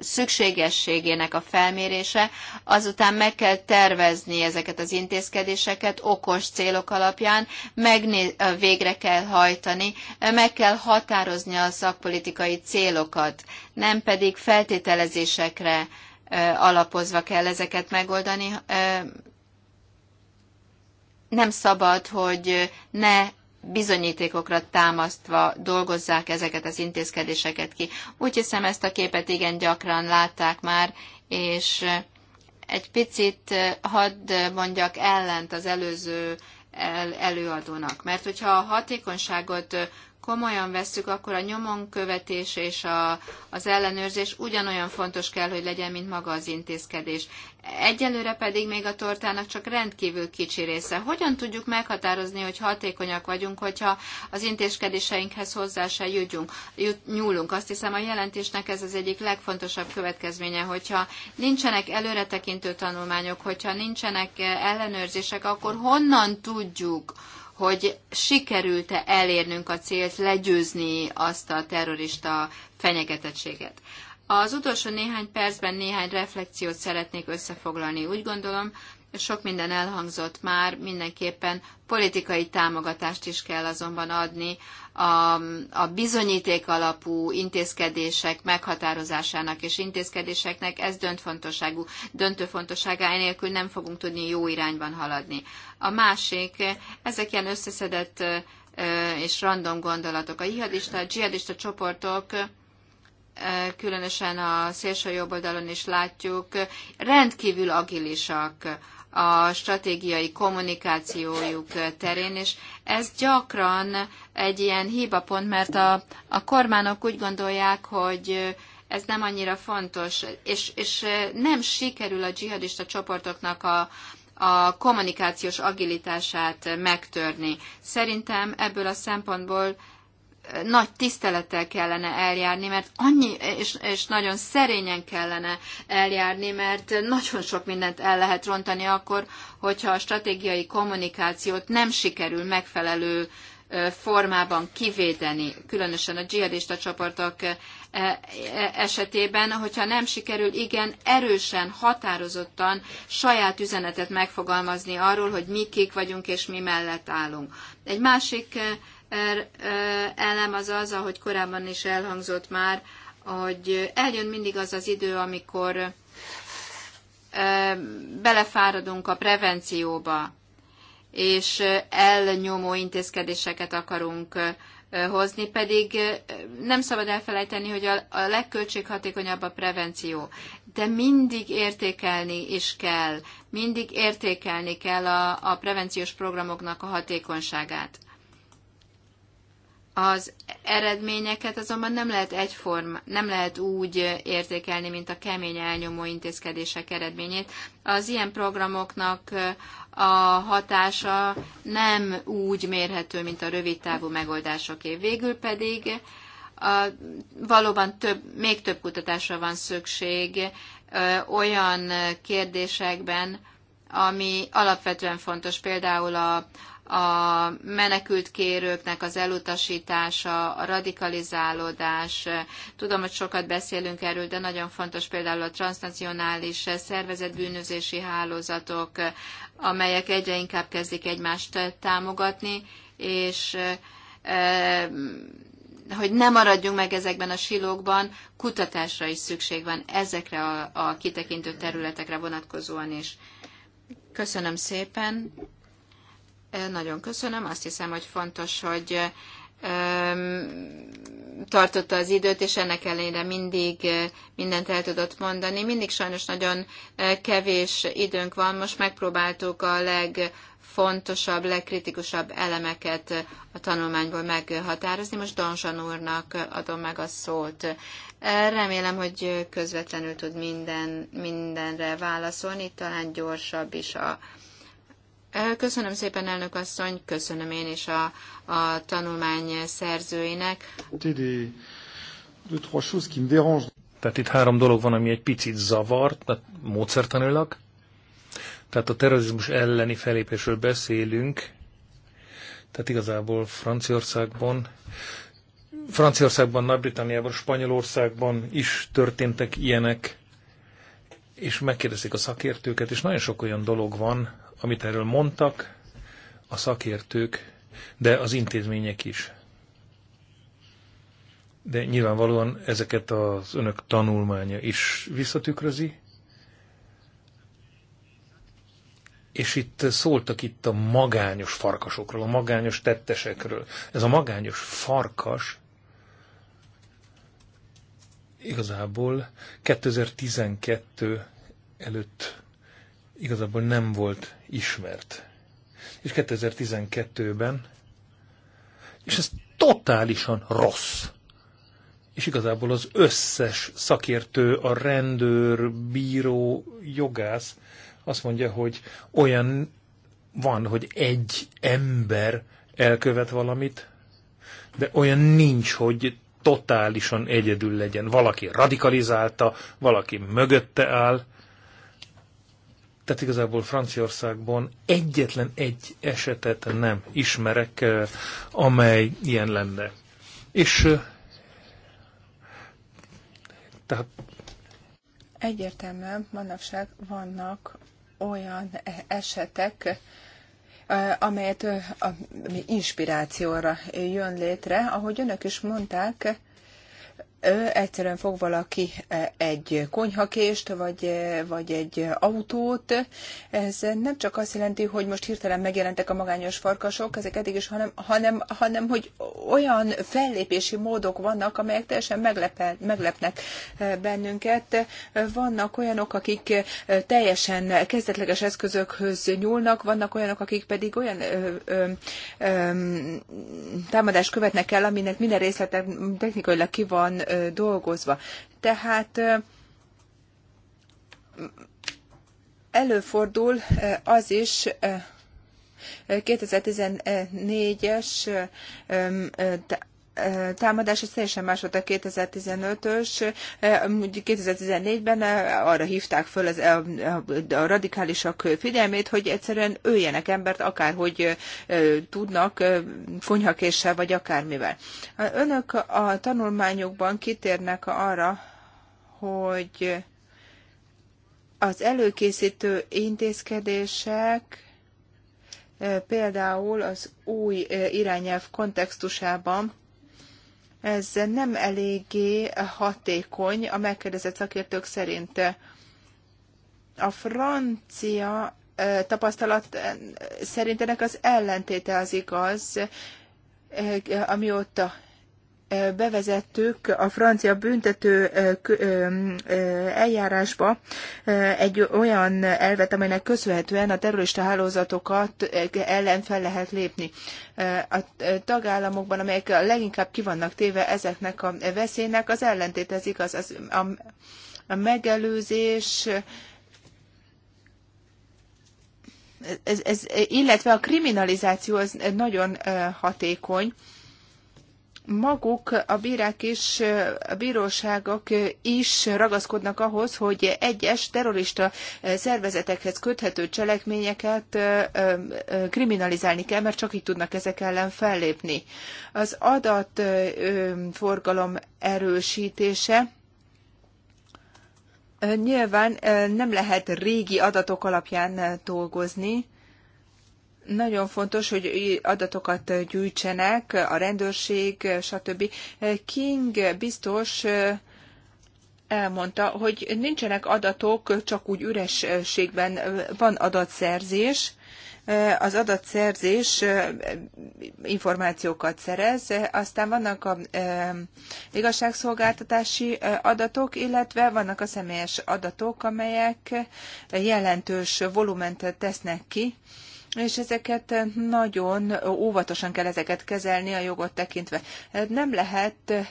szükségességének a felmérése, azután meg kell tervezni ezeket az intézkedéseket okos célok alapján, megné- végre kell hajtani, meg kell határozni a szakpolitikai célokat, nem pedig feltételezésekre alapozva kell ezeket megoldani. Nem szabad, hogy ne bizonyítékokra támasztva dolgozzák ezeket az intézkedéseket ki. Úgy hiszem, ezt a képet igen gyakran látták már, és egy picit hadd mondjak ellent az előző előadónak. Mert hogyha a hatékonyságot komolyan vesszük, akkor a nyomon követés és a, az ellenőrzés ugyanolyan fontos kell, hogy legyen, mint maga az intézkedés. Egyelőre pedig még a tortának csak rendkívül kicsi része. Hogyan tudjuk meghatározni, hogy hatékonyak vagyunk, hogyha az intézkedéseinkhez hozzá se jutjunk, jut, nyúlunk? Azt hiszem a jelentésnek ez az egyik legfontosabb következménye, hogyha nincsenek előretekintő tanulmányok, hogyha nincsenek eh, ellenőrzések, akkor honnan tudjuk, hogy sikerült-e elérnünk a célt, legyőzni azt a terrorista fenyegetettséget. Az utolsó néhány percben néhány reflexiót szeretnék összefoglalni. Úgy gondolom, sok minden elhangzott már, mindenképpen politikai támogatást is kell azonban adni a, a bizonyíték alapú intézkedések meghatározásának és intézkedéseknek, ez fontosságú, döntő fontosságá, enélkül nem fogunk tudni jó irányban haladni. A másik, ezek ilyen összeszedett és random gondolatok. A jihadista, a dzsihadista csoportok különösen a szélső jobb oldalon is látjuk, rendkívül agilisak a stratégiai kommunikációjuk terén, és ez gyakran egy ilyen hibapont, mert a, a kormányok úgy gondolják, hogy ez nem annyira fontos, és, és nem sikerül a dzsihadista csoportoknak a, a kommunikációs agilitását megtörni. Szerintem ebből a szempontból nagy tisztelettel kellene eljárni, mert annyi, és, és nagyon szerényen kellene eljárni, mert nagyon sok mindent el lehet rontani akkor, hogyha a stratégiai kommunikációt nem sikerül megfelelő formában kivédeni, különösen a dzsihadista csapatok e, e, esetében, hogyha nem sikerül igen erősen, határozottan saját üzenetet megfogalmazni arról, hogy mi kik vagyunk és mi mellett állunk. Egy másik elem az az, ahogy korábban is elhangzott már, hogy eljön mindig az az idő, amikor belefáradunk a prevencióba, és elnyomó intézkedéseket akarunk hozni, pedig nem szabad elfelejteni, hogy a legköltséghatékonyabb a prevenció. De mindig értékelni is kell, mindig értékelni kell a, a prevenciós programoknak a hatékonyságát. Az eredményeket azonban nem lehet egyforma, nem lehet úgy értékelni, mint a kemény elnyomó intézkedések eredményét. Az ilyen programoknak a hatása nem úgy mérhető, mint a rövidtávú megoldásoké. Végül pedig a, valóban több, még több kutatásra van szükség ö, olyan kérdésekben, ami alapvetően fontos, például a, a menekültkérőknek az elutasítása, a radikalizálódás. Tudom, hogy sokat beszélünk erről, de nagyon fontos például a transnacionális szervezetbűnözési hálózatok, amelyek egyre inkább kezdik egymást támogatni, és e, hogy ne maradjunk meg ezekben a silókban, kutatásra is szükség van ezekre a, a kitekintő területekre vonatkozóan is. Köszönöm szépen! Nagyon köszönöm. Azt hiszem, hogy fontos, hogy tartotta az időt, és ennek ellenére mindig mindent el tudott mondani. Mindig sajnos nagyon kevés időnk van. Most megpróbáltuk a legfontosabb, legkritikusabb elemeket a tanulmányból meghatározni. Most Donzsan úrnak adom meg a szót. Remélem, hogy közvetlenül tud minden, mindenre válaszolni, talán gyorsabb is a, Köszönöm szépen, elnök asszony, köszönöm én is a, a tanulmány szerzőinek. Tehát itt három dolog van, ami egy picit zavart, tehát módszertanilag. Tehát a terrorizmus elleni felépésről beszélünk, tehát igazából Franciaországban, Franciaországban, Nagy-Britanniában, Spanyolországban is történtek ilyenek, és megkérdezik a szakértőket, és nagyon sok olyan dolog van, amit erről mondtak, a szakértők, de az intézmények is. De nyilvánvalóan ezeket az önök tanulmánya is visszatükrözi, és itt szóltak itt a magányos farkasokról, a magányos tettesekről. Ez a magányos farkas igazából 2012 előtt igazából nem volt ismert. És 2012-ben, és ez totálisan rossz. És igazából az összes szakértő, a rendőr, bíró, jogász azt mondja, hogy olyan van, hogy egy ember elkövet valamit, de olyan nincs, hogy totálisan egyedül legyen. Valaki radikalizálta, valaki mögötte áll, tehát igazából Franciaországban egyetlen egy esetet nem ismerek, eh, amely ilyen lenne. És eh, tehát egyértelműen manapság vannak olyan eh, esetek, amelyet ami inspirációra jön létre, ahogy önök is mondták, egyszerűen fog valaki egy konyhakést, vagy, vagy egy autót. Ez nem csak azt jelenti, hogy most hirtelen megjelentek a magányos farkasok, ezek eddig is, hanem, hanem, hanem hogy olyan fellépési módok vannak, amelyek teljesen meglepe, meglepnek bennünket. Vannak olyanok, akik teljesen kezdetleges eszközökhöz nyúlnak, vannak olyanok, akik pedig olyan ö, ö, ö, támadást követnek el, aminek minden részlete technikailag ki van dolgozva. Tehát előfordul az is, 2014-es támadás, ez teljesen más volt a 2015-ös, 2014-ben eh, eh, arra hívták föl az, eh, a, a radikálisak figyelmét, hogy egyszerűen öljenek embert akárhogy tudnak, konyhakéssel vagy akármivel. Önök a tanulmányokban kitérnek arra, hogy az előkészítő intézkedések például az új irányelv kontextusában ez nem eléggé hatékony a megkérdezett szakértők szerint. A francia tapasztalat szerint ennek az ellentéte az igaz, amióta bevezettük a francia büntető eljárásba egy olyan elvet, amelynek köszönhetően a terrorista hálózatokat ellen fel lehet lépni. A tagállamokban, amelyek a leginkább kivannak téve ezeknek a veszélynek, az ellentét ez igaz. Az, a, a megelőzés, ez, ez, illetve a kriminalizáció az nagyon hatékony maguk a bírák is, a bíróságok is ragaszkodnak ahhoz, hogy egyes terrorista szervezetekhez köthető cselekményeket kriminalizálni kell, mert csak így tudnak ezek ellen fellépni. Az adatforgalom erősítése nyilván nem lehet régi adatok alapján dolgozni, nagyon fontos, hogy adatokat gyűjtsenek, a rendőrség, stb. King biztos elmondta, hogy nincsenek adatok, csak úgy ürességben van adatszerzés, az adatszerzés információkat szerez, aztán vannak a igazságszolgáltatási adatok, illetve vannak a személyes adatok, amelyek jelentős volument tesznek ki és ezeket nagyon óvatosan kell ezeket kezelni a jogot tekintve. Nem lehet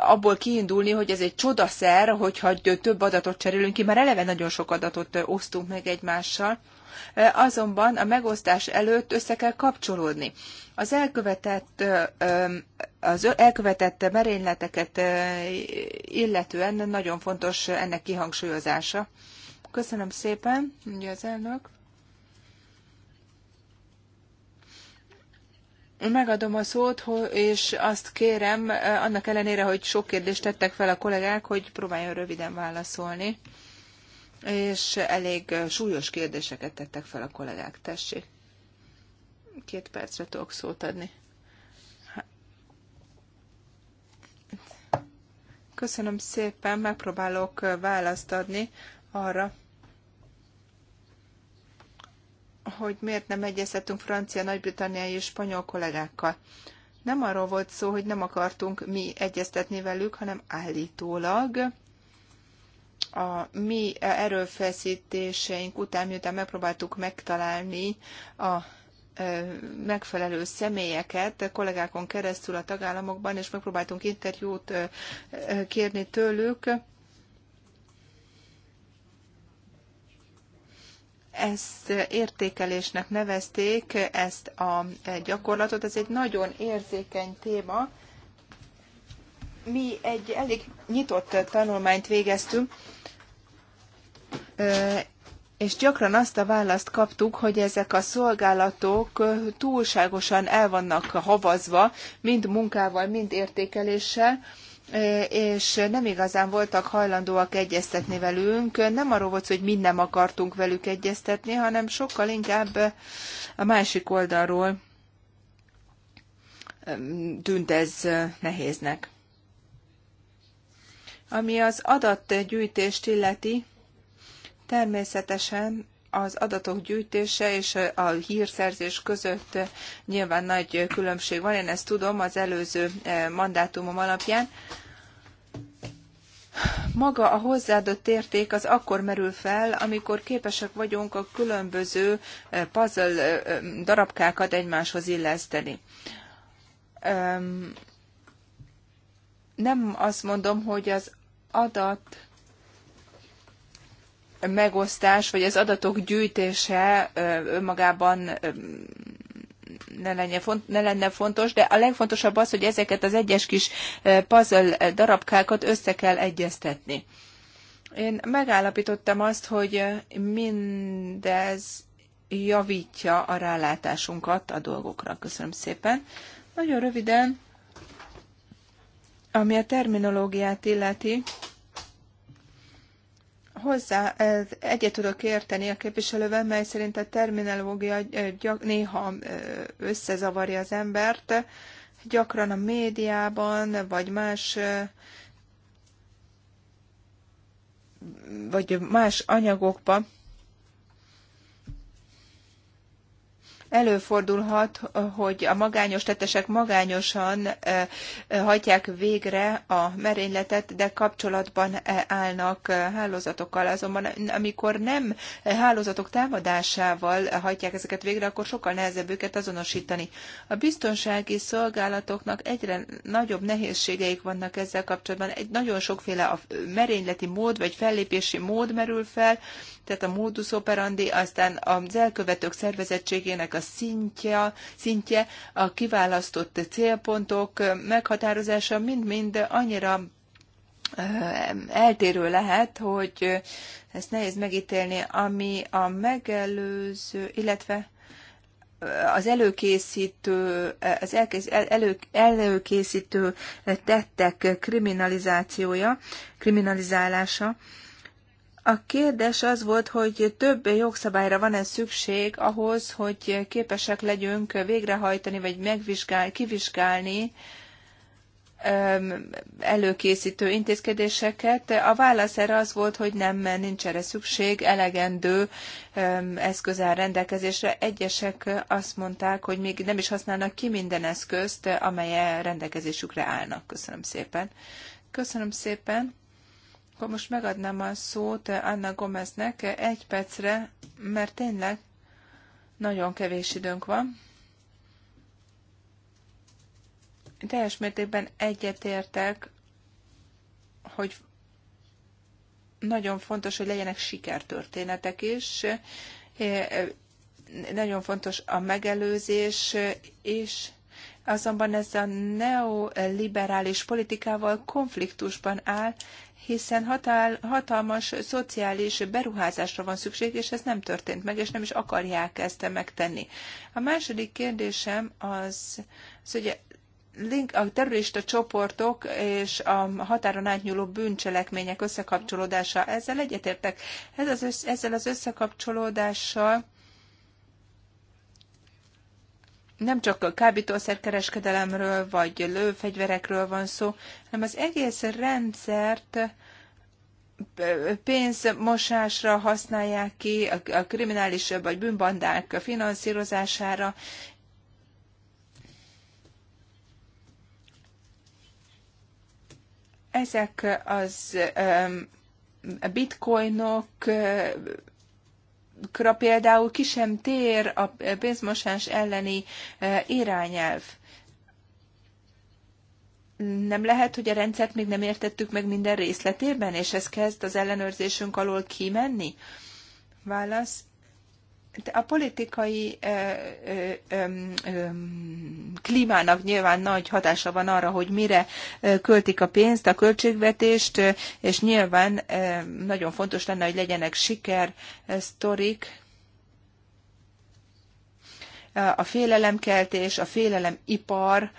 abból kiindulni, hogy ez egy csodaszer, hogyha több adatot cserélünk ki, mert eleve nagyon sok adatot osztunk meg egymással, azonban a megosztás előtt össze kell kapcsolódni. Az elkövetett, az elkövetett merényleteket illetően nagyon fontos ennek kihangsúlyozása. Köszönöm szépen, ugye az elnök. Megadom a szót, és azt kérem, eh, annak ellenére, hogy sok kérdést tettek fel a kollégák, hogy próbáljon röviden válaszolni. És elég eh, súlyos kérdéseket tettek fel a kollégák. Tessék. Két percre tudok szót adni. Köszönöm szépen, megpróbálok eh, választ adni arra, hogy miért nem egyeztetünk francia, nagy-britanniai és spanyol kollégákkal. Nem arról volt szó, hogy nem akartunk mi egyeztetni velük, hanem állítólag a mi erőfeszítéseink után, miután megpróbáltuk megtalálni a megfelelő személyeket kollégákon keresztül a tagállamokban, és megpróbáltunk interjút kérni tőlük, ezt értékelésnek nevezték, ezt a gyakorlatot. Ez egy nagyon érzékeny téma. Mi egy elég nyitott tanulmányt végeztünk, és gyakran azt a választ kaptuk, hogy ezek a szolgálatok túlságosan el vannak havazva, mind munkával, mind értékeléssel, és nem igazán voltak hajlandóak egyeztetni velünk. Nem arról volt hogy mi nem akartunk velük egyeztetni, hanem sokkal inkább a másik oldalról tűnt ez nehéznek. Ami az adatgyűjtést illeti, természetesen az adatok gyűjtése és a hírszerzés között nyilván nagy különbség van, én ezt tudom az előző eh, mandátumom alapján. Maga a hozzáadott érték az akkor merül fel, amikor képesek vagyunk a különböző eh, puzzle eh, darabkákat egymáshoz illeszteni. Nem azt mondom, hogy az adat megosztás, vagy az adatok gyűjtése önmagában ne lenne, font, ne lenne fontos, de a legfontosabb az, hogy ezeket az egyes kis puzzle darabkákat össze kell egyeztetni. Én megállapítottam azt, hogy mindez javítja a rálátásunkat a dolgokra. Köszönöm szépen. Nagyon röviden, ami a terminológiát illeti, hozzá egyet tudok érteni a képviselővel, mely szerint a terminológia gyak, néha összezavarja az embert. Gyakran a médiában, vagy más vagy más anyagokban. Előfordulhat, hogy a magányos tettesek magányosan eh, eh, hajtják végre a merényletet, de kapcsolatban eh, állnak hálózatokkal. Azonban amikor nem hálózatok támadásával hajtják ezeket végre, akkor sokkal nehezebb őket azonosítani. A biztonsági szolgálatoknak egyre nagyobb nehézségeik vannak ezzel kapcsolatban. Egy nagyon sokféle a merényleti mód vagy fellépési mód merül fel, tehát a modus operandi, aztán az elkövetők szervezettségének a szintje, szintje a kiválasztott célpontok meghatározása mind-mind annyira eltérő lehet, hogy ezt nehéz megítélni, ami a megelőző, illetve az előkészítő, az elő, előkészítő tettek kriminalizációja, kriminalizálása. A kérdés az volt, hogy több jogszabályra van-e szükség ahhoz, hogy képesek legyünk végrehajtani, vagy megvizsgálni, kivizsgálni előkészítő intézkedéseket. A válasz erre az volt, hogy nem, nincs erre szükség, elegendő eszköz áll rendelkezésre. Egyesek azt mondták, hogy még nem is használnak ki minden eszközt, amely rendelkezésükre állnak. Köszönöm szépen. Köszönöm szépen. Akkor most megadnám a szót Anna Gomeznek egy percre, mert tényleg nagyon kevés időnk van. Teljes mértékben egyetértek, hogy nagyon fontos, hogy legyenek sikertörténetek is. Nagyon fontos a megelőzés is. Azonban ez a neoliberális politikával konfliktusban áll, hiszen hatál, hatalmas szociális beruházásra van szükség, és ez nem történt meg, és nem is akarják ezt megtenni. A második kérdésem az, az ugye link, a terrorista csoportok és a határon átnyúló bűncselekmények összekapcsolódása, ezzel egyetértek. Ez az, ezzel az összekapcsolódással nem csak a kábítószerkereskedelemről vagy lőfegyverekről van szó, hanem az egész rendszert pénzmosásra használják ki, a kriminális vagy bűnbandák finanszírozására. Ezek az bitcoinok például ki sem tér a pénzmosás elleni e, irányelv. Nem lehet, hogy a rendszert még nem értettük meg minden részletében, és ez kezd az ellenőrzésünk alól kimenni? Válasz, a politikai ö, ö, ö, klímának nyilván nagy hatása van arra, hogy mire költik a pénzt, a költségvetést, és nyilván nagyon fontos lenne, hogy legyenek siker sztorik, a félelemkeltés, a félelemipar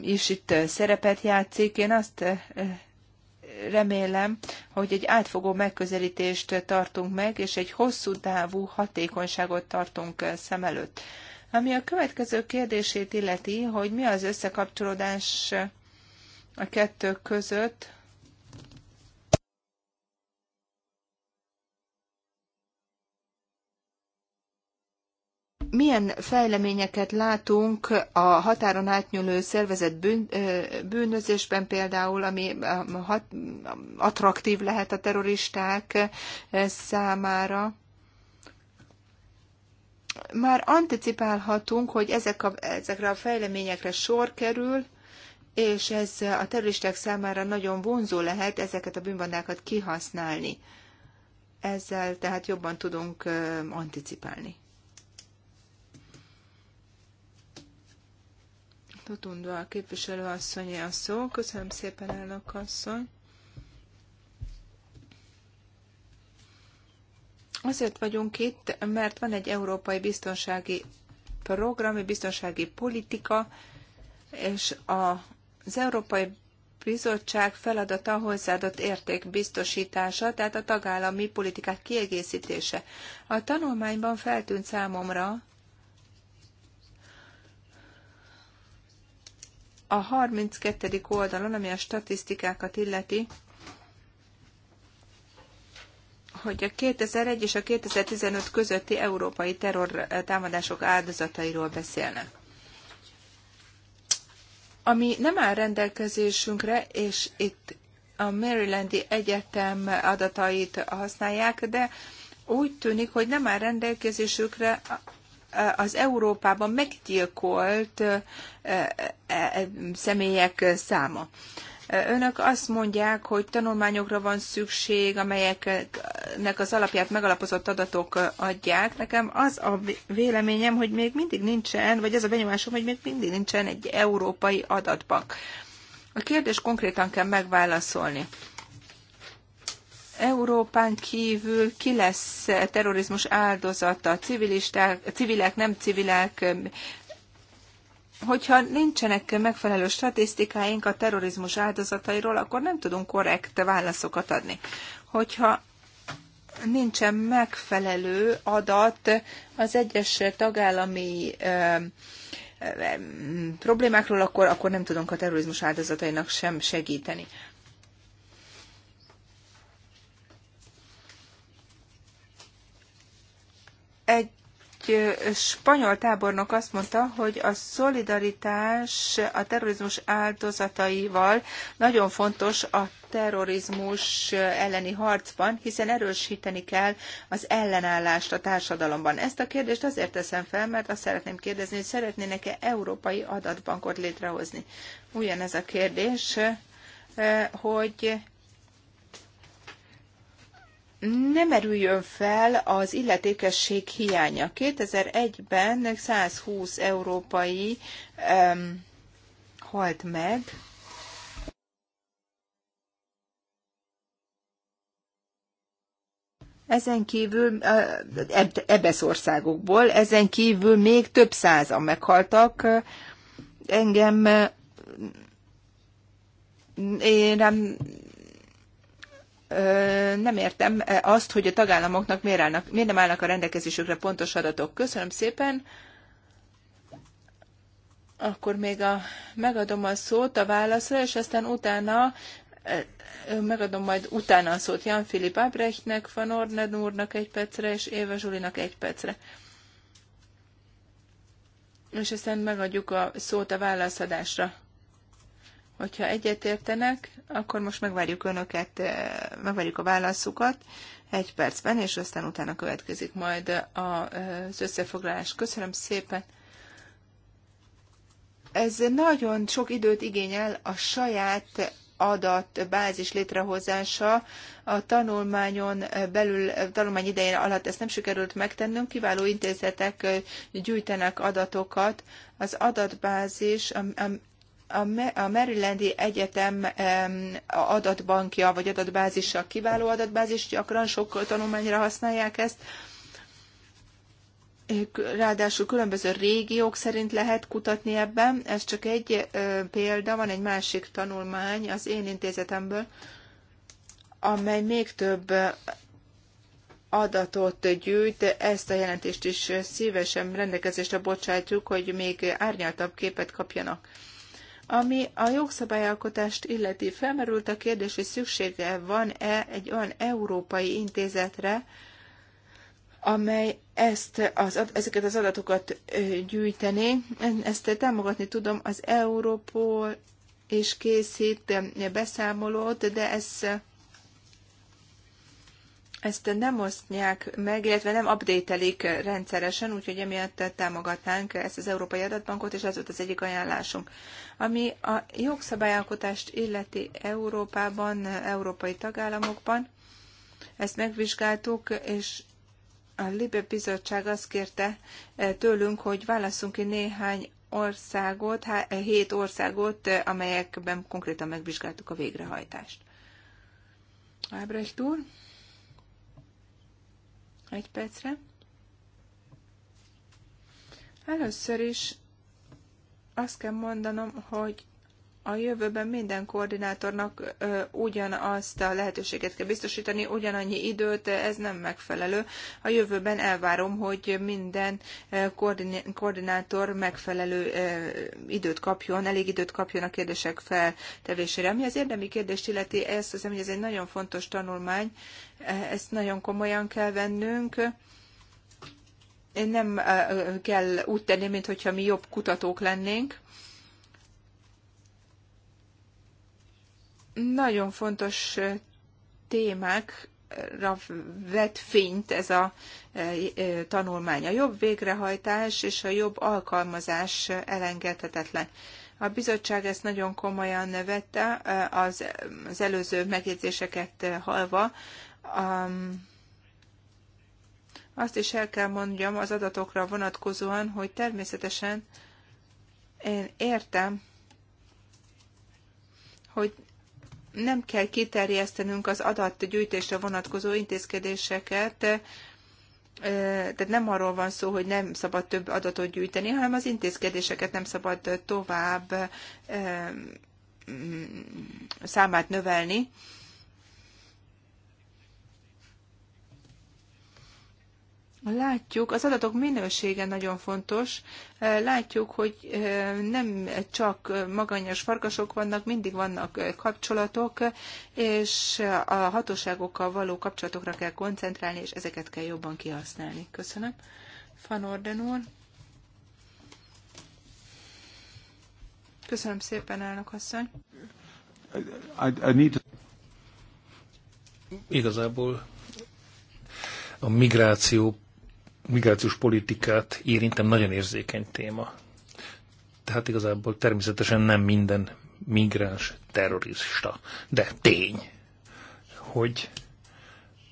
is itt szerepet játszik. Én azt remélem, hogy egy átfogó megközelítést tartunk meg, és egy hosszú távú hatékonyságot tartunk szem előtt. Ami a következő kérdését illeti, hogy mi az összekapcsolódás a kettő között, milyen fejleményeket látunk a határon átnyúló szervezet bűn, bűnözésben például, ami hat, attraktív lehet a terroristák számára? Már anticipálhatunk, hogy ezek a, ezekre a fejleményekre sor kerül, és ez a terroristák számára nagyon vonzó lehet ezeket a bűnbandákat kihasználni. Ezzel tehát jobban tudunk anticipálni. Tutundva a képviselő asszonyi a szó. Köszönöm szépen, elnök asszony. Azért vagyunk itt, mert van egy európai biztonsági program, egy biztonsági politika, és az Európai Bizottság feladata hozzáadott érték biztosítása, tehát a tagállami politikák kiegészítése. A tanulmányban feltűnt számomra, a 32. oldalon, ami a statisztikákat illeti, hogy a 2001 és a 2015 közötti európai terror eh, támadások áldozatairól beszélnek. Ami nem áll rendelkezésünkre, és itt a Marylandi Egyetem adatait használják, de úgy tűnik, hogy nem áll rendelkezésükre az Európában meggyilkolt személyek száma. Önök azt mondják, hogy tanulmányokra van szükség, amelyeknek az alapját megalapozott adatok adják. Nekem az a véleményem, hogy még mindig nincsen, vagy ez a benyomásom, hogy még mindig nincsen egy európai adatbank. A kérdés konkrétan kell megválaszolni. Európán kívül ki lesz terrorizmus áldozata, civilisták, civilek, nem civilek, hogyha nincsenek megfelelő statisztikáink a terrorizmus áldozatairól, akkor nem tudunk korrekt válaszokat adni. Hogyha nincsen megfelelő adat az egyes tagállami problémákról, akkor, akkor nem tudunk a terrorizmus áldozatainak sem segíteni. Egy spanyol tábornok azt mondta, hogy a szolidaritás a terrorizmus áldozataival nagyon fontos a terrorizmus elleni harcban, hiszen erősíteni kell az ellenállást a társadalomban. Ezt a kérdést azért teszem fel, mert azt szeretném kérdezni, hogy szeretnének-e európai adatbankot létrehozni. Ugyanez a kérdés, hogy ne merüljön fel az illetékesség hiánya. 2001-ben 120 európai um, halt meg, Ezen kívül ebesz országokból, ezen kívül még több százan meghaltak. Engem én nem nem értem azt, hogy a tagállamoknak miért, állnak, miért nem állnak a rendelkezésükre pontos adatok. Köszönöm szépen. Akkor még a, megadom a szót a válaszra, és aztán utána megadom majd utána a szót Jan Filip Abrechtnek, Van Orned úrnak egy percre, és Éva Zsulinak egy percre. És aztán megadjuk a szót a válaszadásra. Hogyha egyetértenek, akkor most megvárjuk önöket, eh, megvárjuk a válaszukat egy percben, és aztán utána következik majd az összefoglalás. Köszönöm szépen! Ez nagyon sok időt igényel a saját adatbázis létrehozása a tanulmányon belül, tanulmány idején alatt ezt nem sikerült megtennünk, kiváló intézetek gyűjtenek adatokat. Az adatbázis, a Marylandi Egyetem adatbankja vagy adatbázisa kiváló adatbázis, gyakran sok tanulmányra használják ezt. Ráadásul különböző régiók szerint lehet kutatni ebben. Ez csak egy példa, van egy másik tanulmány az én intézetemből, amely még több adatot gyűjt, ezt a jelentést is szívesen rendelkezésre bocsátjuk, hogy még árnyaltabb képet kapjanak. Ami a jogszabályalkotást illeti, felmerült a kérdés, hogy szüksége van-e egy olyan európai intézetre, amely ezt az, ezeket az adatokat gyűjteni. Ezt támogatni tudom, az Europol és készít beszámolót, de ez ezt nem osztják meg, illetve nem updatelik rendszeresen, úgyhogy emiatt támogatnánk ezt az Európai Adatbankot, és ez volt az egyik ajánlásunk. Ami a jogszabályalkotást illeti Európában, európai tagállamokban, ezt megvizsgáltuk, és a Libe Bizottság azt kérte eh, tőlünk, hogy válaszunk ki néhány országot, eh, hét országot, eh, amelyekben konkrétan megvizsgáltuk a végrehajtást. Ábrecht úr? Egy percre. Először is azt kell mondanom, hogy a jövőben minden koordinátornak ugyanazt a lehetőséget kell biztosítani, ugyanannyi időt, ez nem megfelelő. A jövőben elvárom, hogy minden koordinátor megfelelő időt kapjon, elég időt kapjon a kérdések feltevésére. Ami az érdemi kérdést illeti, ezt hiszem, hogy ez egy nagyon fontos tanulmány, ezt nagyon komolyan kell vennünk Én nem kell úgy tenni, mintha mi jobb kutatók lennénk, Nagyon fontos témákra vett fényt ez a tanulmány. A jobb végrehajtás és a jobb alkalmazás elengedhetetlen. A bizottság ezt nagyon komolyan vette, az, előző megjegyzéseket halva. azt is el kell mondjam az adatokra vonatkozóan, hogy természetesen én értem, hogy nem kell kiterjesztenünk az adatgyűjtésre vonatkozó intézkedéseket, tehát nem arról van szó, hogy nem szabad több adatot gyűjteni, hanem az intézkedéseket nem szabad tovább számát növelni. Látjuk, az adatok minősége nagyon fontos. Látjuk, hogy nem csak magányos farkasok vannak, mindig vannak kapcsolatok, és a hatóságokkal való kapcsolatokra kell koncentrálni, és ezeket kell jobban kihasználni. Köszönöm. Van Orden úr. Köszönöm szépen, elnök asszony. I, I need... Igazából a migráció migrációs politikát érintem nagyon érzékeny téma. Tehát igazából természetesen nem minden migráns terrorista, de tény, hogy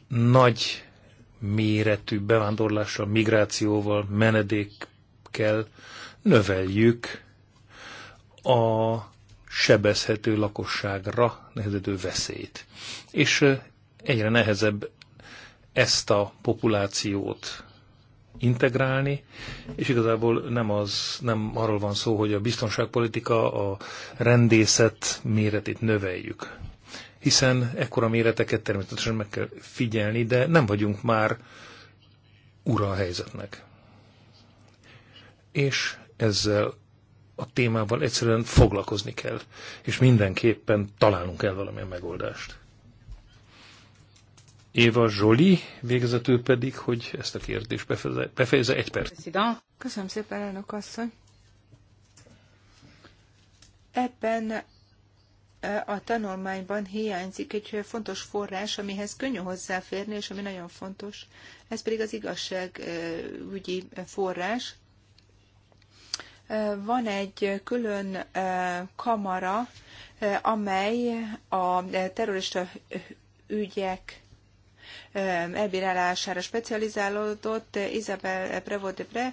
nagy méretű bevándorlással, migrációval, menedékkel növeljük a sebezhető lakosságra nehezedő veszélyt. És egyre nehezebb ezt a populációt integrálni, és igazából nem, az, nem arról van szó, hogy a biztonságpolitika, a rendészet méretét növeljük. Hiszen ekkora méreteket természetesen meg kell figyelni, de nem vagyunk már ura a helyzetnek. És ezzel a témával egyszerűen foglalkozni kell, és mindenképpen találunk el valamilyen megoldást. Éva Zsoli, végezetül pedig, hogy ezt a kérdést befejeze, egy perc. Köszönöm szépen, elnök asszony. Ebben e, a tanulmányban hiányzik egy fontos forrás, amihez könnyű hozzáférni, és ami nagyon fontos. Ez pedig az igazságügyi e, forrás. E, van egy külön kamara, amely a terrorista ügyek elbírálására specializálódott Isabel Prevot de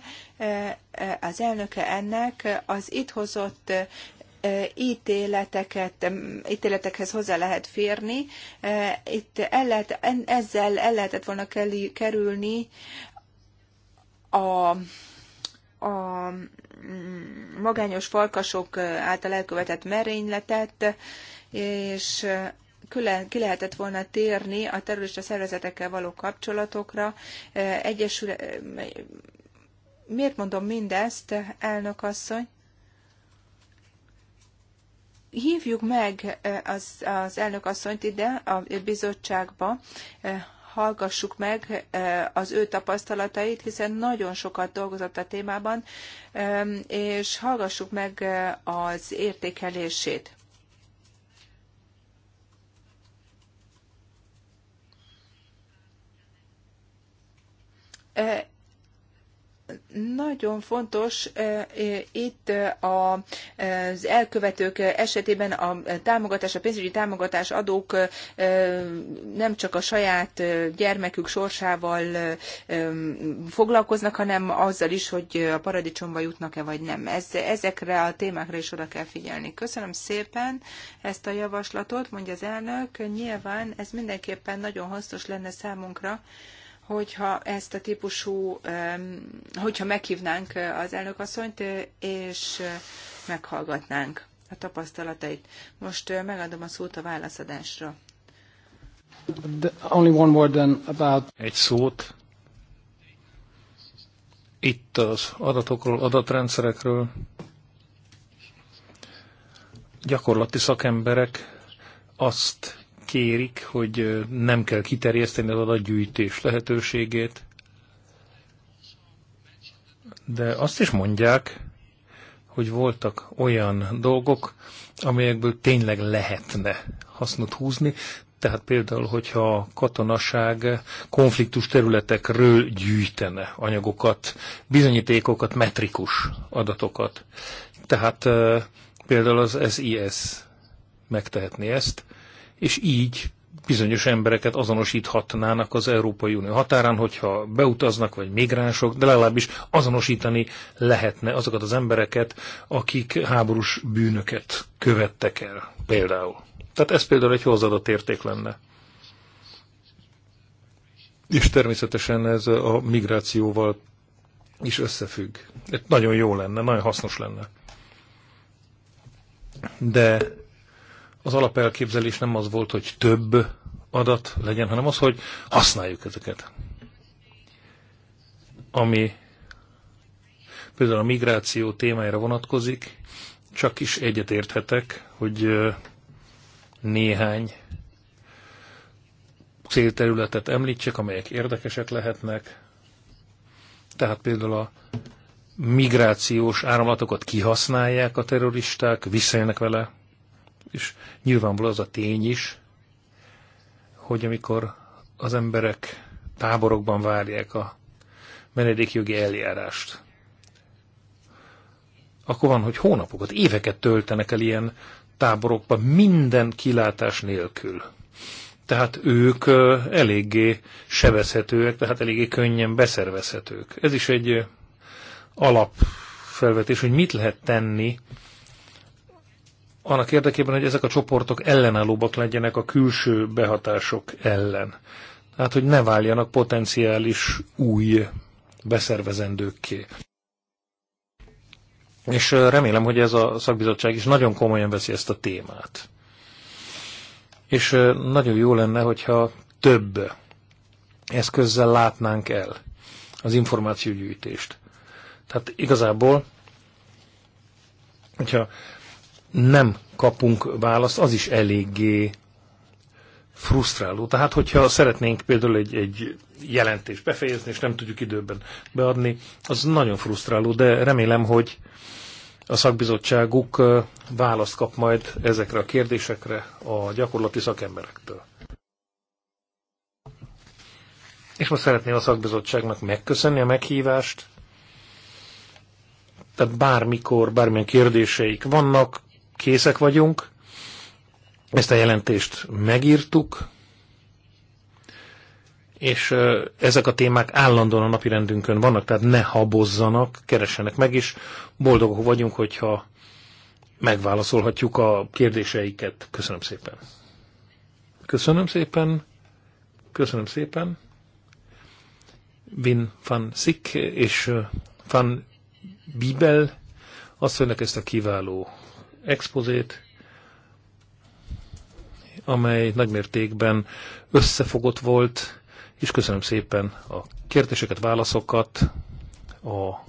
az elnöke ennek az itt hozott ítéleteket, ítéletekhez hozzá lehet férni. Itt el lehet, ezzel el lehetett volna kerülni a, a mm, magányos farkasok által elkövetett merényletet, és külön ki lehetett volna térni a terrorista szervezetekkel való kapcsolatokra, egyesül... Miért mondom mindezt, elnök asszony? Hívjuk meg az, az elnök asszonyt ide a bizottságba, hallgassuk meg az ő tapasztalatait, hiszen nagyon sokat dolgozott a témában, és hallgassuk meg az értékelését. nagyon fontos itt az elkövetők esetében a támogatás, a pénzügyi támogatás adók nem csak a saját gyermekük sorsával foglalkoznak, hanem azzal is, hogy a paradicsomba jutnak-e vagy nem. ezekre a témákra is oda kell figyelni. Köszönöm szépen ezt a javaslatot, mondja az elnök. Nyilván ez mindenképpen nagyon hasznos lenne számunkra, hogyha ezt a típusú, hogyha meghívnánk az elnökasszonyt, eh, és eh, meghallgatnánk a tapasztalatait. Most eh, megadom a szót a válaszadásra. Only one word then about... Egy szót. Itt az adatokról, adatrendszerekről gyakorlati szakemberek azt kérik, hogy nem kell kiterjeszteni az adatgyűjtés lehetőségét, de azt is mondják, hogy voltak olyan dolgok, amelyekből tényleg lehetne hasznot húzni, tehát például, hogyha a katonaság konfliktus területekről gyűjtene anyagokat, bizonyítékokat, metrikus adatokat. Tehát például az SIS megtehetné ezt, és így bizonyos embereket azonosíthatnának az Európai Unió határán, hogyha beutaznak, vagy migránsok, de legalábbis azonosítani lehetne azokat az embereket, akik háborús bűnöket követtek el például. Tehát ez például egy hozzáadott érték lenne. És természetesen ez a migrációval is összefügg. Ez nagyon jó lenne, nagyon hasznos lenne. De az alapelképzelés nem az volt, hogy több adat legyen, hanem az, hogy használjuk ezeket. Ami például a migráció témájára vonatkozik, csak is egyetérthetek, hogy néhány célterületet említsek, amelyek érdekesek lehetnek. Tehát például a migrációs áramlatokat kihasználják a terroristák, visszajönnek vele, és nyilvánvaló az a tény is, hogy amikor az emberek táborokban várják a menedékjogi eljárást, akkor van, hogy hónapokat, éveket töltenek el ilyen táborokban minden kilátás nélkül. Tehát ők eléggé sebezhetőek, tehát eléggé könnyen beszervezhetők. Ez is egy alapfelvetés, hogy mit lehet tenni annak érdekében, hogy ezek a csoportok ellenállóbbak legyenek a külső behatások ellen. Tehát, hogy ne váljanak potenciális új beszervezendőkké. És remélem, hogy ez a szakbizottság is nagyon komolyan veszi ezt a témát. És nagyon jó lenne, hogyha több eszközzel látnánk el az információgyűjtést. Tehát igazából, hogyha nem kapunk választ, az is eléggé frusztráló. Tehát, hogyha szeretnénk például egy, egy jelentést befejezni, és nem tudjuk időben beadni, az nagyon frusztráló, de remélem, hogy a szakbizottságuk választ kap majd ezekre a kérdésekre a gyakorlati szakemberektől. És most szeretném a szakbizottságnak megköszönni a meghívást. Tehát bármikor, bármilyen kérdéseik vannak, készek vagyunk. Ezt a jelentést megírtuk, és ezek a témák állandóan a napirendünkön vannak, tehát ne habozzanak, keressenek meg, is. boldogok vagyunk, hogyha megválaszolhatjuk a kérdéseiket. Köszönöm szépen. Köszönöm szépen. Köszönöm szépen. Vin van Sik és van Bibel asszonynak ezt a kiváló expozét, amely nagymértékben összefogott volt, és köszönöm szépen a kérdéseket, válaszokat, a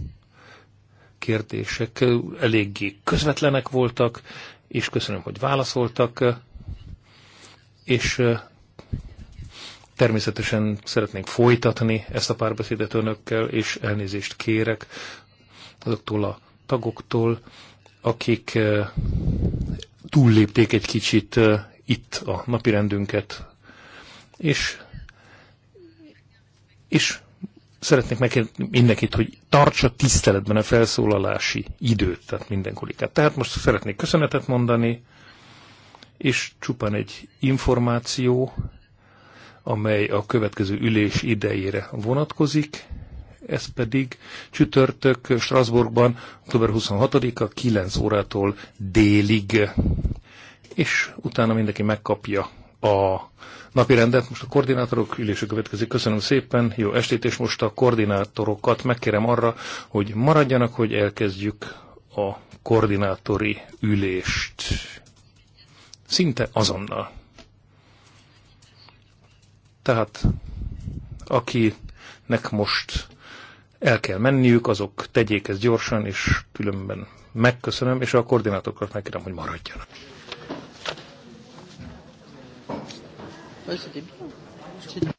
kérdések eléggé közvetlenek voltak, és köszönöm, hogy válaszoltak, és természetesen szeretnénk folytatni ezt a párbeszédet önökkel, és elnézést kérek azoktól a tagoktól, akik túllépték egy kicsit itt a napirendünket, és, és szeretnék megkérni mindenkit, hogy tartsa tiszteletben a felszólalási időt, tehát mindenkorikát. Tehát most szeretnék köszönetet mondani, és csupán egy információ, amely a következő ülés idejére vonatkozik ez pedig csütörtök Strasbourgban, október 26-a 9 órától délig, és utána mindenki megkapja a napi rendet. Most a koordinátorok ülése következik. Köszönöm szépen, jó estét, és most a koordinátorokat megkérem arra, hogy maradjanak, hogy elkezdjük a koordinátori ülést. Szinte azonnal. Tehát akinek most el kell menniük, azok tegyék ezt gyorsan, és különben megköszönöm, és a koordinátorokat megkérem, hogy maradjanak. Köszönöm.